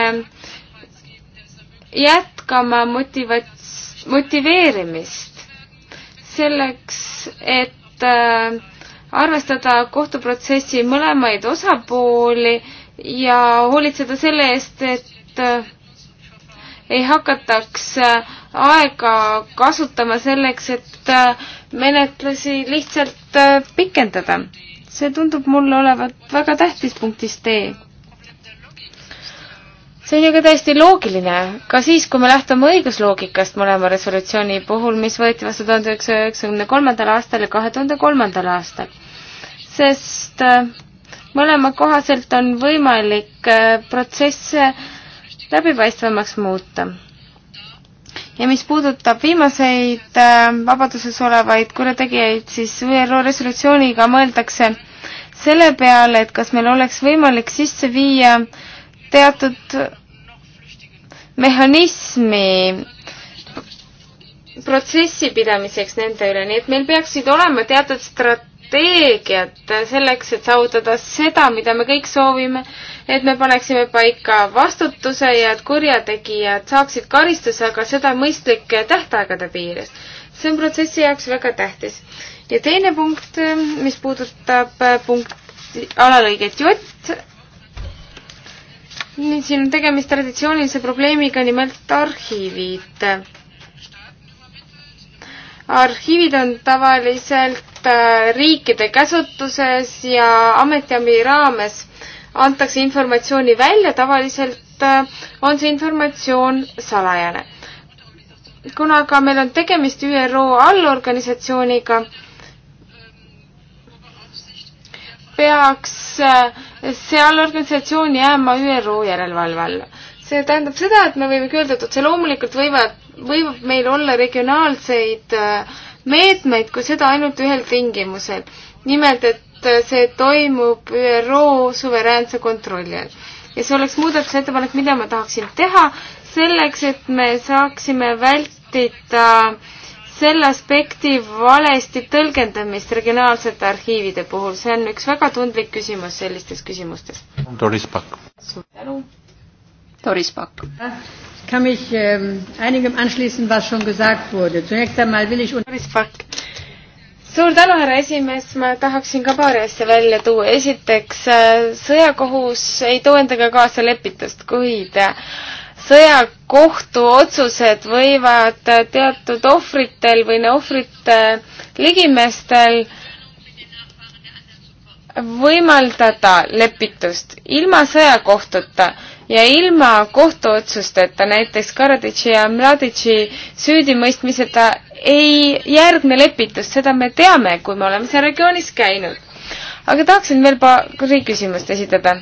jätkama motivats-, motiveerimist selleks, et äh, arvestada kohtuprotsessi mõlemaid osapooli ja hoolitseda selle eest, et äh, ei hakataks äh, aega kasutama selleks, et äh, menetlusi lihtsalt äh, pikendada. see tundub mulle olevat väga tähtis punktist E. see on ju ka täiesti loogiline, ka siis, kui me lähtume õigusloogikast mõlema resolutsiooni puhul, mis võeti vastu tuhande üheksasaja üheksakümne kolmandal aastal ja kahe tuhande kolmandal aastal. sest mõlema kohaselt on võimalik protsesse läbipaistvamaks muuta. ja mis puudutab viimaseid äh, vabaduses olevaid kurjategijaid, siis ÜRO resolutsiooniga mõeldakse selle peale, et kas meil oleks võimalik sisse viia teatud mehhanismi protsessi pidamiseks nende üle, nii et meil peaksid olema teatud strat-, strateegiat selleks, et saavutada seda, mida me kõik soovime, et me paneksime paika vastutuse ja et kurjategijad saaksid karistuse, aga seda mõistlike tähtaegade piires. see on protsessi jaoks väga tähtis. ja teine punkt, mis puudutab äh, punkti, alalõiget J, nii, siin on tegemist traditsioonilise probleemiga, nimelt arhiivid arhiivid on tavaliselt Äh, riikide käsutuses ja ametiabi raames antakse informatsiooni välja, tavaliselt äh, on see informatsioon salajane. kuna aga meil on tegemist ÜRO allorganisatsiooniga, peaks äh, seal organisatsioon jääma ÜRO järelevalve alla. see tähendab seda, et me võime öelda, et otse loomulikult võivad, võib meil olla regionaalseid äh, meetmeid, kui seda ainult ühel tingimusel. nimelt, et see toimub ÜRO suveräänse kontrolli all. ja see oleks muudatusettepanek, mida ma tahaksin teha, selleks, et me saaksime vältida selle aspekti valesti tõlgendamist regionaalsete arhiivide puhul, see on üks väga tundlik küsimus sellistes küsimustes. Doris Pakk. suur tänu. Doris Pakk kann mich ähm, einigem anschließen, was schon gesagt wurde. Zunächst einmal will ich... suur tänu, härra esimees, ma tahaksin ka paari asja välja tuua. esiteks, äh, sõjakohus ei too endaga kaasa lepitust, kuid äh, sõjakohtu otsused võivad äh, teatud ohvritel või ohvrite ligimestel võimaldada lepitust ilma sõjakohtuta ja ilma kohtuotsusteta, näiteks Karadžitši ja Mladiči süüdimõistmiseta ei järgne lepitust, seda me teame, kui me oleme seal regioonis käinud. aga tahaksin veel paari küsimust esitada.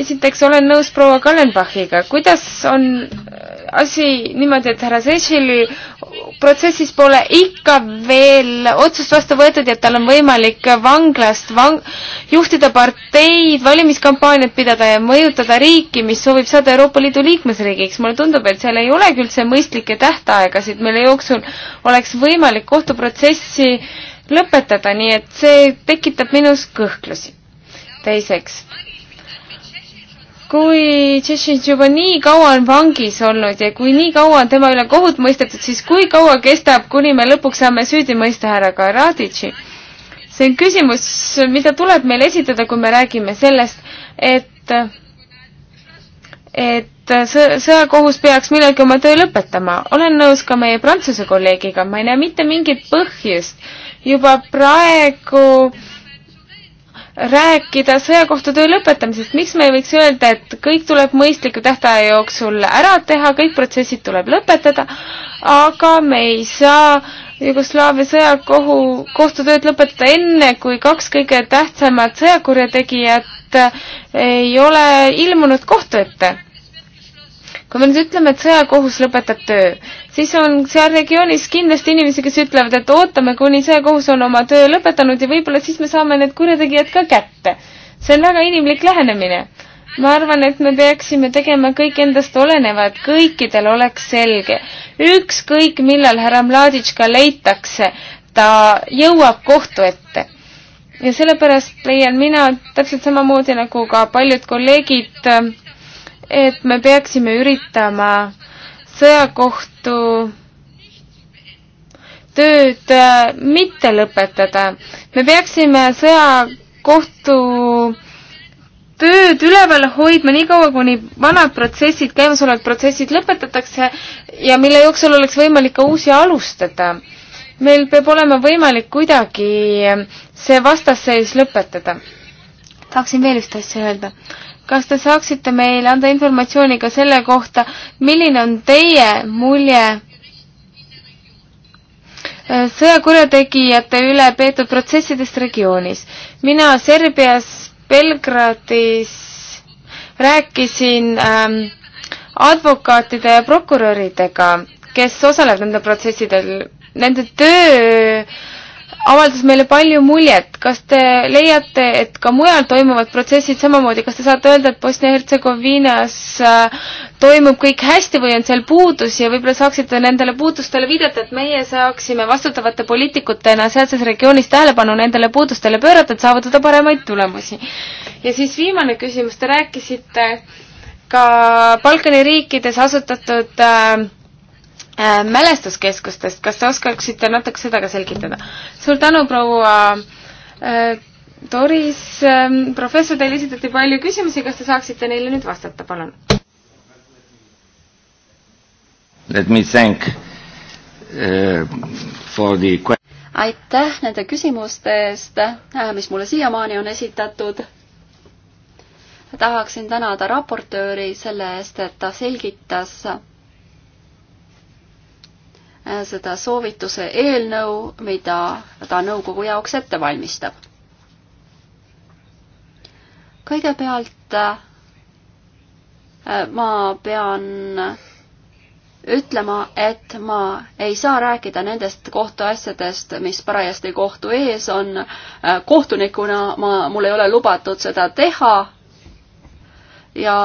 esiteks olen nõus proua Kallenbachiga, kuidas on asi niimoodi, et härra Seychell'i protsessis pole ikka veel otsust vastu võetud ja tal on võimalik vanglast vang-, juhtida parteid, valimiskampaaniat pidada ja mõjutada riiki, mis soovib saada Euroopa Liidu liikmesriigiks. mulle tundub, et seal ei olegi üldse mõistlikke tähtaegasid, mille jooksul oleks võimalik kohtuprotsessi lõpetada, nii et see tekitab minus kõhklusi. teiseks kui Tšetšins juba nii kaua on vangis olnud ja kui nii kaua on tema üle kohut mõistetud, siis kui kaua kestab, kuni me lõpuks saame süüdi mõista härra Karaditši? see on küsimus, mida tuleb meil esitada, kui me räägime sellest, et, et sõjakohus peaks millalgi oma töö lõpetama. olen nõus ka meie prantsuse kolleegiga, ma ei näe mitte mingit põhjust juba praegu äh, rääkida sõjakohtutöö lõpetamisest, miks me ei võiks öelda, et kõik tuleb mõistliku tähtaja jooksul ära teha, kõik protsessid tuleb lõpetada, aga me ei saa Jugoslaavia sõjakohu, kohtutööd lõpetada enne, kui kaks kõige tähtsamat sõjakurjategijat ei ole ilmunud kohtu ette kui me nüüd ütleme, et sõjakohus lõpetab töö, siis on seal regioonis kindlasti inimesi, kes ütlevad, et ootame, kuni sõjakohus on oma töö lõpetanud ja võib-olla siis me saame need kurjategijad ka kätte. see on väga inimlik lähenemine. ma arvan, et me peaksime tegema kõik endast olenevad, kõikidel oleks selge. ükskõik, millal härra Mladic ka leitakse, ta jõuab kohtu ette ja sellepärast leian mina täpselt samamoodi nagu ka paljud kolleegid äh, et me peaksime üritama sõjakohtu tööd äh, mitte lõpetada. me peaksime sõjakohtu tööd üleval hoidma nii kaua, kuni vanad protsessid, käimasolevad protsessid lõpetatakse ja mille jooksul oleks võimalik ka uusi alustada. meil peab olema võimalik kuidagi see vastasseis lõpetada. tahaksin veel ühte asja öelda kas te saaksite meile anda informatsiooni ka selle kohta, milline on teie mulje äh, sõjakurjategijate üle peetud protsessidest regioonis? mina Serbias Belgradis rääkisin ähm, advokaatide ja prokuröridega, kes osalevad nende protsessidel, nende töö äh, avaldas meile palju muljet. kas te leiate, et ka mujal toimuvad protsessid samamoodi, kas te saate öelda, et Bosnia-Hertsegoviinas äh, toimub kõik hästi või on seal puudus ja võib-olla saaksite nendele puudustele viidata, et meie saaksime vastutavate poliitikutena sealses regioonis tähelepanu nendele puudustele pöörata, et saavutada paremaid tulemusi. ja siis viimane küsimus, te rääkisite ka Balkani riikides asutatud äh, Äh, mälestuskeskustest, kas te oskaksite natuke seda ka selgitada? suur tänu, proua äh, Doris, ähm, professor, teile esitati palju küsimusi, kas te saaksite neile nüüd vastata, palun? Let me thank uh, for the aitäh nende küsimuste eest, mis mulle siiamaani on esitatud. tahaksin tänada raportööri selle eest, et ta selgitas Äh, seda soovituse eelnõu, mida ta nõukogu jaoks ette valmistab. kõigepealt äh, ma pean ütlema, et ma ei saa rääkida nendest kohtuasjadest, mis parajasti kohtu ees on. Äh, kohtunikuna ma, mul ei ole lubatud seda teha ja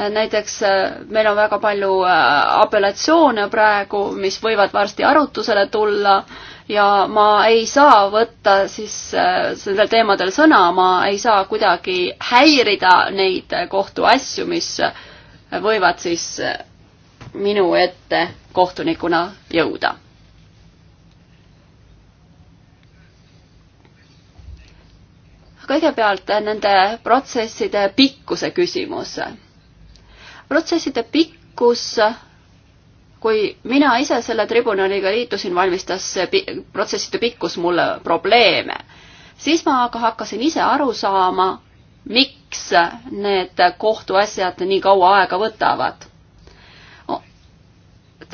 Äh, näiteks äh, meil on väga palju äh, apellatsioone praegu, mis võivad varsti arutusele tulla ja ma ei saa võtta siis nendel teemadel sõna, ma ei saa kuidagi häirida neid kohtuasju, mis võivad siis minu ette kohtunikuna jõuda. kõigepealt nende protsesside pikkuse küsimus protsesside pikkus, kui mina ise selle tribunaliga liitusin, valmistas see protsesside pikkus mulle probleeme. siis ma aga hakkasin ise aru saama, miks need kohtuasjad nii kaua aega võtavad.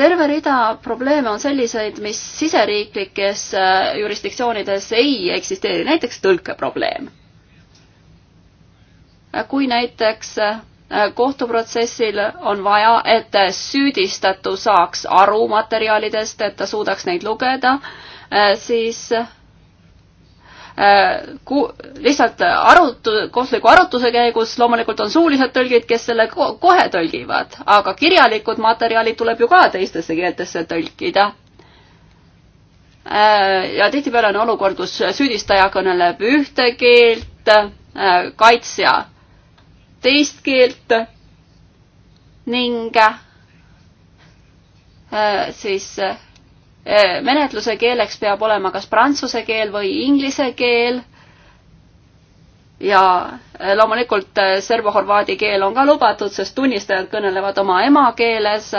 terve rida probleeme on selliseid, mis siseriiklikes äh, jurisdiktsioonides ei eksisteeri, näiteks tõlkeprobleem. kui näiteks äh, Äh, kohtuprotsessil on vaja, et süüdistatu saaks aru materjalidest, et ta suudaks neid lugeda, äh, siis äh, ku-, lihtsalt arutu-, kohtuliku arutuse käigus loomulikult on suulised tõlgid, kes selle ko kohe tõlgivad, aga kirjalikud materjalid tuleb ju ka teistesse keeltesse tõlkida. ja tihtipeale on olukord, kus süüdistaja kõneleb ühte keelt, kaitsja teist keelt ning äh, siis äh, menetluse keeleks peab olema kas prantsuse keel või inglise keel. ja äh, loomulikult serbo-horvaadi keel on ka lubatud, sest tunnistajad kõnelevad oma emakeeles.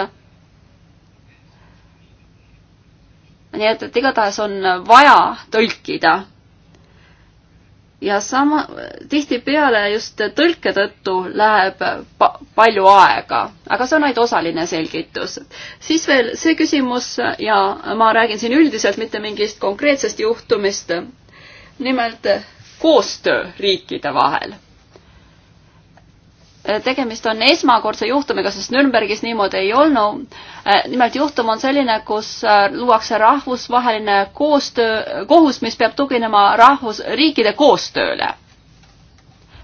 nii et, et igatahes on vaja tõlkida ja sama, tihtipeale just tõlke tõttu läheb pa palju aega, aga see on ainult osaline selgitus. siis veel see küsimus ja ma räägin siin üldiselt, mitte mingist konkreetsest juhtumist. nimelt koostöö riikide vahel tegemist on esmakordse juhtumiga, sest Nürnbergis niimoodi ei olnud. Äh, nimelt juhtum on selline, kus äh, luuakse rahvusvaheline koostöö, kohus, mis peab tuginema rahvus, riikide koostööle.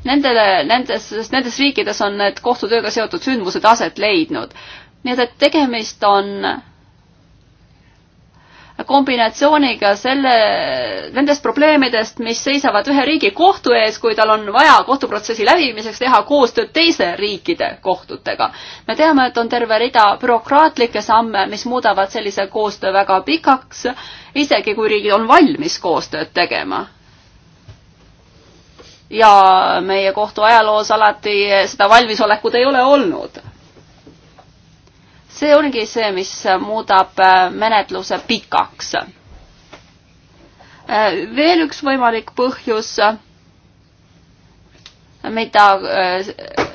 Nendele, nendes, sest nendes riikides on need kohtutööga seotud sündmused aset leidnud. nii et, et tegemist on kombinatsiooniga selle, nendest probleemidest, mis seisavad ühe riigi kohtu ees, kui tal on vaja kohtuprotsessi läbimiseks teha koostööd teise riikide kohtutega. me teame, et on terve rida bürokraatlikke samme, mis muudavad sellise koostöö väga pikaks, isegi kui riigid on valmis koostööd tegema. ja meie kohtu ajaloos alati seda valmisolekut ei ole olnud see ongi see, mis muudab äh, menetluse pikaks. Äh, veel üks võimalik põhjus, mida äh,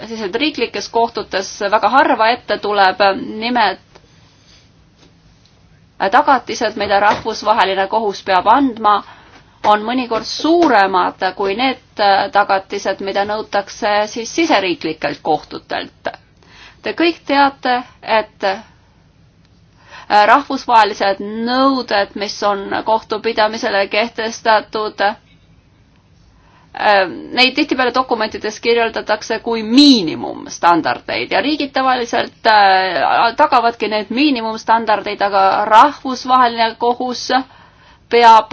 sellised riiklikes kohtutes väga harva ette tuleb, nimelt tagatised, mida rahvusvaheline kohus peab andma, on mõnikord suuremad kui need tagatised, mida nõutakse siis siseriiklikelt kohtutelt. Te kõik teate, et äh, rahvusvahelised nõuded, mis on kohtupidamisele kehtestatud, äh, neid tihtipeale dokumentides kirjeldatakse kui miinimumstandardeid ja riigid tavaliselt äh, tagavadki need miinimumstandardeid, aga rahvusvaheline kohus peab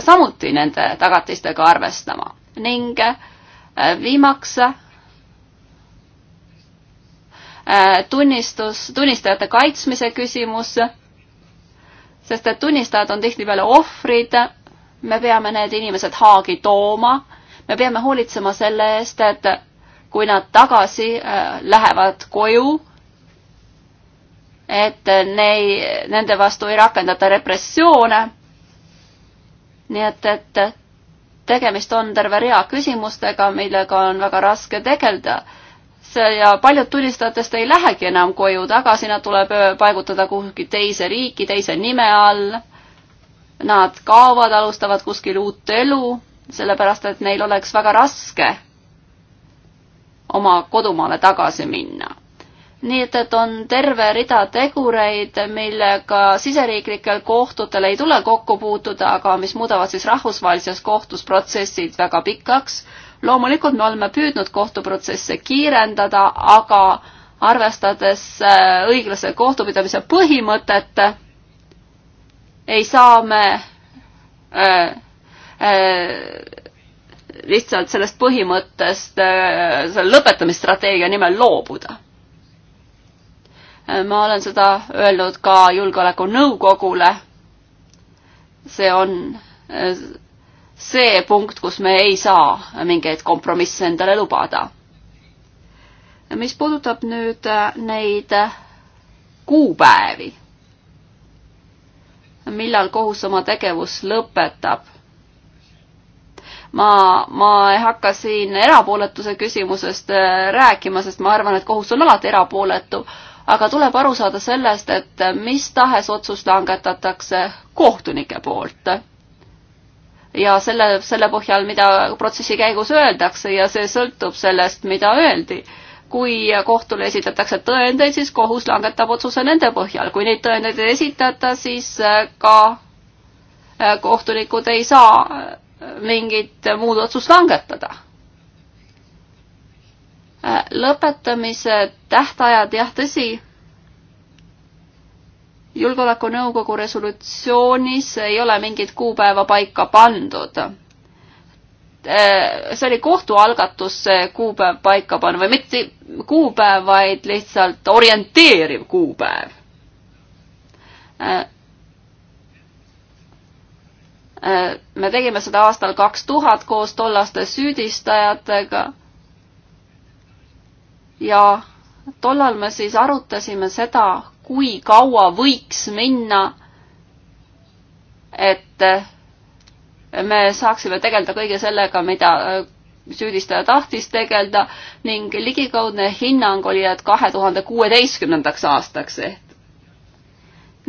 samuti nende tagatistega arvestama ning viimaks Äh, tunnistus, tunnistajate kaitsmise küsimus, sest et tunnistajad on tihtipeale ohvrid, me peame need inimesed Haagi tooma, me peame hoolitsema selle eest, et kui nad tagasi äh, lähevad koju, et nei-, nende vastu ei rakendata repressioone. nii et, et tegemist on terve rea küsimustega, millega on väga raske tegeleda ja paljud tulistajatest ei lähegi enam koju tagasi, nad tuleb paigutada kuhugi teise riiki, teise nime all. Nad kaovad, alustavad kuskil uut elu, sellepärast et neil oleks väga raske oma kodumaale tagasi minna nii et, et on terve rida tegureid, millega siseriiklikel kohtutel ei tule kokku puutuda, aga mis muudavad siis rahvusvahelises kohtus protsessid väga pikaks loomulikult me oleme püüdnud kohtuprotsesse kiirendada, aga arvestades äh, õiglase kohtupidamise põhimõtet, ei saa me äh, äh, lihtsalt sellest põhimõttest, äh, selle lõpetamisstrateegia nimel loobuda. Äh, ma olen seda öelnud ka Julgeolekunõukogule. see on see punkt, kus me ei saa mingeid kompromisse endale lubada. mis puudutab nüüd äh, neid äh, kuupäevi, millal kohus oma tegevus lõpetab, ma, ma ei hakka siin erapooletuse küsimusest äh, rääkima, sest ma arvan, et kohus on alati erapooletu, aga tuleb aru saada sellest, et mis tahes otsus langetatakse kohtunike poolt ja selle, selle põhjal, mida protsessi käigus öeldakse ja see sõltub sellest, mida öeldi. kui kohtule esitatakse tõendeid, siis kohus langetab otsuse nende põhjal, kui neid tõendeid ei esitata, siis äh, ka äh, kohtunikud ei saa äh, mingit muud otsust langetada. lõpetamise tähtajad, jah, tõsi julgeolekunõukogu resolutsioonis ei ole mingit kuupäeva paika pandud. Eh, see oli kohtu algatus see kuupäev paika panna või mitte kuupäev, vaid lihtsalt orienteeriv kuupäev. Eh, eh, me tegime seda aastal kaks tuhat koos tollaste süüdistajatega. ja tollal me siis arutasime seda, kui kaua võiks minna, et me saaksime tegeleda kõige sellega, mida äh, süüdistaja tahtis tegeleda ning ligikaudne hinnang oli, et kahe tuhande kuueteistkümnendaks aastaks ehk.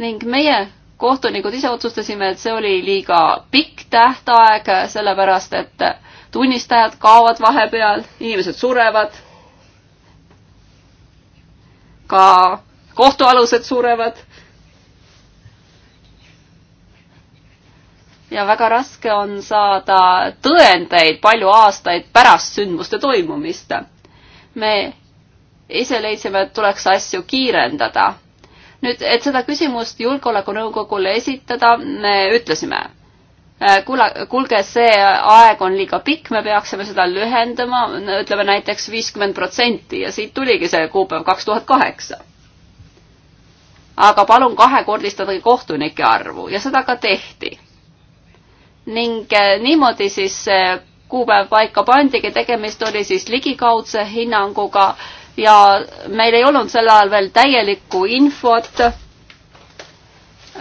ning meie kohtunikud ise otsustasime, et see oli liiga pikk tähtaeg, sellepärast et tunnistajad kaovad vahepeal, inimesed surevad. ka kohtualused surevad. ja väga raske on saada tõendeid palju aastaid pärast sündmuste toimumist. me ise leidsime, et tuleks asju kiirendada. nüüd, et seda küsimust Julgeolekunõukogule esitada, me ütlesime kuule, äh, kuulge, see aeg on liiga pikk, me peaksime seda lühendama, ütleme näiteks viiskümmend protsenti ja siit tuligi see kuupäev kaks tuhat kaheksa aga palun kahekordistage kohtunike arvu ja seda ka tehti. ning eh, niimoodi siis eh, kuupäev paika pandigi, tegemist oli siis ligikaudse hinnanguga ja meil ei olnud sel ajal veel täielikku infot.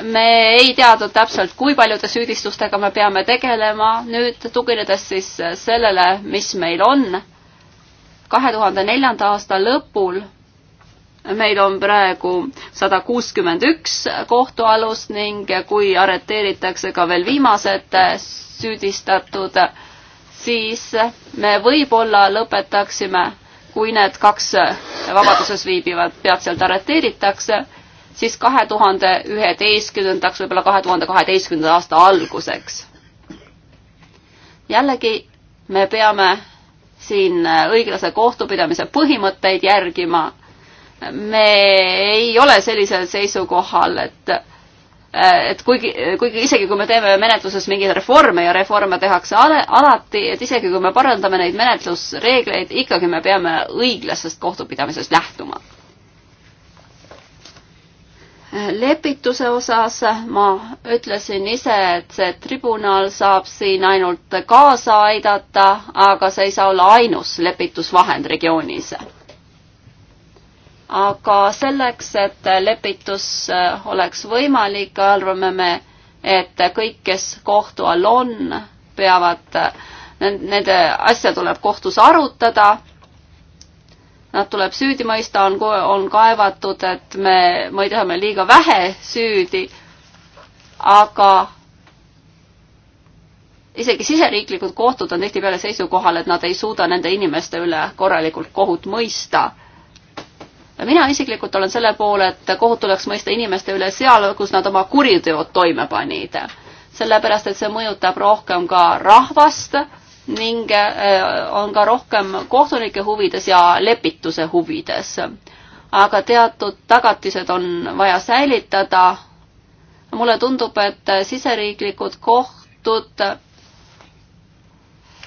me ei teadnud täpselt, kui paljude süüdistustega me peame tegelema, nüüd tuginedes siis eh, sellele, mis meil on, kahe tuhande neljanda aasta lõpul meil on praegu sada kuuskümmend üks kohtualust ning kui arreteeritakse ka veel viimased süüdistatud, siis me võib-olla lõpetaksime, kui need kaks vabaduses viibivat peatselt arreteeritakse, siis kahe tuhande üheteistkümnendaks, võib-olla kahe tuhande kaheteistkümnenda aasta alguseks. jällegi me peame siin õiglase kohtupidamise põhimõtteid järgima me ei ole sellisel seisukohal, et et kuigi, kuigi isegi kui me teeme menetluses mingeid reforme ja reforme tehakse alati, et isegi kui me parandame neid menetlusreegleid, ikkagi me peame õiglasest kohtupidamisest lähtuma. lepituse osas ma ütlesin ise, et see tribunal saab siin ainult kaasa aidata, aga see ei saa olla ainus lepitusvahend regioonis aga selleks, et lepitus äh, oleks võimalik, arvame me, et kõik, kes kohtu all on, peavad, äh, nende asja tuleb kohtus arutada. Nad tuleb süüdi mõista, on, on kaevatud, et me, ma ei tea, me liiga vähe süüdi, aga isegi siseriiklikud kohtud on tihtipeale seisukohal, et nad ei suuda nende inimeste üle korralikult kohut mõista mina isiklikult olen selle poole, et kohut tuleks mõista inimeste üle seal, kus nad oma kuriteod toime panid. sellepärast, et see mõjutab rohkem ka rahvast ning äh, on ka rohkem kohtunike huvides ja lepituse huvides. aga teatud tagatised on vaja säilitada. mulle tundub, et siseriiklikud kohtud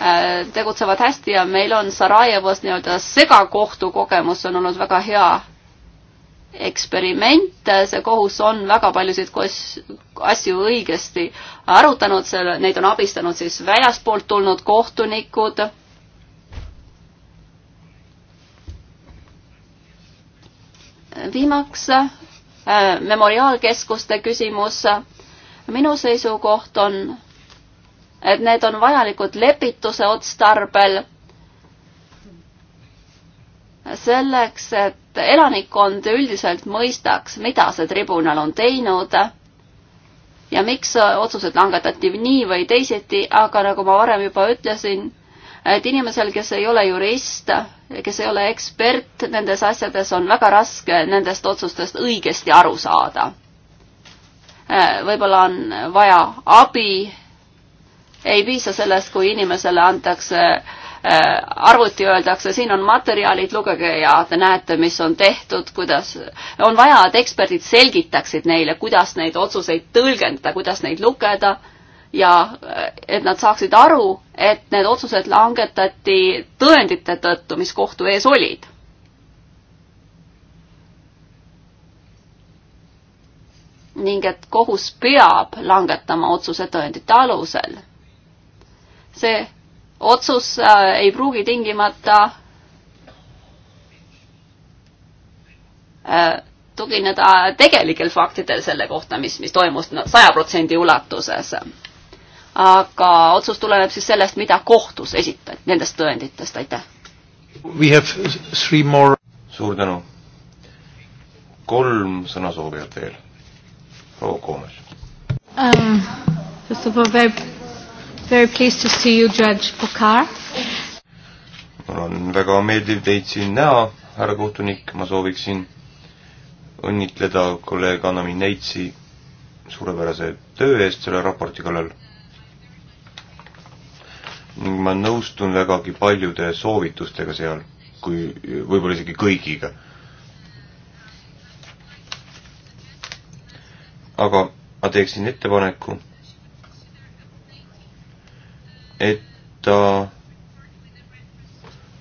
Äh, tegutsevad hästi ja meil on Sarajevos nii-öelda segakohtu kogemus, see on olnud väga hea eksperiment, see kohus on väga paljusid asju õigesti arutanud, selle, neid on abistanud siis väljaspoolt tulnud kohtunikud. viimaks äh, memoriaalkeskuste küsimus. minu seisukoht on et need on vajalikud lepituse otstarbel selleks, et elanikkond üldiselt mõistaks, mida see tribunal on teinud ja miks otsused langetati nii või teisiti, aga nagu ma varem juba ütlesin, et inimesel, kes ei ole jurist, kes ei ole ekspert nendes asjades, on väga raske nendest otsustest õigesti aru saada. võib-olla on vaja abi ei piisa sellest, kui inimesele antakse äh, arvuti öeldakse, siin on materjalid, lugege ja te näete, mis on tehtud, kuidas, on vaja, et eksperdid selgitaksid neile, kuidas neid otsuseid tõlgendada, kuidas neid lugeda ja äh, et nad saaksid aru, et need otsused langetati tõendite tõttu, mis kohtu ees olid. ning et kohus peab langetama otsuse tõendite alusel see otsus äh, ei pruugi tingimata äh, tugineda tegelikel faktidel selle kohta, mis, mis toimus saja protsendi ulatuses. aga otsus tuleneb siis sellest, mida kohtus esitati, nendest tõenditest, aitäh. We have three more. suur tänu. kolm sõnasoovijat veel. proua Koomes um,. First of all, very Very pleased to see you, Judge Pokar. mul on väga meeldiv teid siin näha, härra kohtunik, ma sooviksin õnnitleda kolleeg Annami Neitsi suurepärase töö eest selle raporti kallal. ning ma nõustun vägagi paljude soovitustega seal, kui võib-olla isegi kõigiga. aga ma teeksin ettepaneku et ta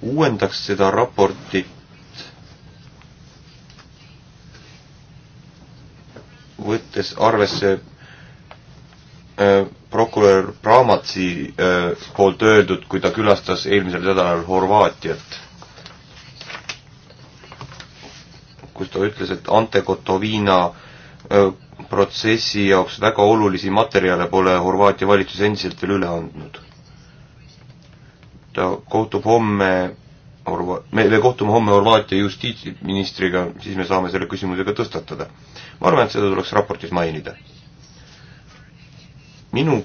uuendaks seda raportit võttes arvesse äh, prokurör Pramatsi äh, poolt öeldud, kui ta külastas eelmisel nädalal Horvaatiat, kus ta ütles, et Ante Kotoviina äh, protsessi jaoks väga olulisi materjale pole Horvaatia valitsus endiselt veel üle andnud ta kohtub homme Orva-, me, me kohtume homme Horvaatia justiitsministriga, siis me saame selle küsimusega tõstatada. ma arvan, et seda tuleks raportis mainida. minu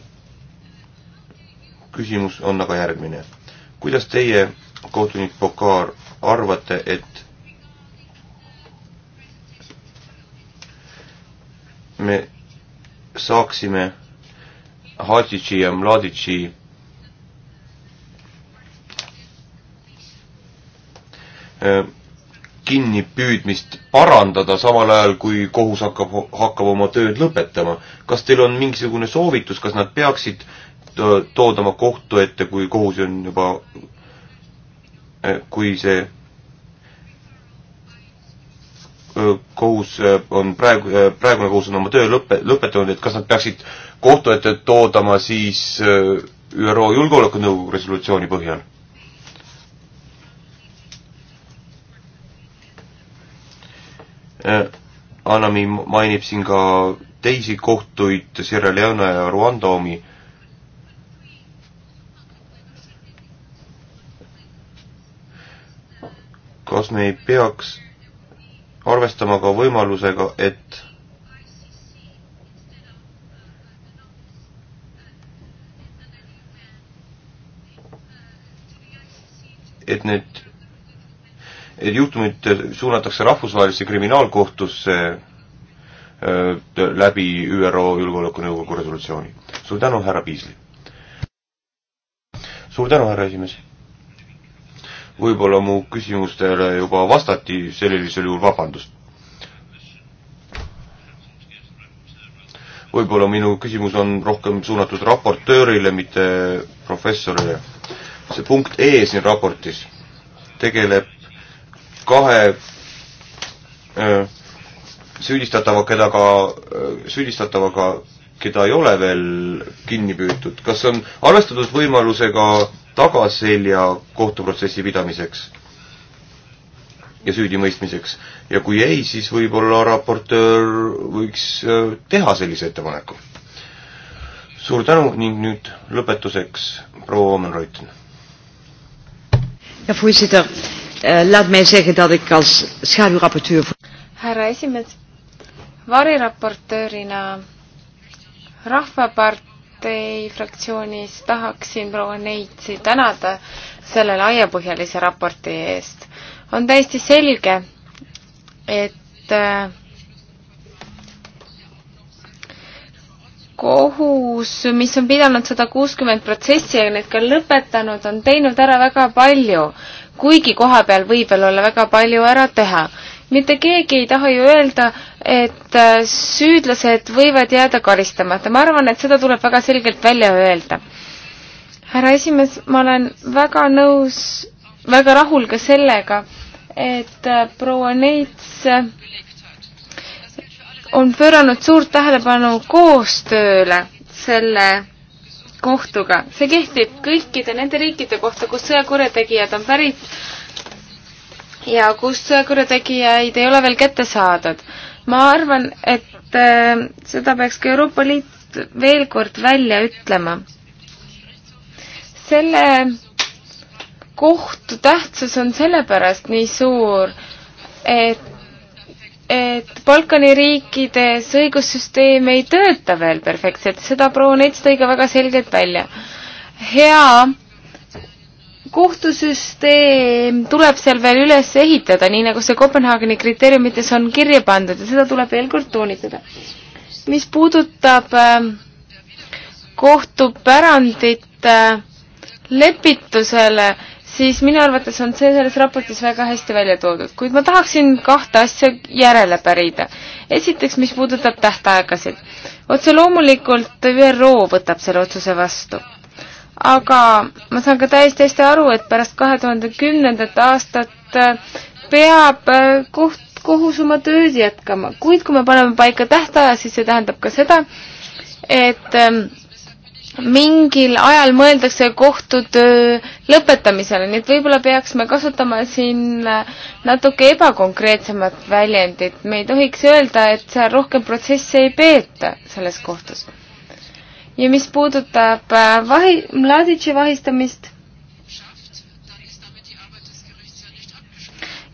küsimus on aga järgmine. kuidas teie, kohtunik Pokar, arvate, et me saaksime Hadžitši ja Mladitši Äh, kinnipüüdmist parandada, samal ajal kui kohus hakkab, hakkab oma tööd lõpetama. kas teil on mingisugune soovitus, kas nad peaksid toodama kohtu ette, kui kohus on juba, äh, kui see äh, kohus on praegu, praegune kohus on oma töö lõpe, lõpetanud, et kas nad peaksid kohtu ette toodama siis ÜRO Julgeolekunõukogu resolutsiooni põhjal? Anami mainib siin ka teisi kohtuid, Sierra Leone ja Rwanda omi. kas me ei peaks arvestama ka võimalusega, et et need et juhtumid suunatakse rahvusvahelisse kriminaalkohtusse äh, läbi ÜRO Julgeolekunõukogu resolutsiooni. suur tänu, härra Piisli! suur tänu, härra esimees! võib-olla mu küsimustele juba vastati, sellisel juhul vabandust. võib-olla minu küsimus on rohkem suunatud raportöörile, mitte professorile. see punkt E siin raportis tegeleb kahe äh, süüdistatava, keda ka, äh, süüdistatavaga, keda ei ole veel kinni püütud, kas on arvestatud võimalusega tagaselja kohtuprotsessi pidamiseks ja süüdimõistmiseks? ja kui ei, siis võib-olla raportöör võiks äh, teha sellise ettepaneku. suur tänu ning nüüd lõpetuseks proua Omen-Reuten. ja, voorzitter Eh, laat mij zeggen dat ik als schaduwrapporteur. härra esimees, variraportöörina Rahvapartei fraktsioonis tahaksin proua Neitsi tänada selle laiapõhjalise raporti eest. on täiesti selge, et äh, kohus, mis on pidanud sada kuuskümmend protsessi ja need ka lõpetanud, on teinud ära väga palju, kuigi koha peal võib veel olla väga palju ära teha. mitte keegi ei taha ju öelda, et äh, süüdlased võivad jääda karistamata, ma arvan, et seda tuleb väga selgelt välja öelda. härra esimees, ma olen väga nõus, väga rahul ka sellega, et äh, proua Neits on pööranud suurt tähelepanu koostööle selle kohtuga. see kehtib kõikide nende riikide kohta, kus sõjakurjategijad on pärit ja kus sõjakurjategijaid ei ole veel kätte saadud. ma arvan, et äh, seda peaks ka Euroopa Liit veel kord välja ütlema. selle kohtu tähtsus on sellepärast nii suur, et et Balkani riikides õigussüsteem ei tööta veel perfektselt, seda proua Nets tõi ka väga selgelt välja. hea kohtusüsteem tuleb seal veel üles ehitada, nii nagu see Kopenhaageni kriteeriumites on kirja pandud ja seda tuleb veel kord toonitada. mis puudutab ähm, kohtupärandit äh, lepitusele, siis minu arvates on see selles raportis väga hästi välja toodud, kuid ma tahaksin kahte asja järele pärida. esiteks, mis puudutab tähtaegasid. otse loomulikult ÜRO võtab selle otsuse vastu. aga ma saan ka täiesti hästi aru, et pärast kahe tuhande kümnendat aastat äh, peab äh, koht, kohus oma tööd jätkama, kuid kui me paneme paika tähtaja, siis see tähendab ka seda, et ähm, mingil ajal mõeldakse kohtutöö lõpetamisele, nii et võib-olla peaksime kasutama siin äh, natuke ebakonkreetsemat väljendit, me ei tohiks öelda, et seal rohkem protsesse ei peeta selles kohtus. ja mis puudutab äh, vahi, Mladici vahistamist,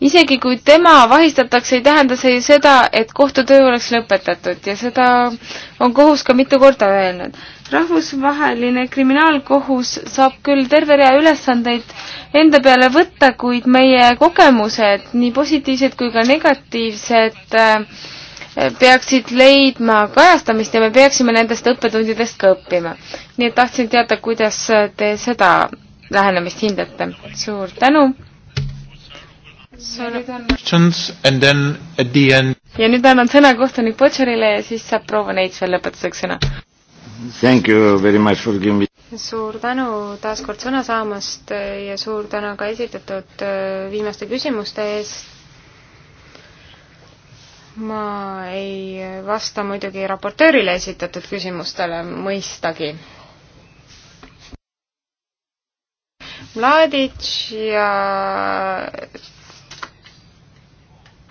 isegi kui tema vahistatakse, ei tähenda see ju seda, et kohtutöö oleks lõpetatud ja seda on kohus ka mitu korda öelnud rahvusvaheline kriminaalkohus saab küll terve rea ülesandeid enda peale võtta, kuid meie kogemused, nii positiivsed kui ka negatiivsed, äh, peaksid leidma kajastamist ja me peaksime nendest õppetundidest ka õppima. nii et tahtsin teada, kuidas te seda lähenemist hindate. suur tänu! ja nüüd annan sõna kohtunik Butcherile ja siis saab proua Neits veel lõpetuseks sõna. Thank you very much for giving me suur tänu taas kord sõna saamast ja suur tänu ka esitatud äh, viimaste küsimuste eest. ma ei vasta muidugi raportöörile esitatud küsimustele, mõistagi. Mladic ja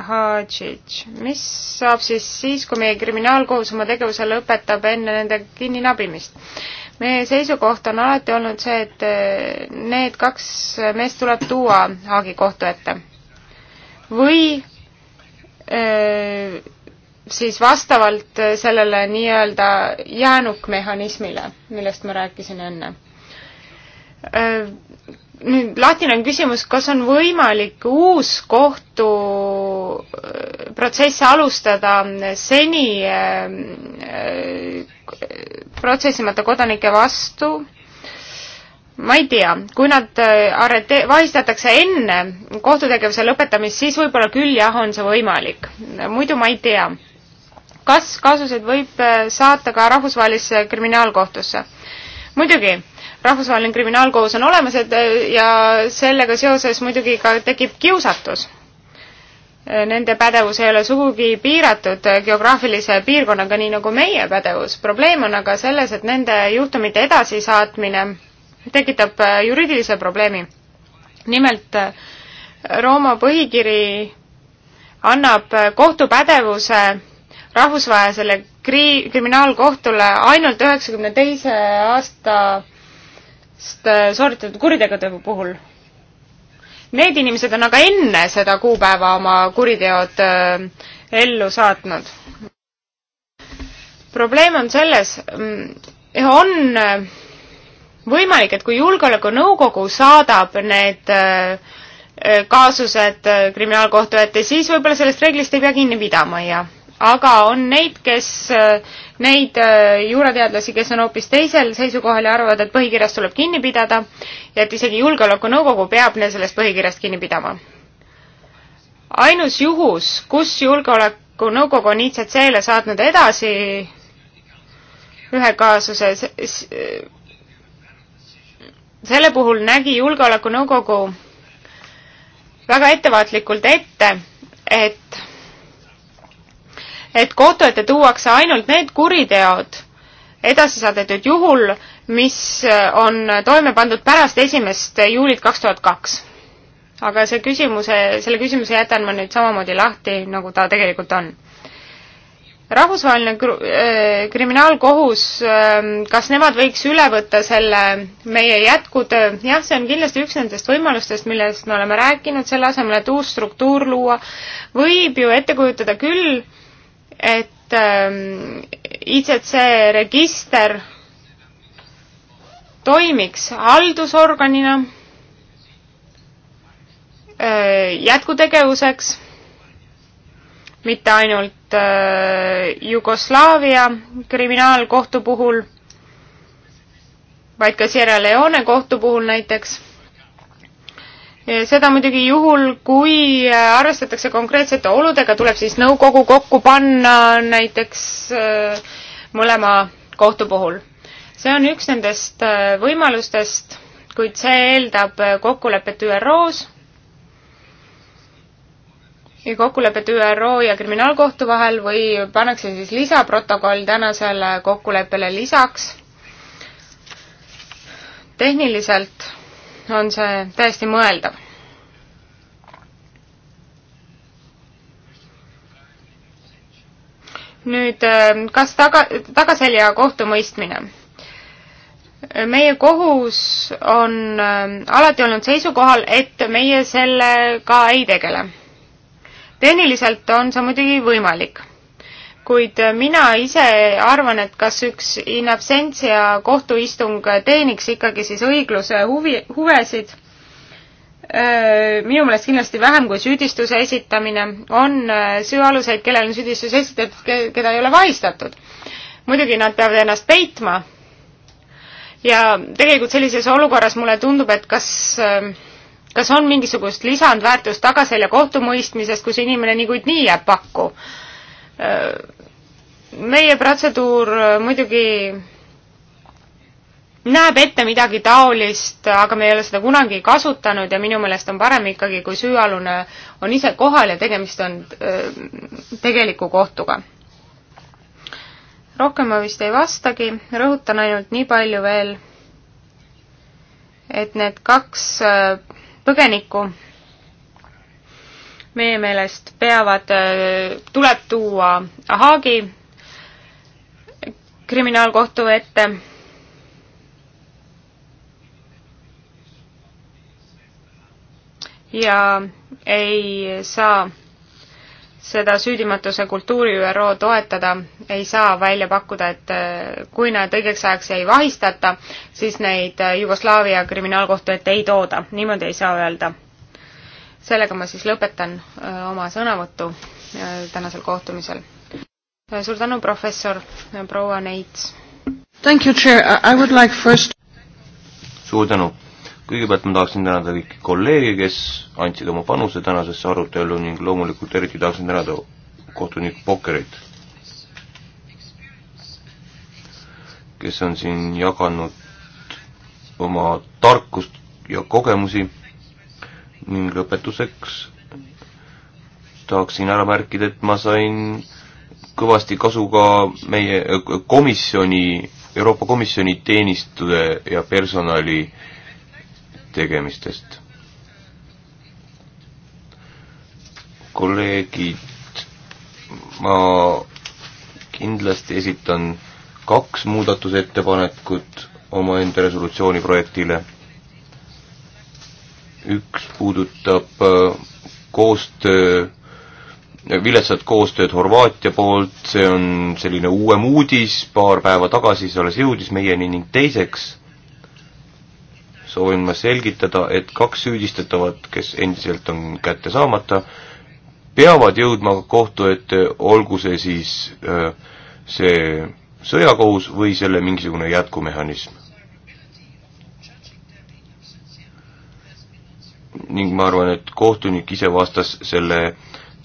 Hadžić. mis saab siis siis, kui meie kriminaalkohus oma tegevuse lõpetab enne nende kinninabimist? meie seisukoht on alati olnud see, et eh, need kaks meest tuleb tuua Haagi kohtu ette. või öö, eh, siis vastavalt sellele nii-öelda jäänukmehhanismile, millest ma rääkisin enne eh, nüüd lahtine on küsimus, kas on võimalik uus kohtuprotsess äh, alustada seni äh, protsessimata kodanike vastu ma ei tea, kui nad äh, arete-, vahistatakse enne kohtutegevuse lõpetamist, siis võib-olla küll jah, on see võimalik. muidu ma ei tea. kas kaasuseid võib saata ka rahvusvahelisse kriminaalkohtusse? muidugi, rahvusvaheline kriminaalkohus on olemas ja sellega seoses muidugi ka tekib kiusatus. Nende pädevus ei ole sugugi piiratud geograafilise piirkonnaga, nii nagu meie pädevus. probleem on aga selles, et nende juhtumite edasisaatmine tekitab äh, juriidilise probleemi. nimelt äh, Rooma põhikiri annab äh, kohtupädevuse rahvusvahelisele kri-, kriminaalkohtule ainult üheksakümne teise aasta Äh, sooritatud kuritegude puhul. Need inimesed on aga enne seda kuupäeva oma kuriteod äh, ellu saatnud. probleem on selles, mm, on äh, võimalik, et kui Julgeolekunõukogu saadab need kaasused kriminaalkohtu ette, siis võib-olla sellest reeglist ei pea kinni pidama ja aga on neid, kes, neid äh, juurateadlasi, kes on hoopis teisel seisukohal ja arvavad, et põhikirjast tuleb kinni pidada ja et isegi Julgeolekunõukogu peab sellest põhikirjast kinni pidama. ainus juhus, kus Julgeolekunõukogu on ICC-le saatnud edasi ühe kaasuse, selle puhul nägi Julgeolekunõukogu väga ettevaatlikult ette, et et kohtu ette tuuakse ainult need kuriteod, edasi saadetud juhul, mis äh, on toime pandud pärast esimest juulit kaks tuhat kaks. aga see küsimuse, selle küsimuse jätan ma nüüd samamoodi lahti, nagu ta tegelikult on rahvusvaheline kr-, äh, kriminaalkohus, ähm, kas nemad võiks üle võtta selle meie jätkutöö, jah, see on kindlasti üks nendest võimalustest, millest me oleme rääkinud, selle asemel, et uus struktuur luua, võib ju ette kujutada küll, et ähm, ICC register toimiks haldusorganina äh, jätkutegevuseks, mitte ainult äh, Jugoslaavia kriminaalkohtu puhul, vaid ka Sierra Leone kohtu puhul näiteks Eh, seda muidugi juhul, kui eh, arvestatakse konkreetsete oludega, tuleb siis nõukogu kokku panna näiteks eh, mõlema kohtu puhul. see on üks nendest võimalustest, kuid see eeldab kokkulepet ÜRO-s ja kokkulepet ÜRO ja kriminaalkohtu vahel või pannakse siis lisaprotokoll tänasele kokkuleppele lisaks. tehniliselt on see täiesti mõeldav. nüüd, kas taga, tagaselja kohtumõistmine? meie kohus on äh, alati olnud seisukohal, et meie sellega ei tegele. tehniliselt on see muidugi võimalik kuid äh, mina ise arvan, et kas üks in absentia kohtuistung teeniks ikkagi siis õigluse huvi, huvesid. Äh, minu meelest kindlasti vähem kui süüdistuse esitamine. on äh, süüaluseid, kellel on süüdistus esitatud, keda ei ole vahistatud. muidugi nad peavad ennast peitma. ja tegelikult sellises olukorras mulle tundub, et kas kas on mingisugust lisandväärtust tagaselja kohtumõistmisest, kus inimene niikuinii jääb pakku äh, Äh, meie protseduur äh, muidugi näeb ette midagi taolist, aga me ei ole seda kunagi kasutanud ja minu meelest on parem ikkagi, kui süüalune on ise kohal ja tegemist on äh, tegeliku kohtuga. rohkem ma vist ei vastagi, rõhutan ainult nii palju veel, et need kaks põgenikku meie meelest peavad, äh, tuleb tuua Haagi kriminaalkohtu ette ja ei saa seda süüdimatuse kultuuri ÜRO toetada, ei saa välja pakkuda, et äh, kui nad õigeks ajaks ei vahistata, siis neid äh, Jugoslaavia kriminaalkohtu ette ei tooda, niimoodi ei saa öelda sellega ma siis lõpetan äh, oma sõnavõttu äh, tänasel kohtumisel. Äh, suur tänu, professor proua Neits. Thank you, chair, I would like first suur tänu. kõigepealt ma tahaksin tänada kõiki kolleege, kes andsid oma panuse tänasesse arutellu ning loomulikult eriti tahaksin tänada kohtunik Pokkerit, kes on siin jaganud oma tarkust ja kogemusi ning lõpetuseks tahaksin ära märkida, et ma sain kõvasti kasu ka meie komisjoni, Euroopa Komisjoni teenistude ja personali tegemistest. kolleegid, ma kindlasti esitan kaks muudatusettepanekut omaenda resolutsiooni projektile üks puudutab äh, koostöö, viletsat koostööd Horvaatia poolt, see on selline uuem uudis, paar päeva tagasi see alles jõudis meieni ning teiseks soovin ma selgitada, et kaks süüdistatavat, kes endiselt on kätte saamata, peavad jõudma kohtu ette, olgu see siis äh, see sõjakohus või selle mingisugune jätkumehhanism. ning ma arvan, et kohtunik ise vastas selle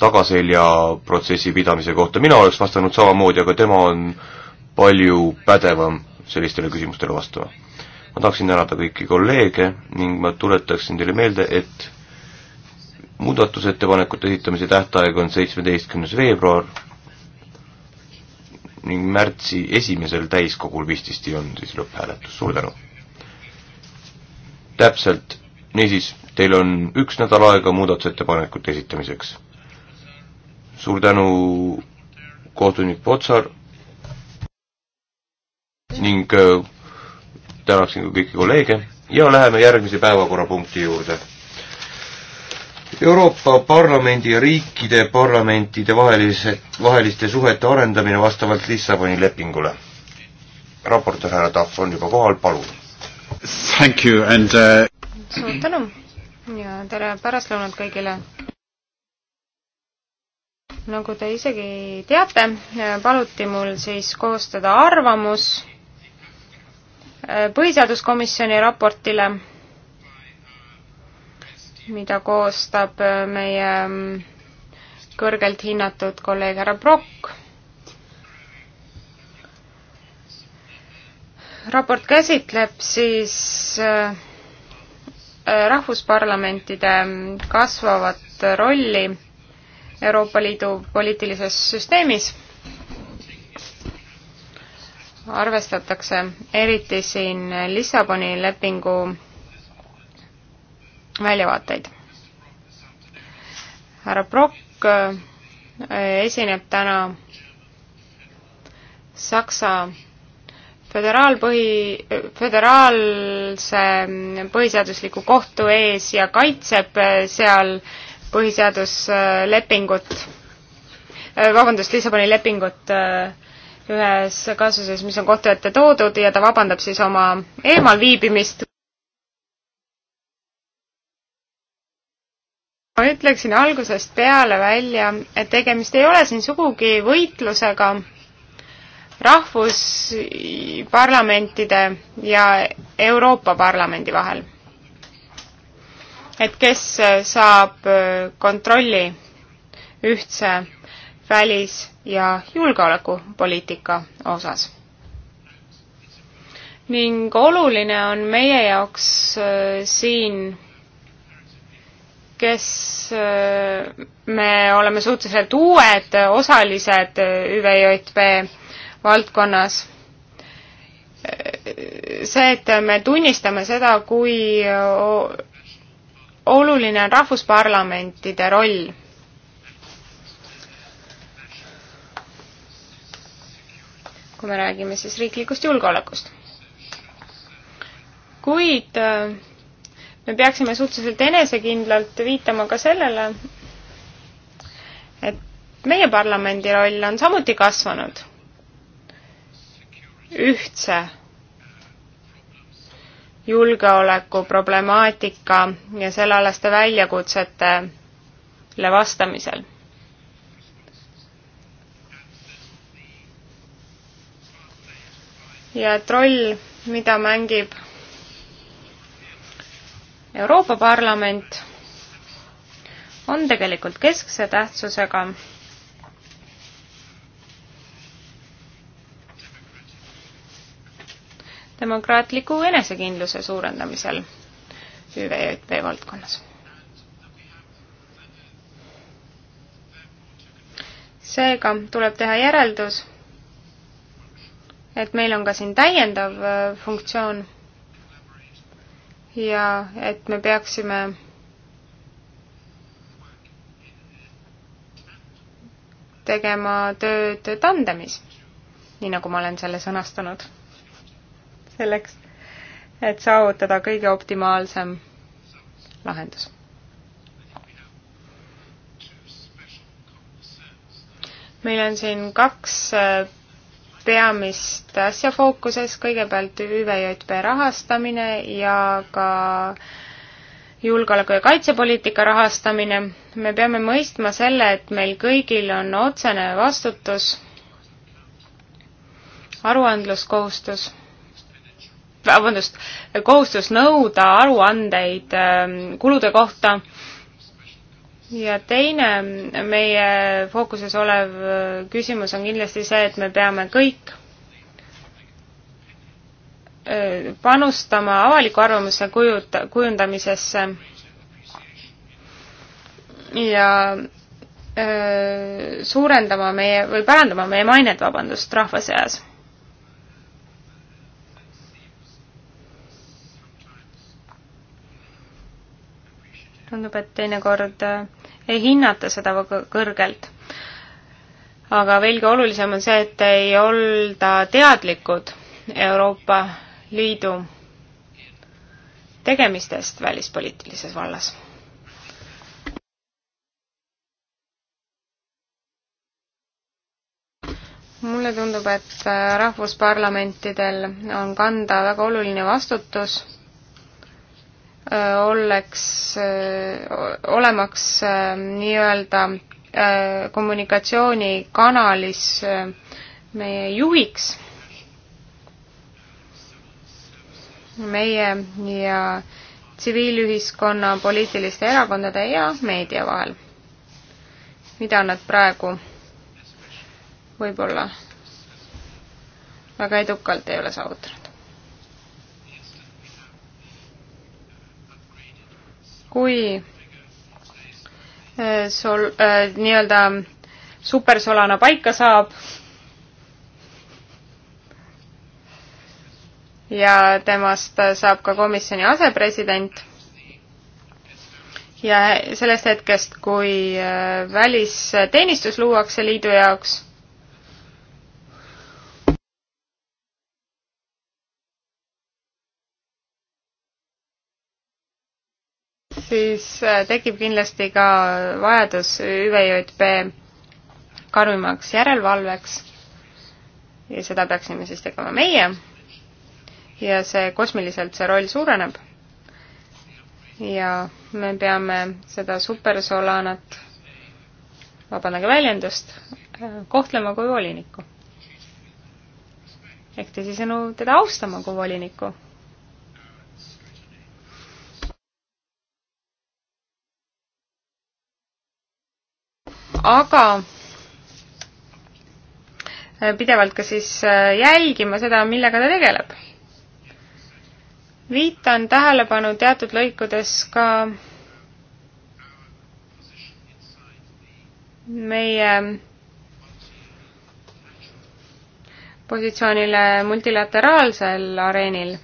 tagaselja protsessi pidamise kohta, mina oleks vastanud samamoodi, aga tema on palju pädevam sellistele küsimustele vastama. ma tahaksin tänada kõiki kolleege ning ma tuletaksin teile meelde, et muudatusettepanekute esitamise tähtaeg on seitsmeteistkümnes veebruar ning märtsi esimesel täiskogul vististi on siis lõpphääletus, suur tänu! täpselt, niisiis Teil on üks nädal aega muudatusettepanekute esitamiseks. suur tänu, kohtunik Potsar ning äh, tänaksin ka kõiki kolleege ja läheme järgmise päevakorrapunkti juurde. Euroopa Parlamendi ja riikide parlamentide vahelised, vaheliste suhete arendamine vastavalt Lissaboni lepingule. raportöör härra Tahv on juba kohal, palun. Thank you and uh... suur tänu ja tere pärastlõunat kõigile! nagu te isegi teate, paluti mul siis koostada arvamus äh, põhiseaduskomisjoni raportile, mida koostab äh, meie mm, kõrgelt hinnatud kolleeg härra Brock. raport käsitleb siis äh, Äh, rahvusparlamentide mm, kasvavat rolli Euroopa Liidu poliitilises süsteemis arvestatakse eriti siin Lissaboni lepingu väljavaateid. härra Brock äh, esineb täna Saksa föderaalpõhi, föderaalse põhiseadusliku kohtu ees ja kaitseb äh, seal põhiseaduslepingut, äh, vabandust, Lissaboni lepingut äh, ühes kaasuses, mis on kohtu ette toodud ja ta vabandab siis oma eemalviibimist. ma ütleksin algusest peale välja, et tegemist ei ole siin sugugi võitlusega rahvusparlamentide ja Euroopa Parlamendi vahel. et kes saab kontrolli ühtse välis- ja julgeolekupoliitika osas. ning oluline on meie jaoks äh, siin kes äh, me oleme suhteliselt uued osalised äh, ÜVJP valdkonnas. see, et me tunnistame seda, kui oluline on rahvusparlamentide roll. kui me räägime siis riiklikust julgeolekust. kuid äh, me peaksime suhteliselt enesekindlalt viitama ka sellele, et meie parlamendi roll on samuti kasvanud ühtse julgeoleku problemaatika ja sellealaste väljakutsetele vastamisel ja et roll, mida mängib Euroopa Parlament, on tegelikult keskse tähtsusega demokraatliku enesekindluse suurendamisel ÜVP valdkonnas. seega tuleb teha järeldus, et meil on ka siin täiendav äh, funktsioon ja et me peaksime tegema tööd tandemis, nii nagu ma olen selle sõnastanud selleks, et saavutada kõige optimaalsem lahendus. meil on siin kaks äh, peamist asja fookuses, kõigepealt ÜVJP rahastamine ja ka julgeoleku- ja kaitsepoliitika rahastamine. me peame mõistma selle, et meil kõigil on otsene vastutus, aruandluskohustus Äh, vabandust, kohustus nõuda aruandeid ähm, kulude kohta ja teine meie fookuses olev äh, küsimus on kindlasti see, et me peame kõik äh, panustama avaliku arvamuse kujut-, kujundamisesse ja öö, suurendama meie või parandama meie mainet, vabandust, rahva seas tundub, et teinekord äh, ei hinnata seda väga kõrgelt. aga veelgi olulisem on see, et ei olda teadlikud Euroopa Liidu tegemistest välispoliitilises vallas. mulle tundub, et äh, rahvusparlamentidel on kanda väga oluline vastutus Äh, olleks, äh, olemaks äh, nii-öelda kommunikatsioonikanalis meie juhiks, meie ja tsiviilühiskonna, poliitiliste erakondade ja meedia vahel. mida nad praegu võib-olla väga edukalt ei ole saavutanud. kui äh, sol- äh,, nii-öelda supersolana paika saab ja temast saab ka komisjoni asepresident ja sellest hetkest, kui äh, välisteenistus luuakse liidu jaoks siis äh, tekib kindlasti ka vajadus ÜVJP karmimaks järelevalveks ja seda peaksime siis tegema meie ja see kosmiliselt, see roll suureneb ja me peame seda supersolanat, vabandage väljendust, äh, kohtlema kui volinikku. ehk teisisõnu, teda austama kui volinikku aga äh, pidevalt ka siis äh, jälgima seda, millega ta tegeleb. viitan tähelepanu teatud lõikudes ka meie positsioonile multilateraalsel areenil,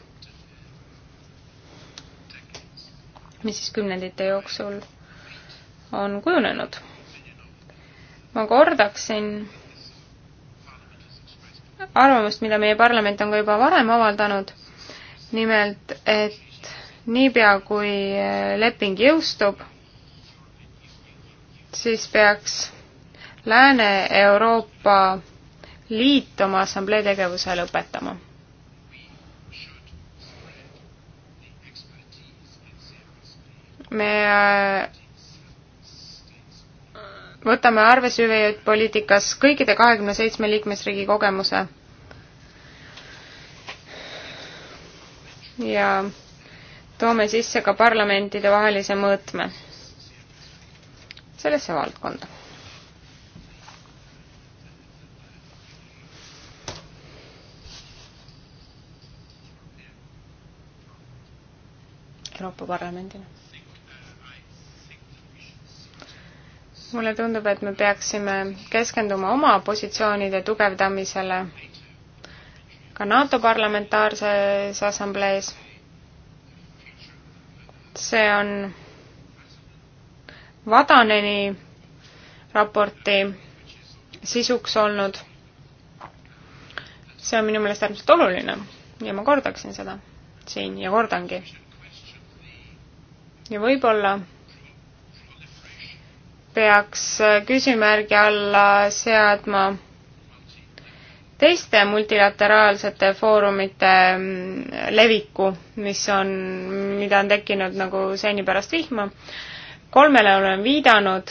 mis siis kümnendite jooksul on kujunenud ma kordaksin arvamust, mida meie parlament on ka juba varem avaldanud, nimelt, et niipea, kui leping jõustub, siis peaks Lääne-Euroopa Liit oma assamblee tegevuse lõpetama me võtame arvesse hüveid poliitikas kõikide kahekümne seitsme liikmesriigi kogemuse. ja toome sisse ka parlamentidevahelise mõõtme sellesse valdkonda. Euroopa Parlamendina mulle tundub, et me peaksime keskenduma oma positsioonide tugevdamisele ka NATO parlamentaarses assamblees. see on Vadaneni raporti sisuks olnud. see on minu meelest äärmiselt oluline ja ma kordaksin seda siin ja kordangi. ja võib-olla peaks küsimärgi alla seadma teiste multilateraalsete foorumite mm, leviku, mis on, mida on tekkinud nagu seni pärast vihma. kolmele olen viidanud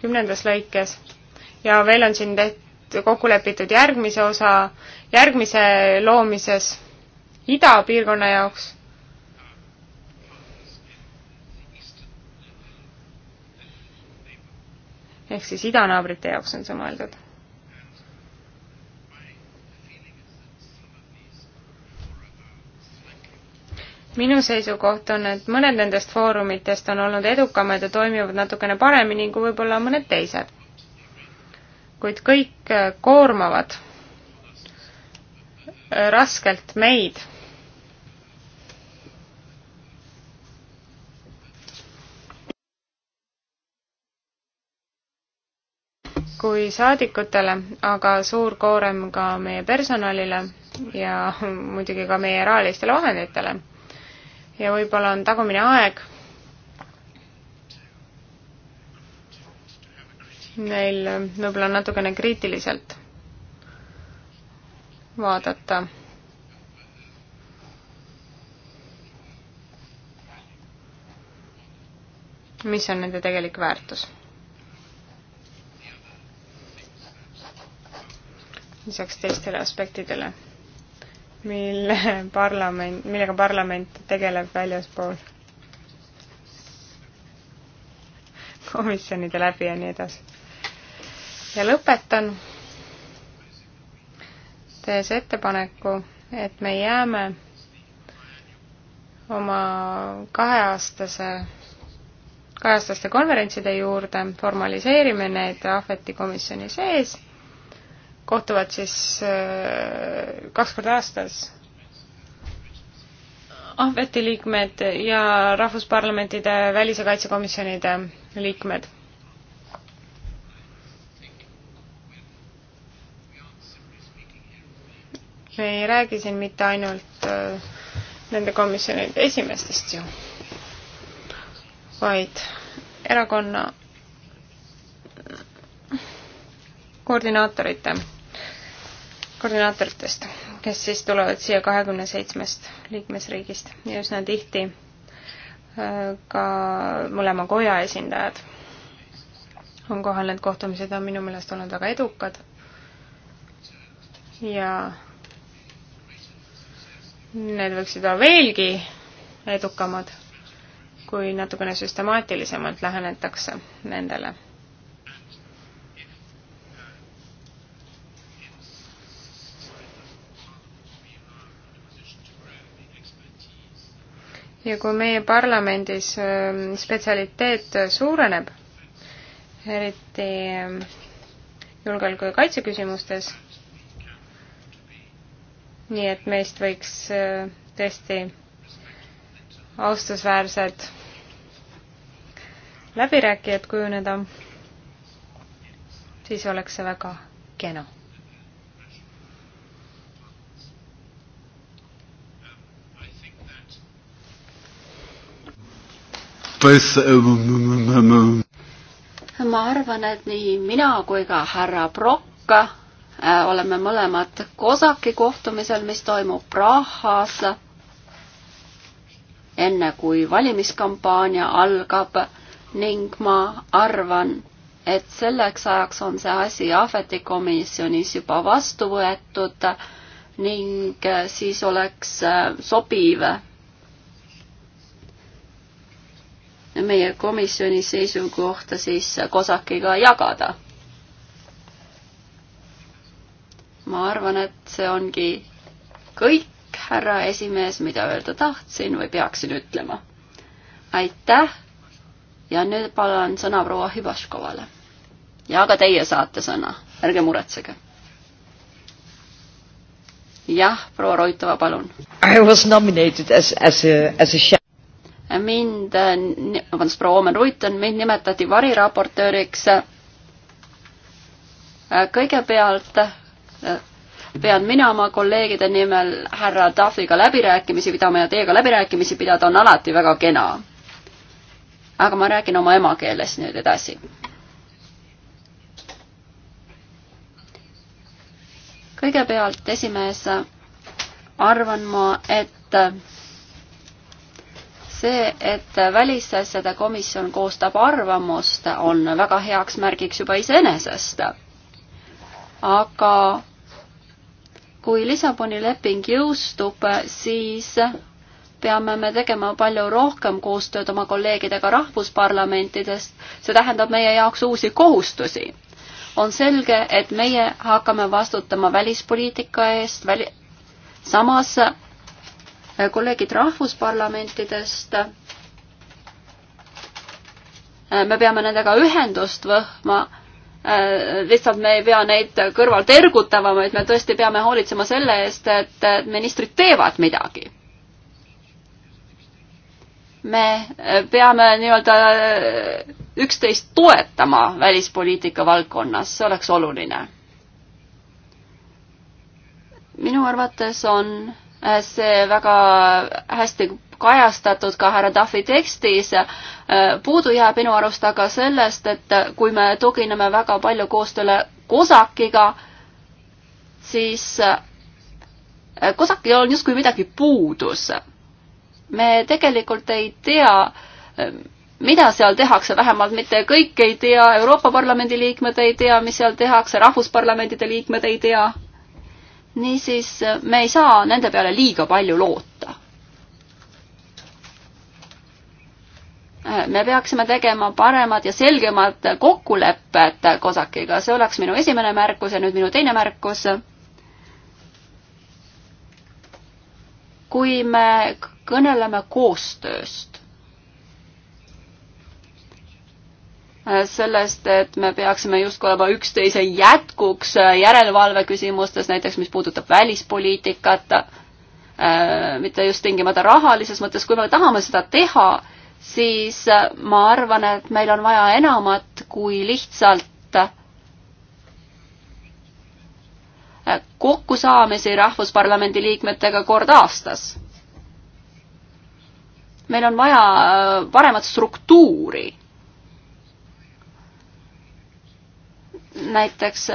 kümnendas lõikes ja veel on siin tehtud, kokku lepitud järgmise osa, järgmise loomises idapiirkonna jaoks ehk siis idanaabrite jaoks on see mõeldud. minu seisukoht on, et mõned nendest foorumitest on olnud edukamad ja toimivad natukene paremini kui võib-olla mõned teised. kuid kõik koormavad raskelt meid kui saadikutele, aga suur koorem ka meie personalile ja muidugi ka meie rahalistele vahenditele. ja võib-olla on tagumine aeg neil võib-olla natukene kriitiliselt vaadata mis on nende tegelik väärtus lisaks teistele aspektidele, mille parlament, millega parlament tegeleb väljaspool komisjonide läbi ja nii edasi. ja lõpetan tehes ettepaneku, et me jääme oma kaheaastase, kaheaastaste konverentside juurde, formaliseerime need ahvetikomisjoni sees kohtuvad siis äh, kaks korda aastas. Ahveti liikmed ja rahvusparlamentide välis- ja kaitsekomisjonide liikmed. me ei räägi siin mitte ainult äh, nende komisjonide esimeestest ju, vaid erakonna koordinaatorite koordinaatoritest, kes siis tulevad siia kahekümne seitsmest liikmesriigist ja üsna tihti äh, ka mõlema koja esindajad on kohal, need kohtumised on minu meelest olnud väga edukad ja need võiksid olla veelgi edukamad, kui natukene süstemaatilisemalt lähenetakse nendele ja kui meie parlamendis ähm, spetsialiteet suureneb, eriti ähm, julgeoleku ja kaitse küsimustes, nii et meist võiks äh, tõesti austusväärsed läbirääkijad kujuneda, siis oleks see väga kena Pues, um, ma arvan, et nii mina kui ka härra Prokka oleme mõlemad Kosaki kohtumisel, mis toimub Prahas enne, kui valimiskampaania algab ning ma arvan, et selleks ajaks on see asi Ahveti komisjonis juba vastu võetud ning siis oleks sobiv meie komisjoni seisukohta siis kosakiga jagada. ma arvan, et see ongi kõik, härra esimees, mida öelda tahtsin või peaksin ütlema. aitäh ja nüüd panen sõna proua Hübaškovale. ja ka teie saate sõna, ärge muretsege. jah, proua Roitova, palun. I was nominated as, as a, as a mind, vabandust, proua Omen Ruiten, mind nimetati variraportööriks. kõigepealt eh, pean mina oma kolleegide nimel härra Tahvliga läbirääkimisi pidama ja teiega läbirääkimisi pidada on alati väga kena. aga ma räägin oma emakeeles nüüd edasi. kõigepealt esimees, arvan ma, et see, et Välisasjade komisjon koostab arvamust, on väga heaks märgiks juba iseenesest. aga kui Lissaboni leping jõustub, siis peame me tegema palju rohkem koostööd oma kolleegidega rahvusparlamentidest, see tähendab meie jaoks uusi kohustusi. on selge, et meie hakkame vastutama välispoliitika eest, väli-, samas kolleegid rahvusparlamentidest. me peame nendega ühendust võtma lihtsalt me ei pea neid kõrvalt ergutama, vaid me tõesti peame hoolitsema selle eest, et ministrid teevad midagi. me peame nii-öelda üksteist toetama välispoliitika valdkonnas, see oleks oluline. minu arvates on Äh, see väga hästi kajastatud ka härra Duffy tekstis. Äh, puudu jääb minu arust aga sellest, et kui me tugineme väga palju koostööle kosakiga, siis äh, kosakil on justkui midagi puudus. me tegelikult ei tea, mida seal tehakse, vähemalt mitte kõik ei tea, Euroopa Parlamendi liikmed ei tea, mis seal tehakse, rahvusparlamendide liikmed ei tea niisiis me ei saa nende peale liiga palju loota. Äh, me peaksime tegema paremad ja selgemad kokkulepped Kosakiga, see oleks minu esimene märkus ja nüüd minu teine märkus. kui me kõneleme koostööst, Äh, sellest, et me peaksime justkui olema üksteise jätkuks äh, järelevalve küsimustes, näiteks mis puudutab välispoliitikat, äh, mitte just tingimata rahalises mõttes, kui me tahame seda teha, siis ma arvan, et meil on vaja enamat kui lihtsalt kokkusaamisi Rahvusparlamendi liikmetega kord aastas. meil on vaja paremat struktuuri näiteks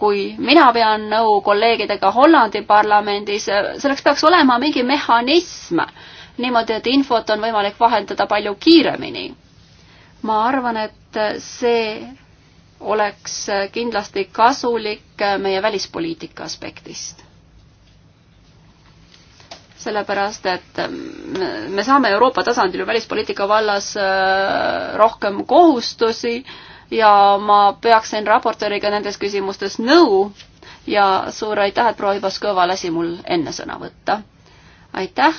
kui mina pean nõu kolleegidega Hollandi parlamendis, selleks peaks olema mingi mehhanism, niimoodi, et infot on võimalik vahendada palju kiiremini. ma arvan, et see oleks kindlasti kasulik meie välispoliitika aspektist. sellepärast, et me saame Euroopa tasandil ju välispoliitika vallas äh, rohkem kohustusi äh, ja ma peaksin raportööriga nendes küsimustes nõu ja suur aitäh, et proua Ivaskõva lasi mul enne sõna võtta. aitäh.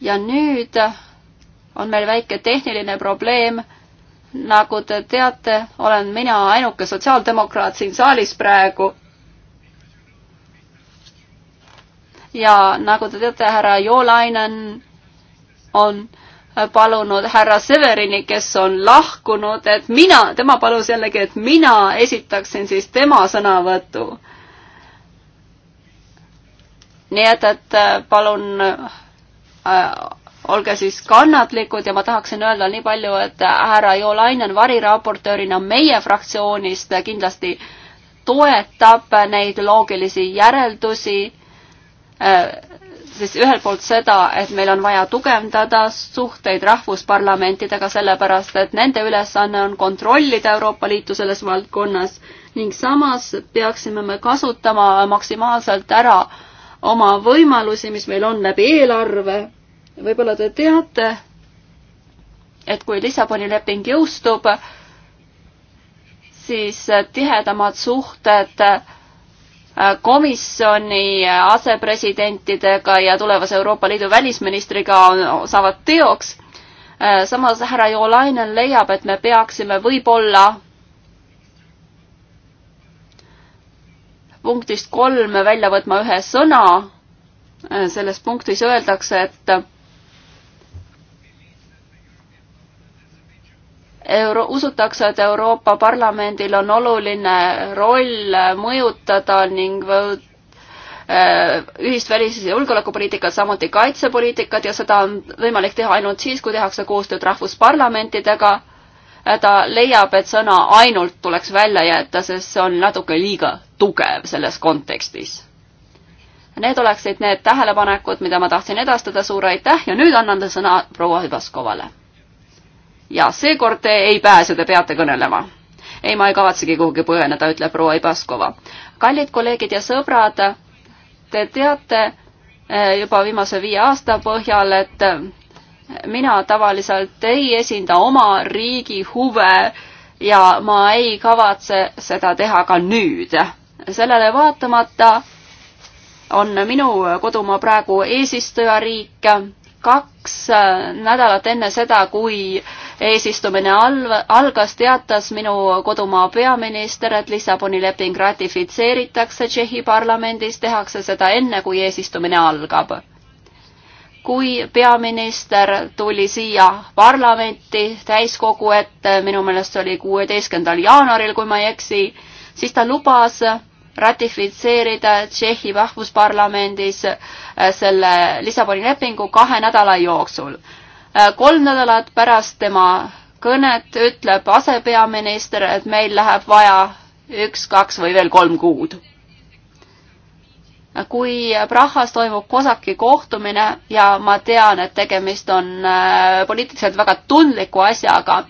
ja nüüd on meil väike tehniline probleem. nagu te teate, olen mina ainuke sotsiaaldemokraat siin saalis praegu. ja nagu te teate, härra Joolainen on palunud härra Severini, kes on lahkunud, et mina, tema palus jällegi, et mina esitaksin siis tema sõnavõtu. nii et, et äh, palun äh, olge siis kannatlikud ja ma tahaksin öelda nii palju, et härra Jo Lainen variraportöörina meie fraktsioonist kindlasti toetab neid loogilisi järeldusi äh, siis ühelt poolt seda, et meil on vaja tugevdada suhteid rahvusparlamentidega, sellepärast et nende ülesanne on kontrollida Euroopa Liitu selles valdkonnas ning samas peaksime me kasutama maksimaalselt ära oma võimalusi, mis meil on läbi eelarve. võib-olla te teate, et kui Lissaboni leping jõustub, siis tihedamad suhted Äh, komisjoni asepresidentidega ja tulevase Euroopa Liidu välisministriga saavad teoks. Äh, samas härra Joolainen leiab, et me peaksime võib-olla punktist kolm välja võtma ühe sõna. Äh, selles punktis öeldakse, et Euro-, usutakse, et Euroopa Parlamendil on oluline roll mõjutada ning äh, ühist välis- ja julgeolekupoliitikat, samuti kaitsepoliitikat ja seda on võimalik teha ainult siis, kui tehakse koostööd rahvusparlamentidega. ta leiab, et sõna ainult tuleks välja jätta, sest see on natuke liiga tugev selles kontekstis. Need oleksid need tähelepanekud, mida ma tahtsin edastada, suur aitäh ja nüüd annan sõna proua Hübaskovale ja seekord te ei pääse, te peate kõnelema. ei, ma ei kavatsegi kuhugi põgeneda, ütleb proua Ibaskova. kallid kolleegid ja sõbrad, te teate eh, juba viimase viie aasta põhjal, et eh, mina tavaliselt ei esinda oma riigi huve ja ma ei kavatse seda teha ka nüüd. sellele vaatamata on minu kodumaa praegu eesistujariik kaks äh, nädalat enne seda, kui eesistumine al-, algas, teatas minu kodumaa peaminister, et Lissaboni leping ratifitseeritakse Tšehhi parlamendis, tehakse seda enne, kui eesistumine algab. kui peaminister tuli siia parlamenti täiskogu ette, minu meelest see oli kuueteistkümnendal jaanuaril, kui ma ei eksi, siis ta lubas ratifitseerida Tšehhi rahvusparlamendis äh, selle Lissaboni lepingu kahe nädala jooksul. Äh, kolm nädalat pärast tema kõnet ütleb asepeaminister, et meil läheb vaja üks, kaks või veel kolm kuud. kui Prahas toimub Kosaki kohtumine ja ma tean, et tegemist on äh, poliitiliselt väga tundliku asjaga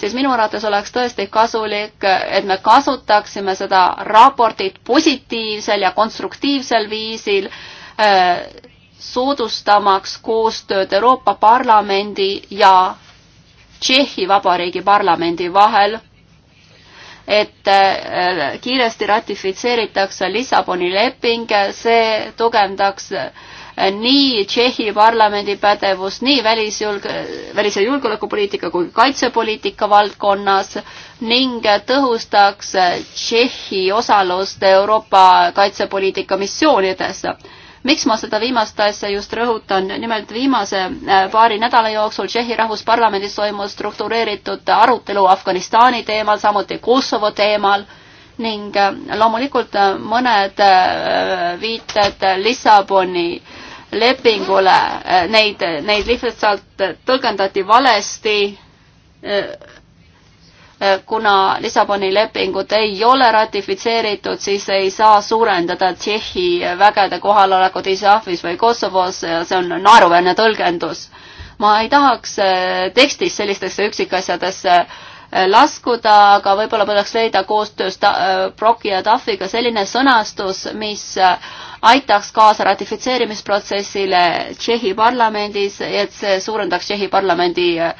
siis minu arvates oleks tõesti kasulik, et me kasutaksime seda raportit positiivsel ja konstruktiivsel viisil, eh, soodustamaks koostööd Euroopa Parlamendi ja Tšehhi Vabariigi parlamendi vahel, et eh, kiiresti ratifitseeritakse Lissaboni leping, see tugevdaks nii Tšehhi parlamendi pädevus nii välisjulg-, välis- ja julgeolekupoliitika kui kaitsepoliitika valdkonnas ning tõhustaks Tšehhi osalust Euroopa kaitsepoliitika missioonides miks ma seda viimast asja just rõhutan, nimelt viimase äh, paari nädala jooksul Tšehhi Rahvusparlamendis toimus struktureeritud arutelu Afganistani teemal, samuti Kosovo teemal ning äh, loomulikult äh, mõned viited Lissaboni lepingule, äh, neid, neid lihtsalt tõlgendati valesti, äh, äh, kuna Lissaboni lepingut ei ole ratifitseeritud, siis ei saa suurendada Tšehhi vägede kohalolekut ISAF-is või Kosovos ja see on naeruväärne tõlgendus. ma ei tahaks tekstis sellistesse üksikasjadesse laskuda, aga võib-olla tuleks leida koostöös Broki ja Tafiga selline sõnastus, mis aitaks kaasa ratifitseerimisprotsessile Tšehhi parlamendis, et see suurendaks Tšehhi parlamendi äh,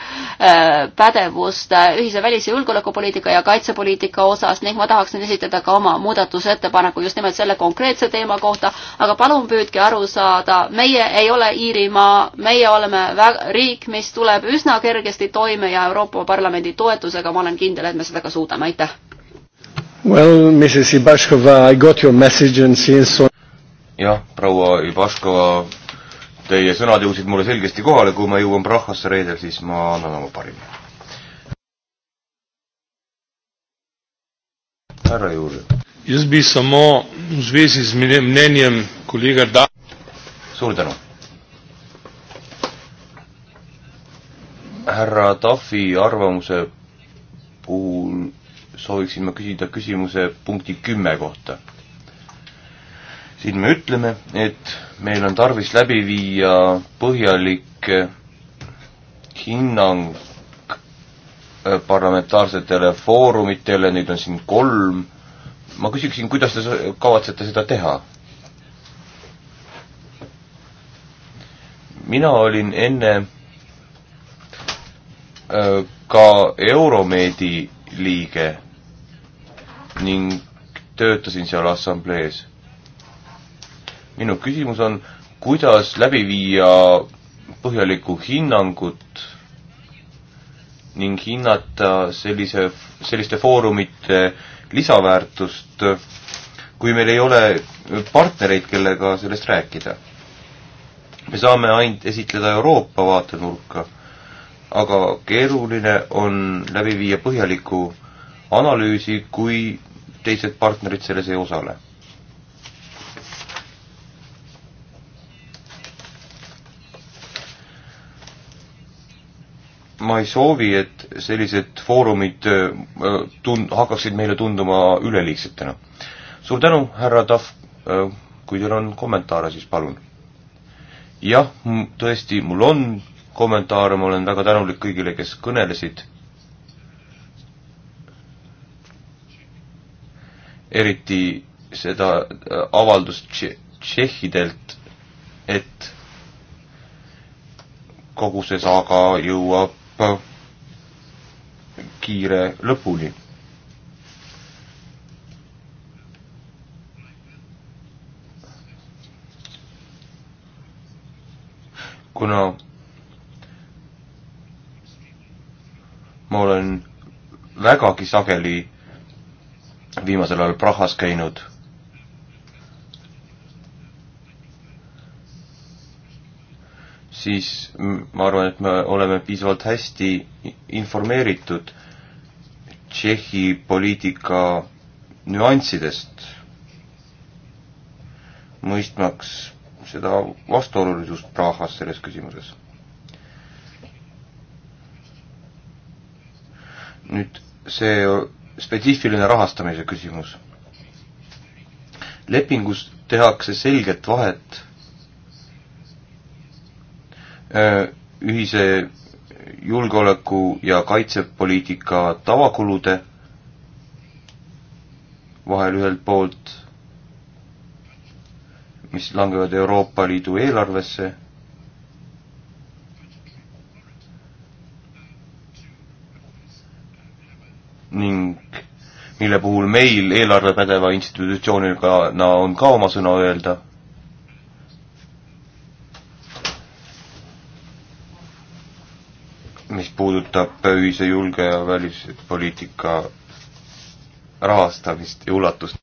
pädevust äh, ühise välis- ja julgeolekupoliitika ja kaitsepoliitika osas ning ma tahaksin esitada ka oma muudatusettepaneku just nimelt selle konkreetse teema kohta, aga palun püüdke aru saada, meie ei ole Iirimaa, meie oleme riik, mis tuleb üsna kergesti toime ja Euroopa Parlamendi toetusega ma olen kindel, et me seda ka suudame, aitäh! Well, Mrs. Ibashkova, I got your message and since on jah, proua Ivaškova, teie sõnad jõudsid mulle selgesti kohale, kui ma jõuan Prahasse reedel, siis ma annan oma parima. härra Juuri. jaz bi samo v zvezi z mnenjem kolega Da-. suur tänu. härra Tafi arvamuse puhul sooviksin ma küsida küsimuse punkti kümme kohta siin me ütleme, et meil on tarvis läbi viia põhjalik eh, hinnang eh, parlamentaarsetele foorumitele, neid on siin kolm, ma küsiksin, kuidas te kavatsete seda teha? mina olin enne eh, ka Euromeedi liige ning töötasin seal assamblees minu küsimus on, kuidas läbi viia põhjalikku hinnangut ning hinnata sellise, selliste foorumite lisaväärtust, kui meil ei ole partnereid, kellega sellest rääkida. me saame ainult esitleda Euroopa vaatenurka, aga keeruline on läbi viia põhjalikku analüüsi, kui teised partnerid selles ei osale. ma ei soovi, et sellised foorumid äh, tun-, hakkaksid meile tunduma üleliigsetena. suur tänu, härra Tahv, äh, kui teil on kommentaare, siis palun. jah, tõesti, mul on kommentaare, ma olen väga tänulik kõigile, kes kõnelesid. eriti seda äh, avaldust tšehhidelt, et kogu see saaga jõuab Euroopa kiire lõpuni. kuna ma olen vägagi sageli viimasel ajal Prahas käinud siis ma arvan, et me oleme piisavalt hästi informeeritud Tšehhi poliitika nüanssidest, mõistmaks seda vastuolulisust Prahas selles küsimuses. nüüd see spetsiifiline rahastamise küsimus. lepingus tehakse selget vahet Äh, ühise julgeoleku- ja kaitsepoliitika tavakulude vahel ühelt poolt, mis langevad Euroopa Liidu eelarvesse, ning mille puhul meil eelarvepädeva institutsioonina on ka oma sõna öelda puudutab ühise julge- ja välispoliitika rahastamist ja ulatust.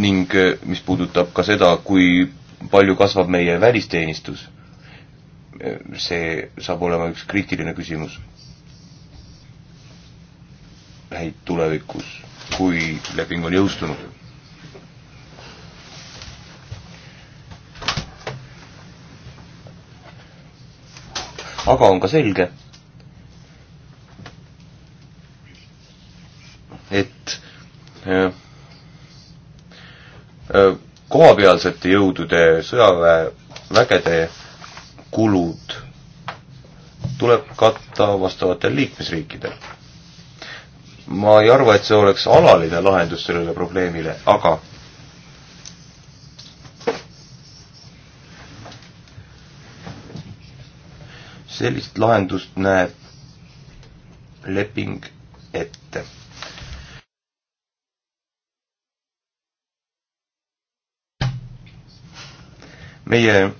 ning eh, mis puudutab ka seda, kui palju kasvab meie välisteenistus, eh, see saab olema üks kriitiline küsimus lähitulevikus, kui leping on jõustunud. aga on ka selge, et äh, äh kohapealsete jõudude, sõjaväevägede kulud tuleb katta vastavatel liikmesriikidel ma ei arva, et see oleks alaline lahendus sellele probleemile, aga sellist lahendust näeb leping ette. meie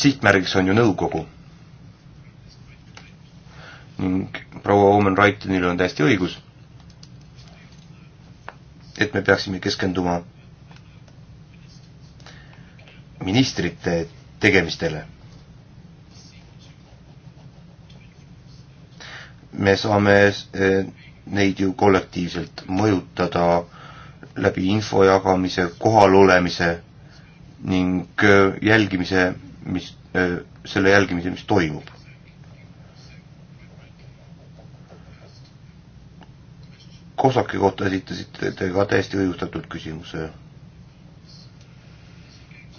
sihtmärgiks on ju nõukogu ning proua Omen Raitonil on täiesti õigus, et me peaksime keskenduma ministrite tegemistele. me saame eh, neid ju kollektiivselt mõjutada läbi info jagamise, kohalolemise ning eh, jälgimise, mis, eh, selle jälgimise, mis toimub Kosaki kohta esitasite te ka täiesti õigustatud küsimuse.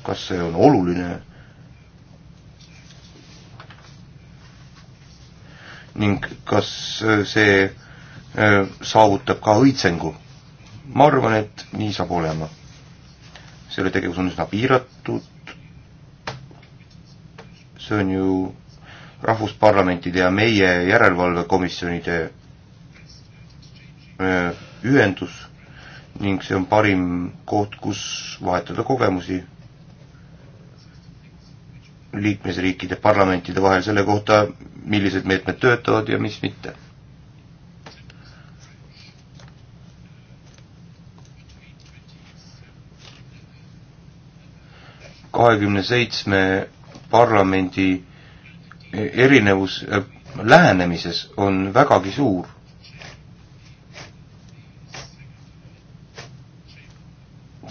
kas see on oluline? ning kas see äh, saavutab ka õitsengu? ma arvan, et nii saab olema. selle tegevus on üsna piiratud, see on ju rahvusparlamentide ja meie järelevalvekomisjonide Äh, ühendus ning see on parim koht, kus vahetada kogemusi liikmesriikide parlamentide vahel selle kohta, millised meetmed töötavad ja mis mitte. kahekümne seitsme parlamendi erinevus äh, lähenemises on vägagi suur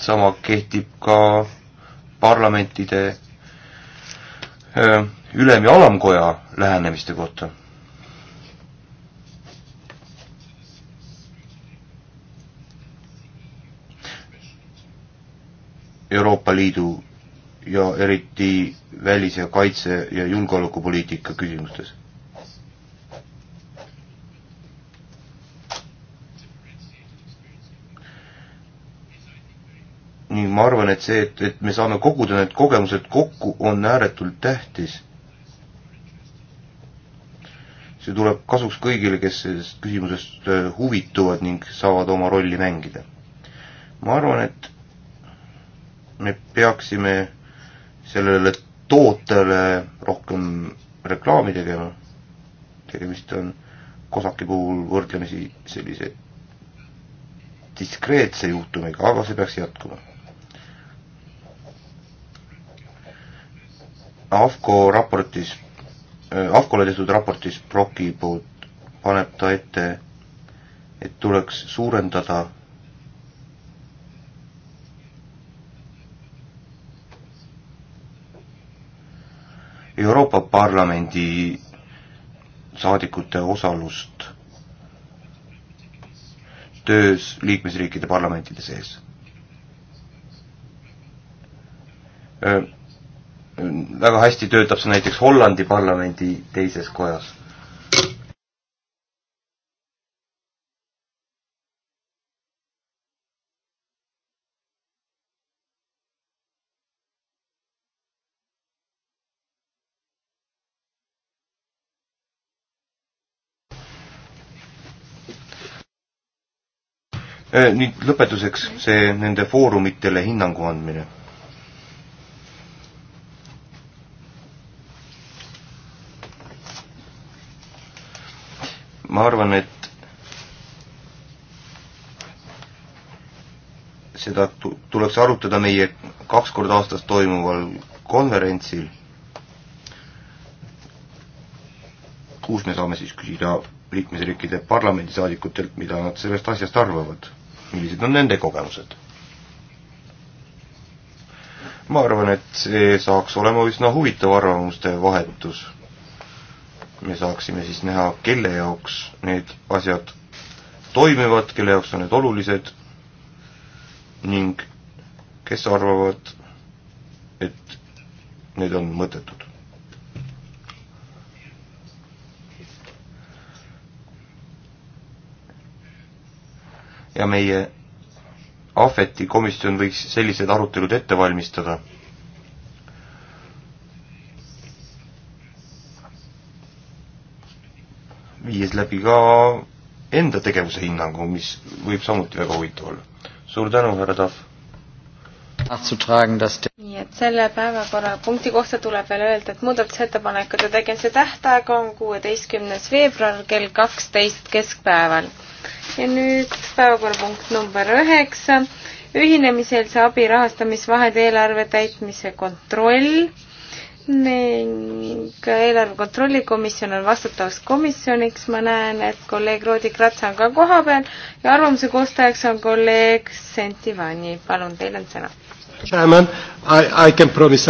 sama kehtib ka parlamentide ülem- ja alamkoja lähenemiste kohta. Euroopa Liidu ja eriti välis- ja kaitse- ja julgeolekupoliitika küsimustes. ning ma arvan, et see, et, et me saame koguda need kogemused kokku, on ääretult tähtis. see tuleb kasuks kõigile, kes sellest küsimusest äh, huvituvad ning saavad oma rolli mängida. ma arvan, et me peaksime sellele tootele rohkem reklaami tegema. tegemist on Kosaki puhul võrdlemisi sellise diskreetse juhtumiga, aga see peaks jätkuma. AFCO raportis, äh, AFCO-le tehtud raportis Proki poolt paneb ta ette, et tuleks suurendada Euroopa Parlamendi saadikute osalust töös liikmesriikide parlamentide sees äh, väga hästi töötab see näiteks Hollandi parlamendi teises kojas. Äh, nüüd lõpetuseks see nende foorumitele hinnangu andmine ma arvan, et seda tuleks arutada meie kaks korda aastas toimuval konverentsil, kus me saame siis küsida liikmesriikide parlamendisaadikutelt, mida nad sellest asjast arvavad, millised on nende kogemused. ma arvan, et see saaks olema üsna huvitav arvamuste vahetus me saaksime siis näha, kelle jaoks need asjad toimivad, kelle jaoks on need olulised ning kes arvavad, et need on mõttetud. ja meie ahvetikomisjon võiks sellised arutelud ette valmistada läbi ka enda tegevuse hinnangu, mis võib samuti väga huvitav olla. suur tänu, härra Tahv! nii et selle päevakorrapunkti kohta tuleb veel öelda, et muudatusettepanekute tegemise tähtaeg on kuueteistkümnes veebruar kell kaksteist keskpäeval. ja nüüd päevakorrapunkt number üheksa, ühinemiseelse abi rahastamisvahede eelarve täitmise kontroll ning eelarve kontrollikomisjon on vastutavaks komisjoniks, ma näen, et kolleeg Roodi Kratsa on ka kohapeal ja arvamuse koostajaks on kolleeg Sentivani, palun, teil on sõna.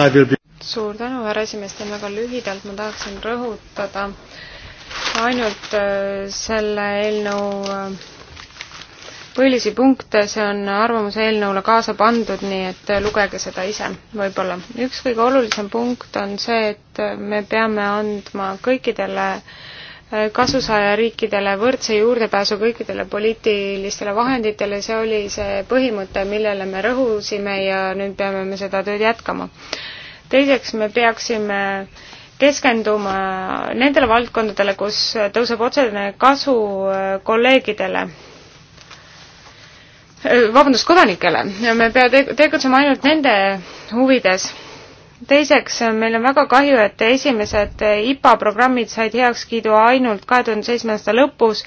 Be... suur tänu, härra esimees, teen väga lühidalt, ma tahaksin rõhutada ainult äh, selle eelnõu äh, põhilisi punkte, see on arvamuse eelnõule kaasa pandud, nii et lugege seda ise võib-olla. üks kõige olulisem punkt on see, et me peame andma kõikidele eh, kasusaaja riikidele võrdse juurdepääsu kõikidele poliitilistele vahenditele, see oli see põhimõte, millele me rõhusime ja nüüd peame me seda tööd jätkama. teiseks, me peaksime keskenduma nendele valdkondadele, kus tõuseb otsene kasu eh, kolleegidele Äh, vabandust, kodanikele. me pea tegutsema ainult nende huvides. teiseks, äh, meil on väga kahju, et esimesed äh, IPA programmid said heakskiidu ainult kahe tuhande seitsmenda aasta lõpus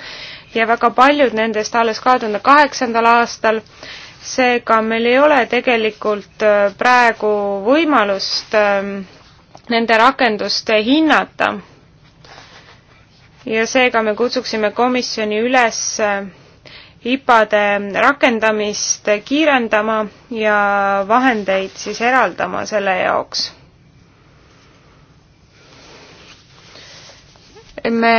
ja väga paljud nendest alles kahe tuhande kaheksandal aastal seega meil ei ole tegelikult praegu võimalust ähm, nende rakendust hinnata. ja seega me kutsuksime komisjoni üles IPA-de rakendamist kiirendama ja vahendeid siis eraldama selle jaoks. me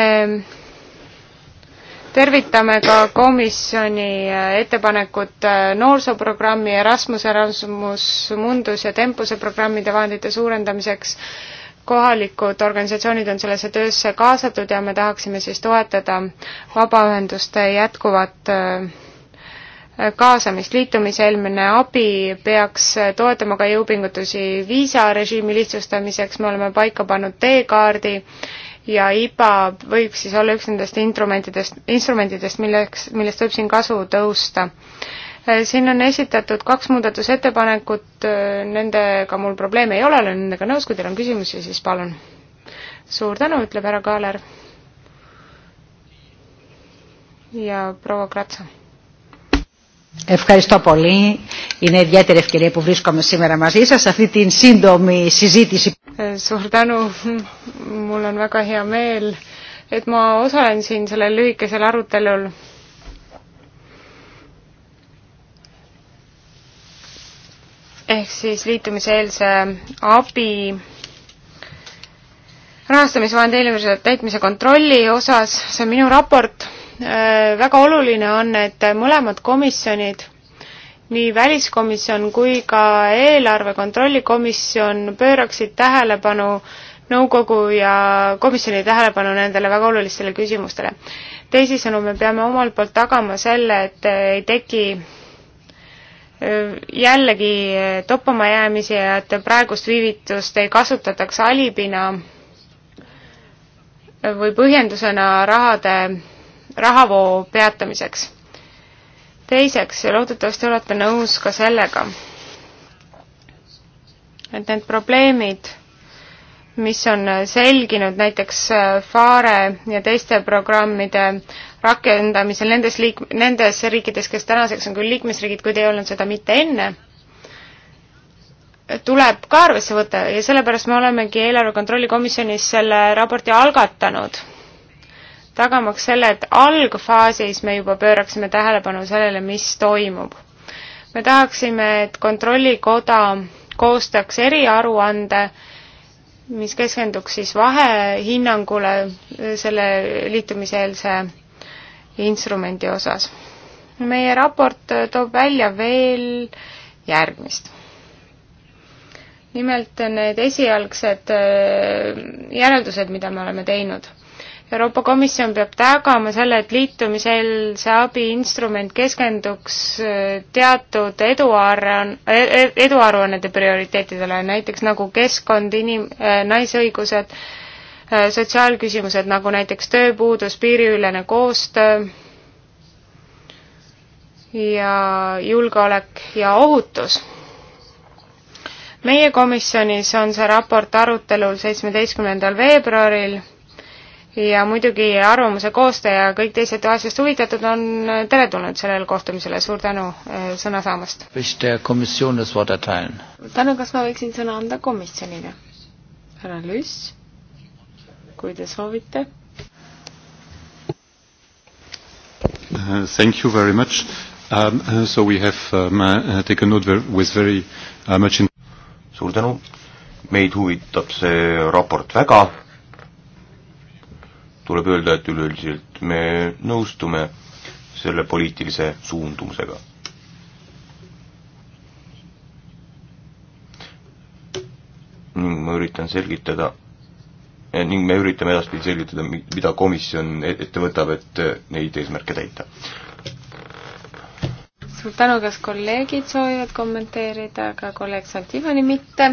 tervitame ka komisjoni ettepanekut noorsooprogrammi Erasmus, Erasmus Mundus ja Tempuse programmide vahendite suurendamiseks kohalikud organisatsioonid on sellesse töösse kaasatud ja me tahaksime siis toetada vabaühenduste jätkuvat äh, kaasamist. liitumiseelmine abi peaks toetama ka jõupingutusi viisarežiimi lihtsustamiseks, me oleme paika pannud teekaardi ja IBA võib siis olla üks nendest instrumentidest, instrumentidest, milleks, millest võib siin kasu tõusta Eh, siin on esitatud kaks muudatusettepanekut, eh, nendega mul probleeme ei ole, olen nendega nõus, kui teil on küsimusi, siis palun. suur tänu, ütleb härra Kaaler. ja proua Kratsa. Ευχαριστώ πολύ. Είναι ιδιαίτερη ευκαιρία που βρίσκομαι σήμερα μαζί σας, αυτή την σύντομη συζήτηση. Suur tänu. Mul on väga hea meel, et ma osalen siin sellel lühikesel arutelul ehk siis liitumiseelse abi rahastamisvahendi eelmise täitmise kontrolli osas, see on minu raport, äh, väga oluline on, et mõlemad komisjonid, nii väliskomisjon kui ka eelarve kontrollikomisjon pööraksid tähelepanu nõukogu ja komisjoni tähelepanu nendele väga olulistele küsimustele. teisisõnu, me peame omalt poolt tagama selle, et ei teki jällegi toppama jäämise ja et praegust viivitust ei kasutataks alibina või põhjendusena rahade, rahavoo peatamiseks. teiseks, loodetavasti olete nõus ka sellega, et need probleemid, mis on selginud näiteks Faare ja teiste programmide rakendamisel nendes liik-, nendes riikides, kes tänaseks on küll liikmesriigid, kuid ei olnud seda mitte enne, tuleb ka arvesse võtta ja sellepärast me olemegi eelarve kontrolli komisjonis selle raporti algatanud, tagamaks selle, et algfaasis me juba pööraksime tähelepanu sellele, mis toimub. me tahaksime, et Kontrollikoda koostaks eriaruande, mis keskenduks siis vahehinnangule selle liitumiseelse instrumendi osas. meie raport äh, toob välja veel järgmist. nimelt need esialgsed äh, järeldused, mida me oleme teinud. Euroopa Komisjon peab tagama selle, et liitumiseelse abi instrument keskenduks äh, teatud eduaruan-, e-, e-, eduaruannete prioriteetidele, näiteks nagu keskkond, inim-, naisõigused, Äh, sotsiaalküsimused nagu näiteks tööpuudus, piiriülene koostöö ja julgeolek ja ohutus. meie komisjonis on see raport arutelul seitsmeteistkümnendal veebruaril ja muidugi arvamuse koostaja, kõik teised asjast huvitatud on äh, teretulnud sellele kohtumisele, suur tänu äh, sõna saamast! tänu, kas ma võiksin sõna anda komisjonile? härra Lüss? kui te soovite. Uh, thank you very much. Um, uh, so we have um, uh, taken note with very uh, much in- suur tänu, meid huvitab see raport väga, tuleb öelda, et üleüldiselt me nõustume selle poliitilise suundumusega. ning ma üritan selgitada Eh, ning me üritame edaspidi selgitada, mida komisjon e-, ette võtab, et eh, neid eesmärke täita. suur tänu, kas kolleegid soovivad kommenteerida, aga kolleeg Santivani mitte,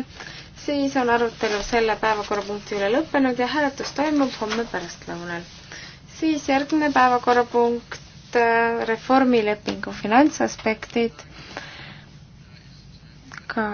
siis on arutelu selle päevakorrapunkti üle lõppenud ja hääletus toimub homme pärastlõunal. siis järgmine päevakorrapunkt, eh, reformilepingu finantsaspektid, ka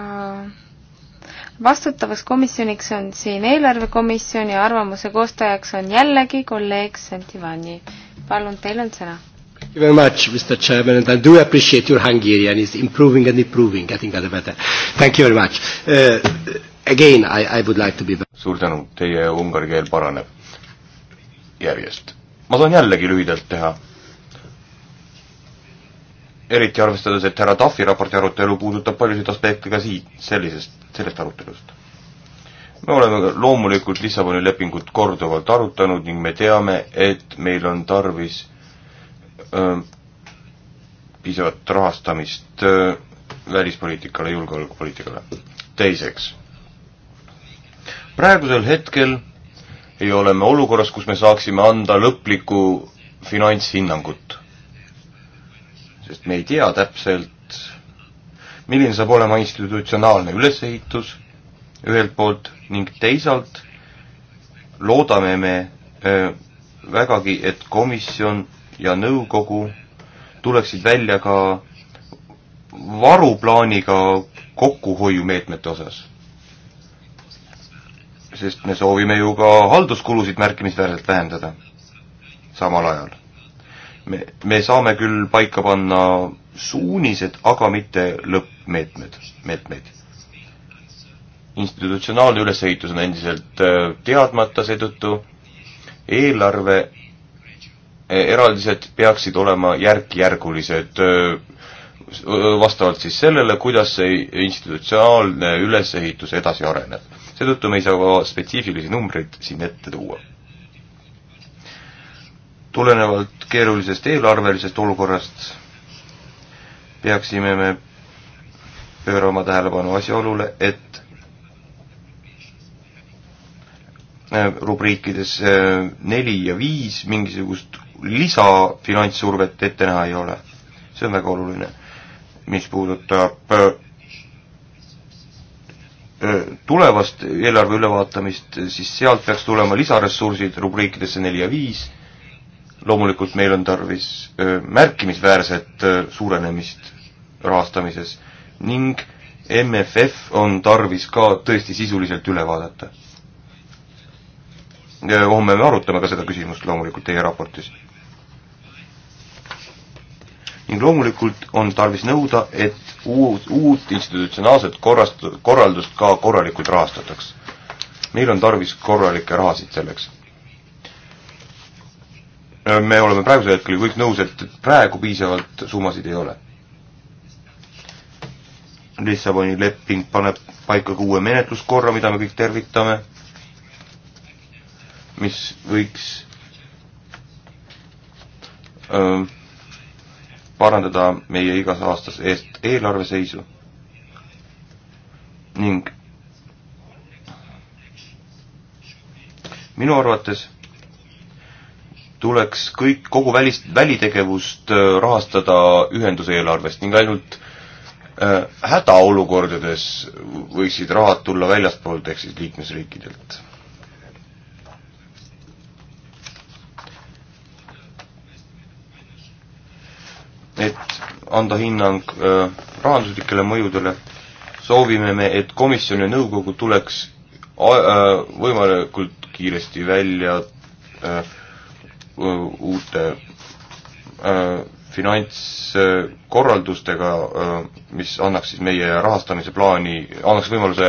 vastutavaks komisjoniks on siin eelarvekomisjon ja arvamuse koostajaks on jällegi kolleeg Santivani. palun, teil on sõna. Thank you very much, Mr Chairman, and I do appreciate your Hungarian is improving and improving, getting better, better. Thank you very much uh,. Again, I, I would like to be suur tänu, teie ungari keel paraneb järjest. ma saan jällegi lühidalt teha eriti arvestades, et härra Tafi raporti arutelu puudutab paljusid aspekte ka siit, sellisest, sellest arutelust. me oleme loomulikult Lissaboni lepingut korduvalt arutanud ning me teame, et meil on tarvis öö, ähm, piisavat rahastamist öö, äh, välispoliitikale, julgeolekupoliitikale. teiseks, praegusel hetkel ei ole me olukorras, kus me saaksime anda lõplikku finantshinnangut sest me ei tea täpselt, milline saab olema institutsionaalne ülesehitus ühelt poolt ning teisalt loodame me öö, vägagi, et komisjon ja nõukogu tuleksid välja ka varuplaaniga kokkuhoiumeetmete osas. sest me soovime ju ka halduskulusid märkimisväärselt vähendada samal ajal me, me saame küll paika panna suunised, aga mitte lõppmeetmed, meetmeid. institutsionaalne ülesehitus on endiselt äh, teadmata, seetõttu eelarve äh, eraldised peaksid olema järk-järgulised, äh, vastavalt siis sellele, kuidas see institutsionaalne ülesehitus edasi areneb. seetõttu me ei saa ka spetsiifilisi numbreid siin ette tuua tulenevalt keerulisest eelarvelisest olukorrast peaksime me pöörama tähelepanu asjaolule, et äh, rubriikides äh, neli ja viis mingisugust lisafinantssurvet ette näha ei ole. see on väga oluline. mis puudutab äh, tulevast eelarve ülevaatamist, siis sealt peaks tulema lisaressursid rubriikidesse neli ja viis loomulikult meil on tarvis märkimisväärset suurenemist rahastamises ning MFF on tarvis ka tõesti sisuliselt üle vaadata. homme me arutame ka seda küsimust loomulikult teie raportis. ning loomulikult on tarvis nõuda, et uus, uut institutsionaalset korrast-, korraldust ka korralikult rahastataks. meil on tarvis korralikke rahasid selleks Äh, me oleme praegusel hetkel kõik nõus, et praegu piisavalt summasid ei ole. Lissaboni leping paneb paika ka uue menetluskorra, mida me kõik tervitame, mis võiks öö, ähm, parandada meie igas aastas eest eelarve seisu ning minu arvates tuleks kõik, kogu välis, välitegevust äh, rahastada ühenduse eelarvest ning ainult äh, hädaolukordades võiksid rahad tulla väljastpoolt, ehk siis liikmesriikidelt. et anda hinnang äh, rahanduslikele mõjudele, soovime me, et komisjon ja nõukogu tuleks äh, võimalikult kiiresti välja äh, Äh, uute äh, finantskorraldustega, äh, mis annaks siis meie rahastamise plaani, annaks võimaluse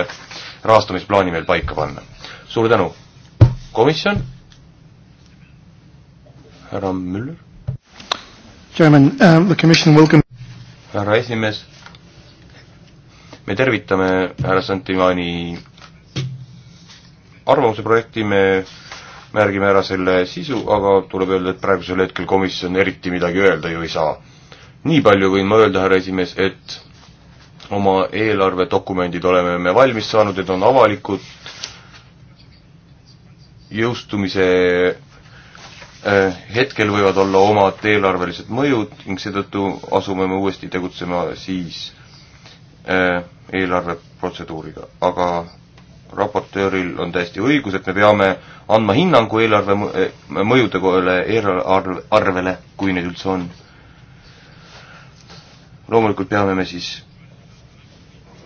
rahastamisplaani meil paika panna. suur tänu! komisjon? härra Müller? Chairman um,, the commission welcome härra esimees, me tervitame härra Santivani arvamuse projekti, me märgime ära selle sisu, aga tuleb öelda, et praegusel hetkel komisjon eriti midagi öelda ju ei saa. nii palju võin ma öelda, härra esimees, et oma eelarvedokumendid oleme me valmis saanud, need on avalikud, jõustumise äh, hetkel võivad olla omad eelarvelised mõjud ning seetõttu asume me uuesti tegutsema siis äh, eelarveprotseduuriga, aga raportööril on täiesti õigus, et me peame andma hinnangu eelarve eh, mõjude kohale eelarvele, arvele, kui neid üldse on. loomulikult peame me siis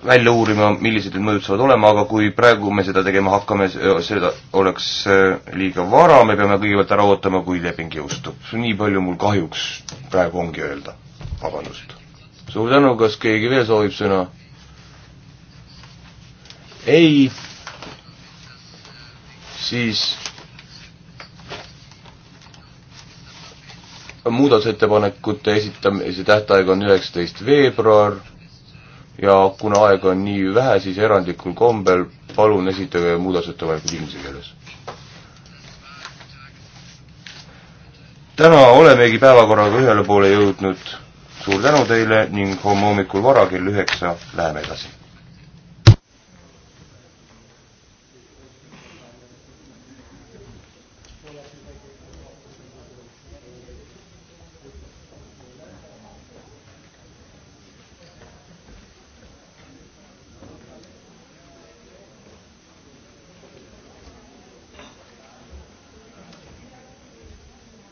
välja uurima, millised need mõjud saavad olema, aga kui praegu me seda tegema hakkame, seda oleks eh, liiga vara, me peame kõigepealt ära ootama, kui leping jõustub. nii palju mul kahjuks praegu ongi öelda. vabandust. suur tänu, kas keegi veel soovib sõna? ei siis muudatusettepanekute esitamise tähtaeg on üheksateist veebruar ja kuna aega on nii vähe, siis erandlikul kombel palun esitage muudatusettepanekud inglise keeles. täna olemegi päevakorraga ühele poole jõudnud. suur tänu teile ning homme hommikul vara kell üheksa läheme edasi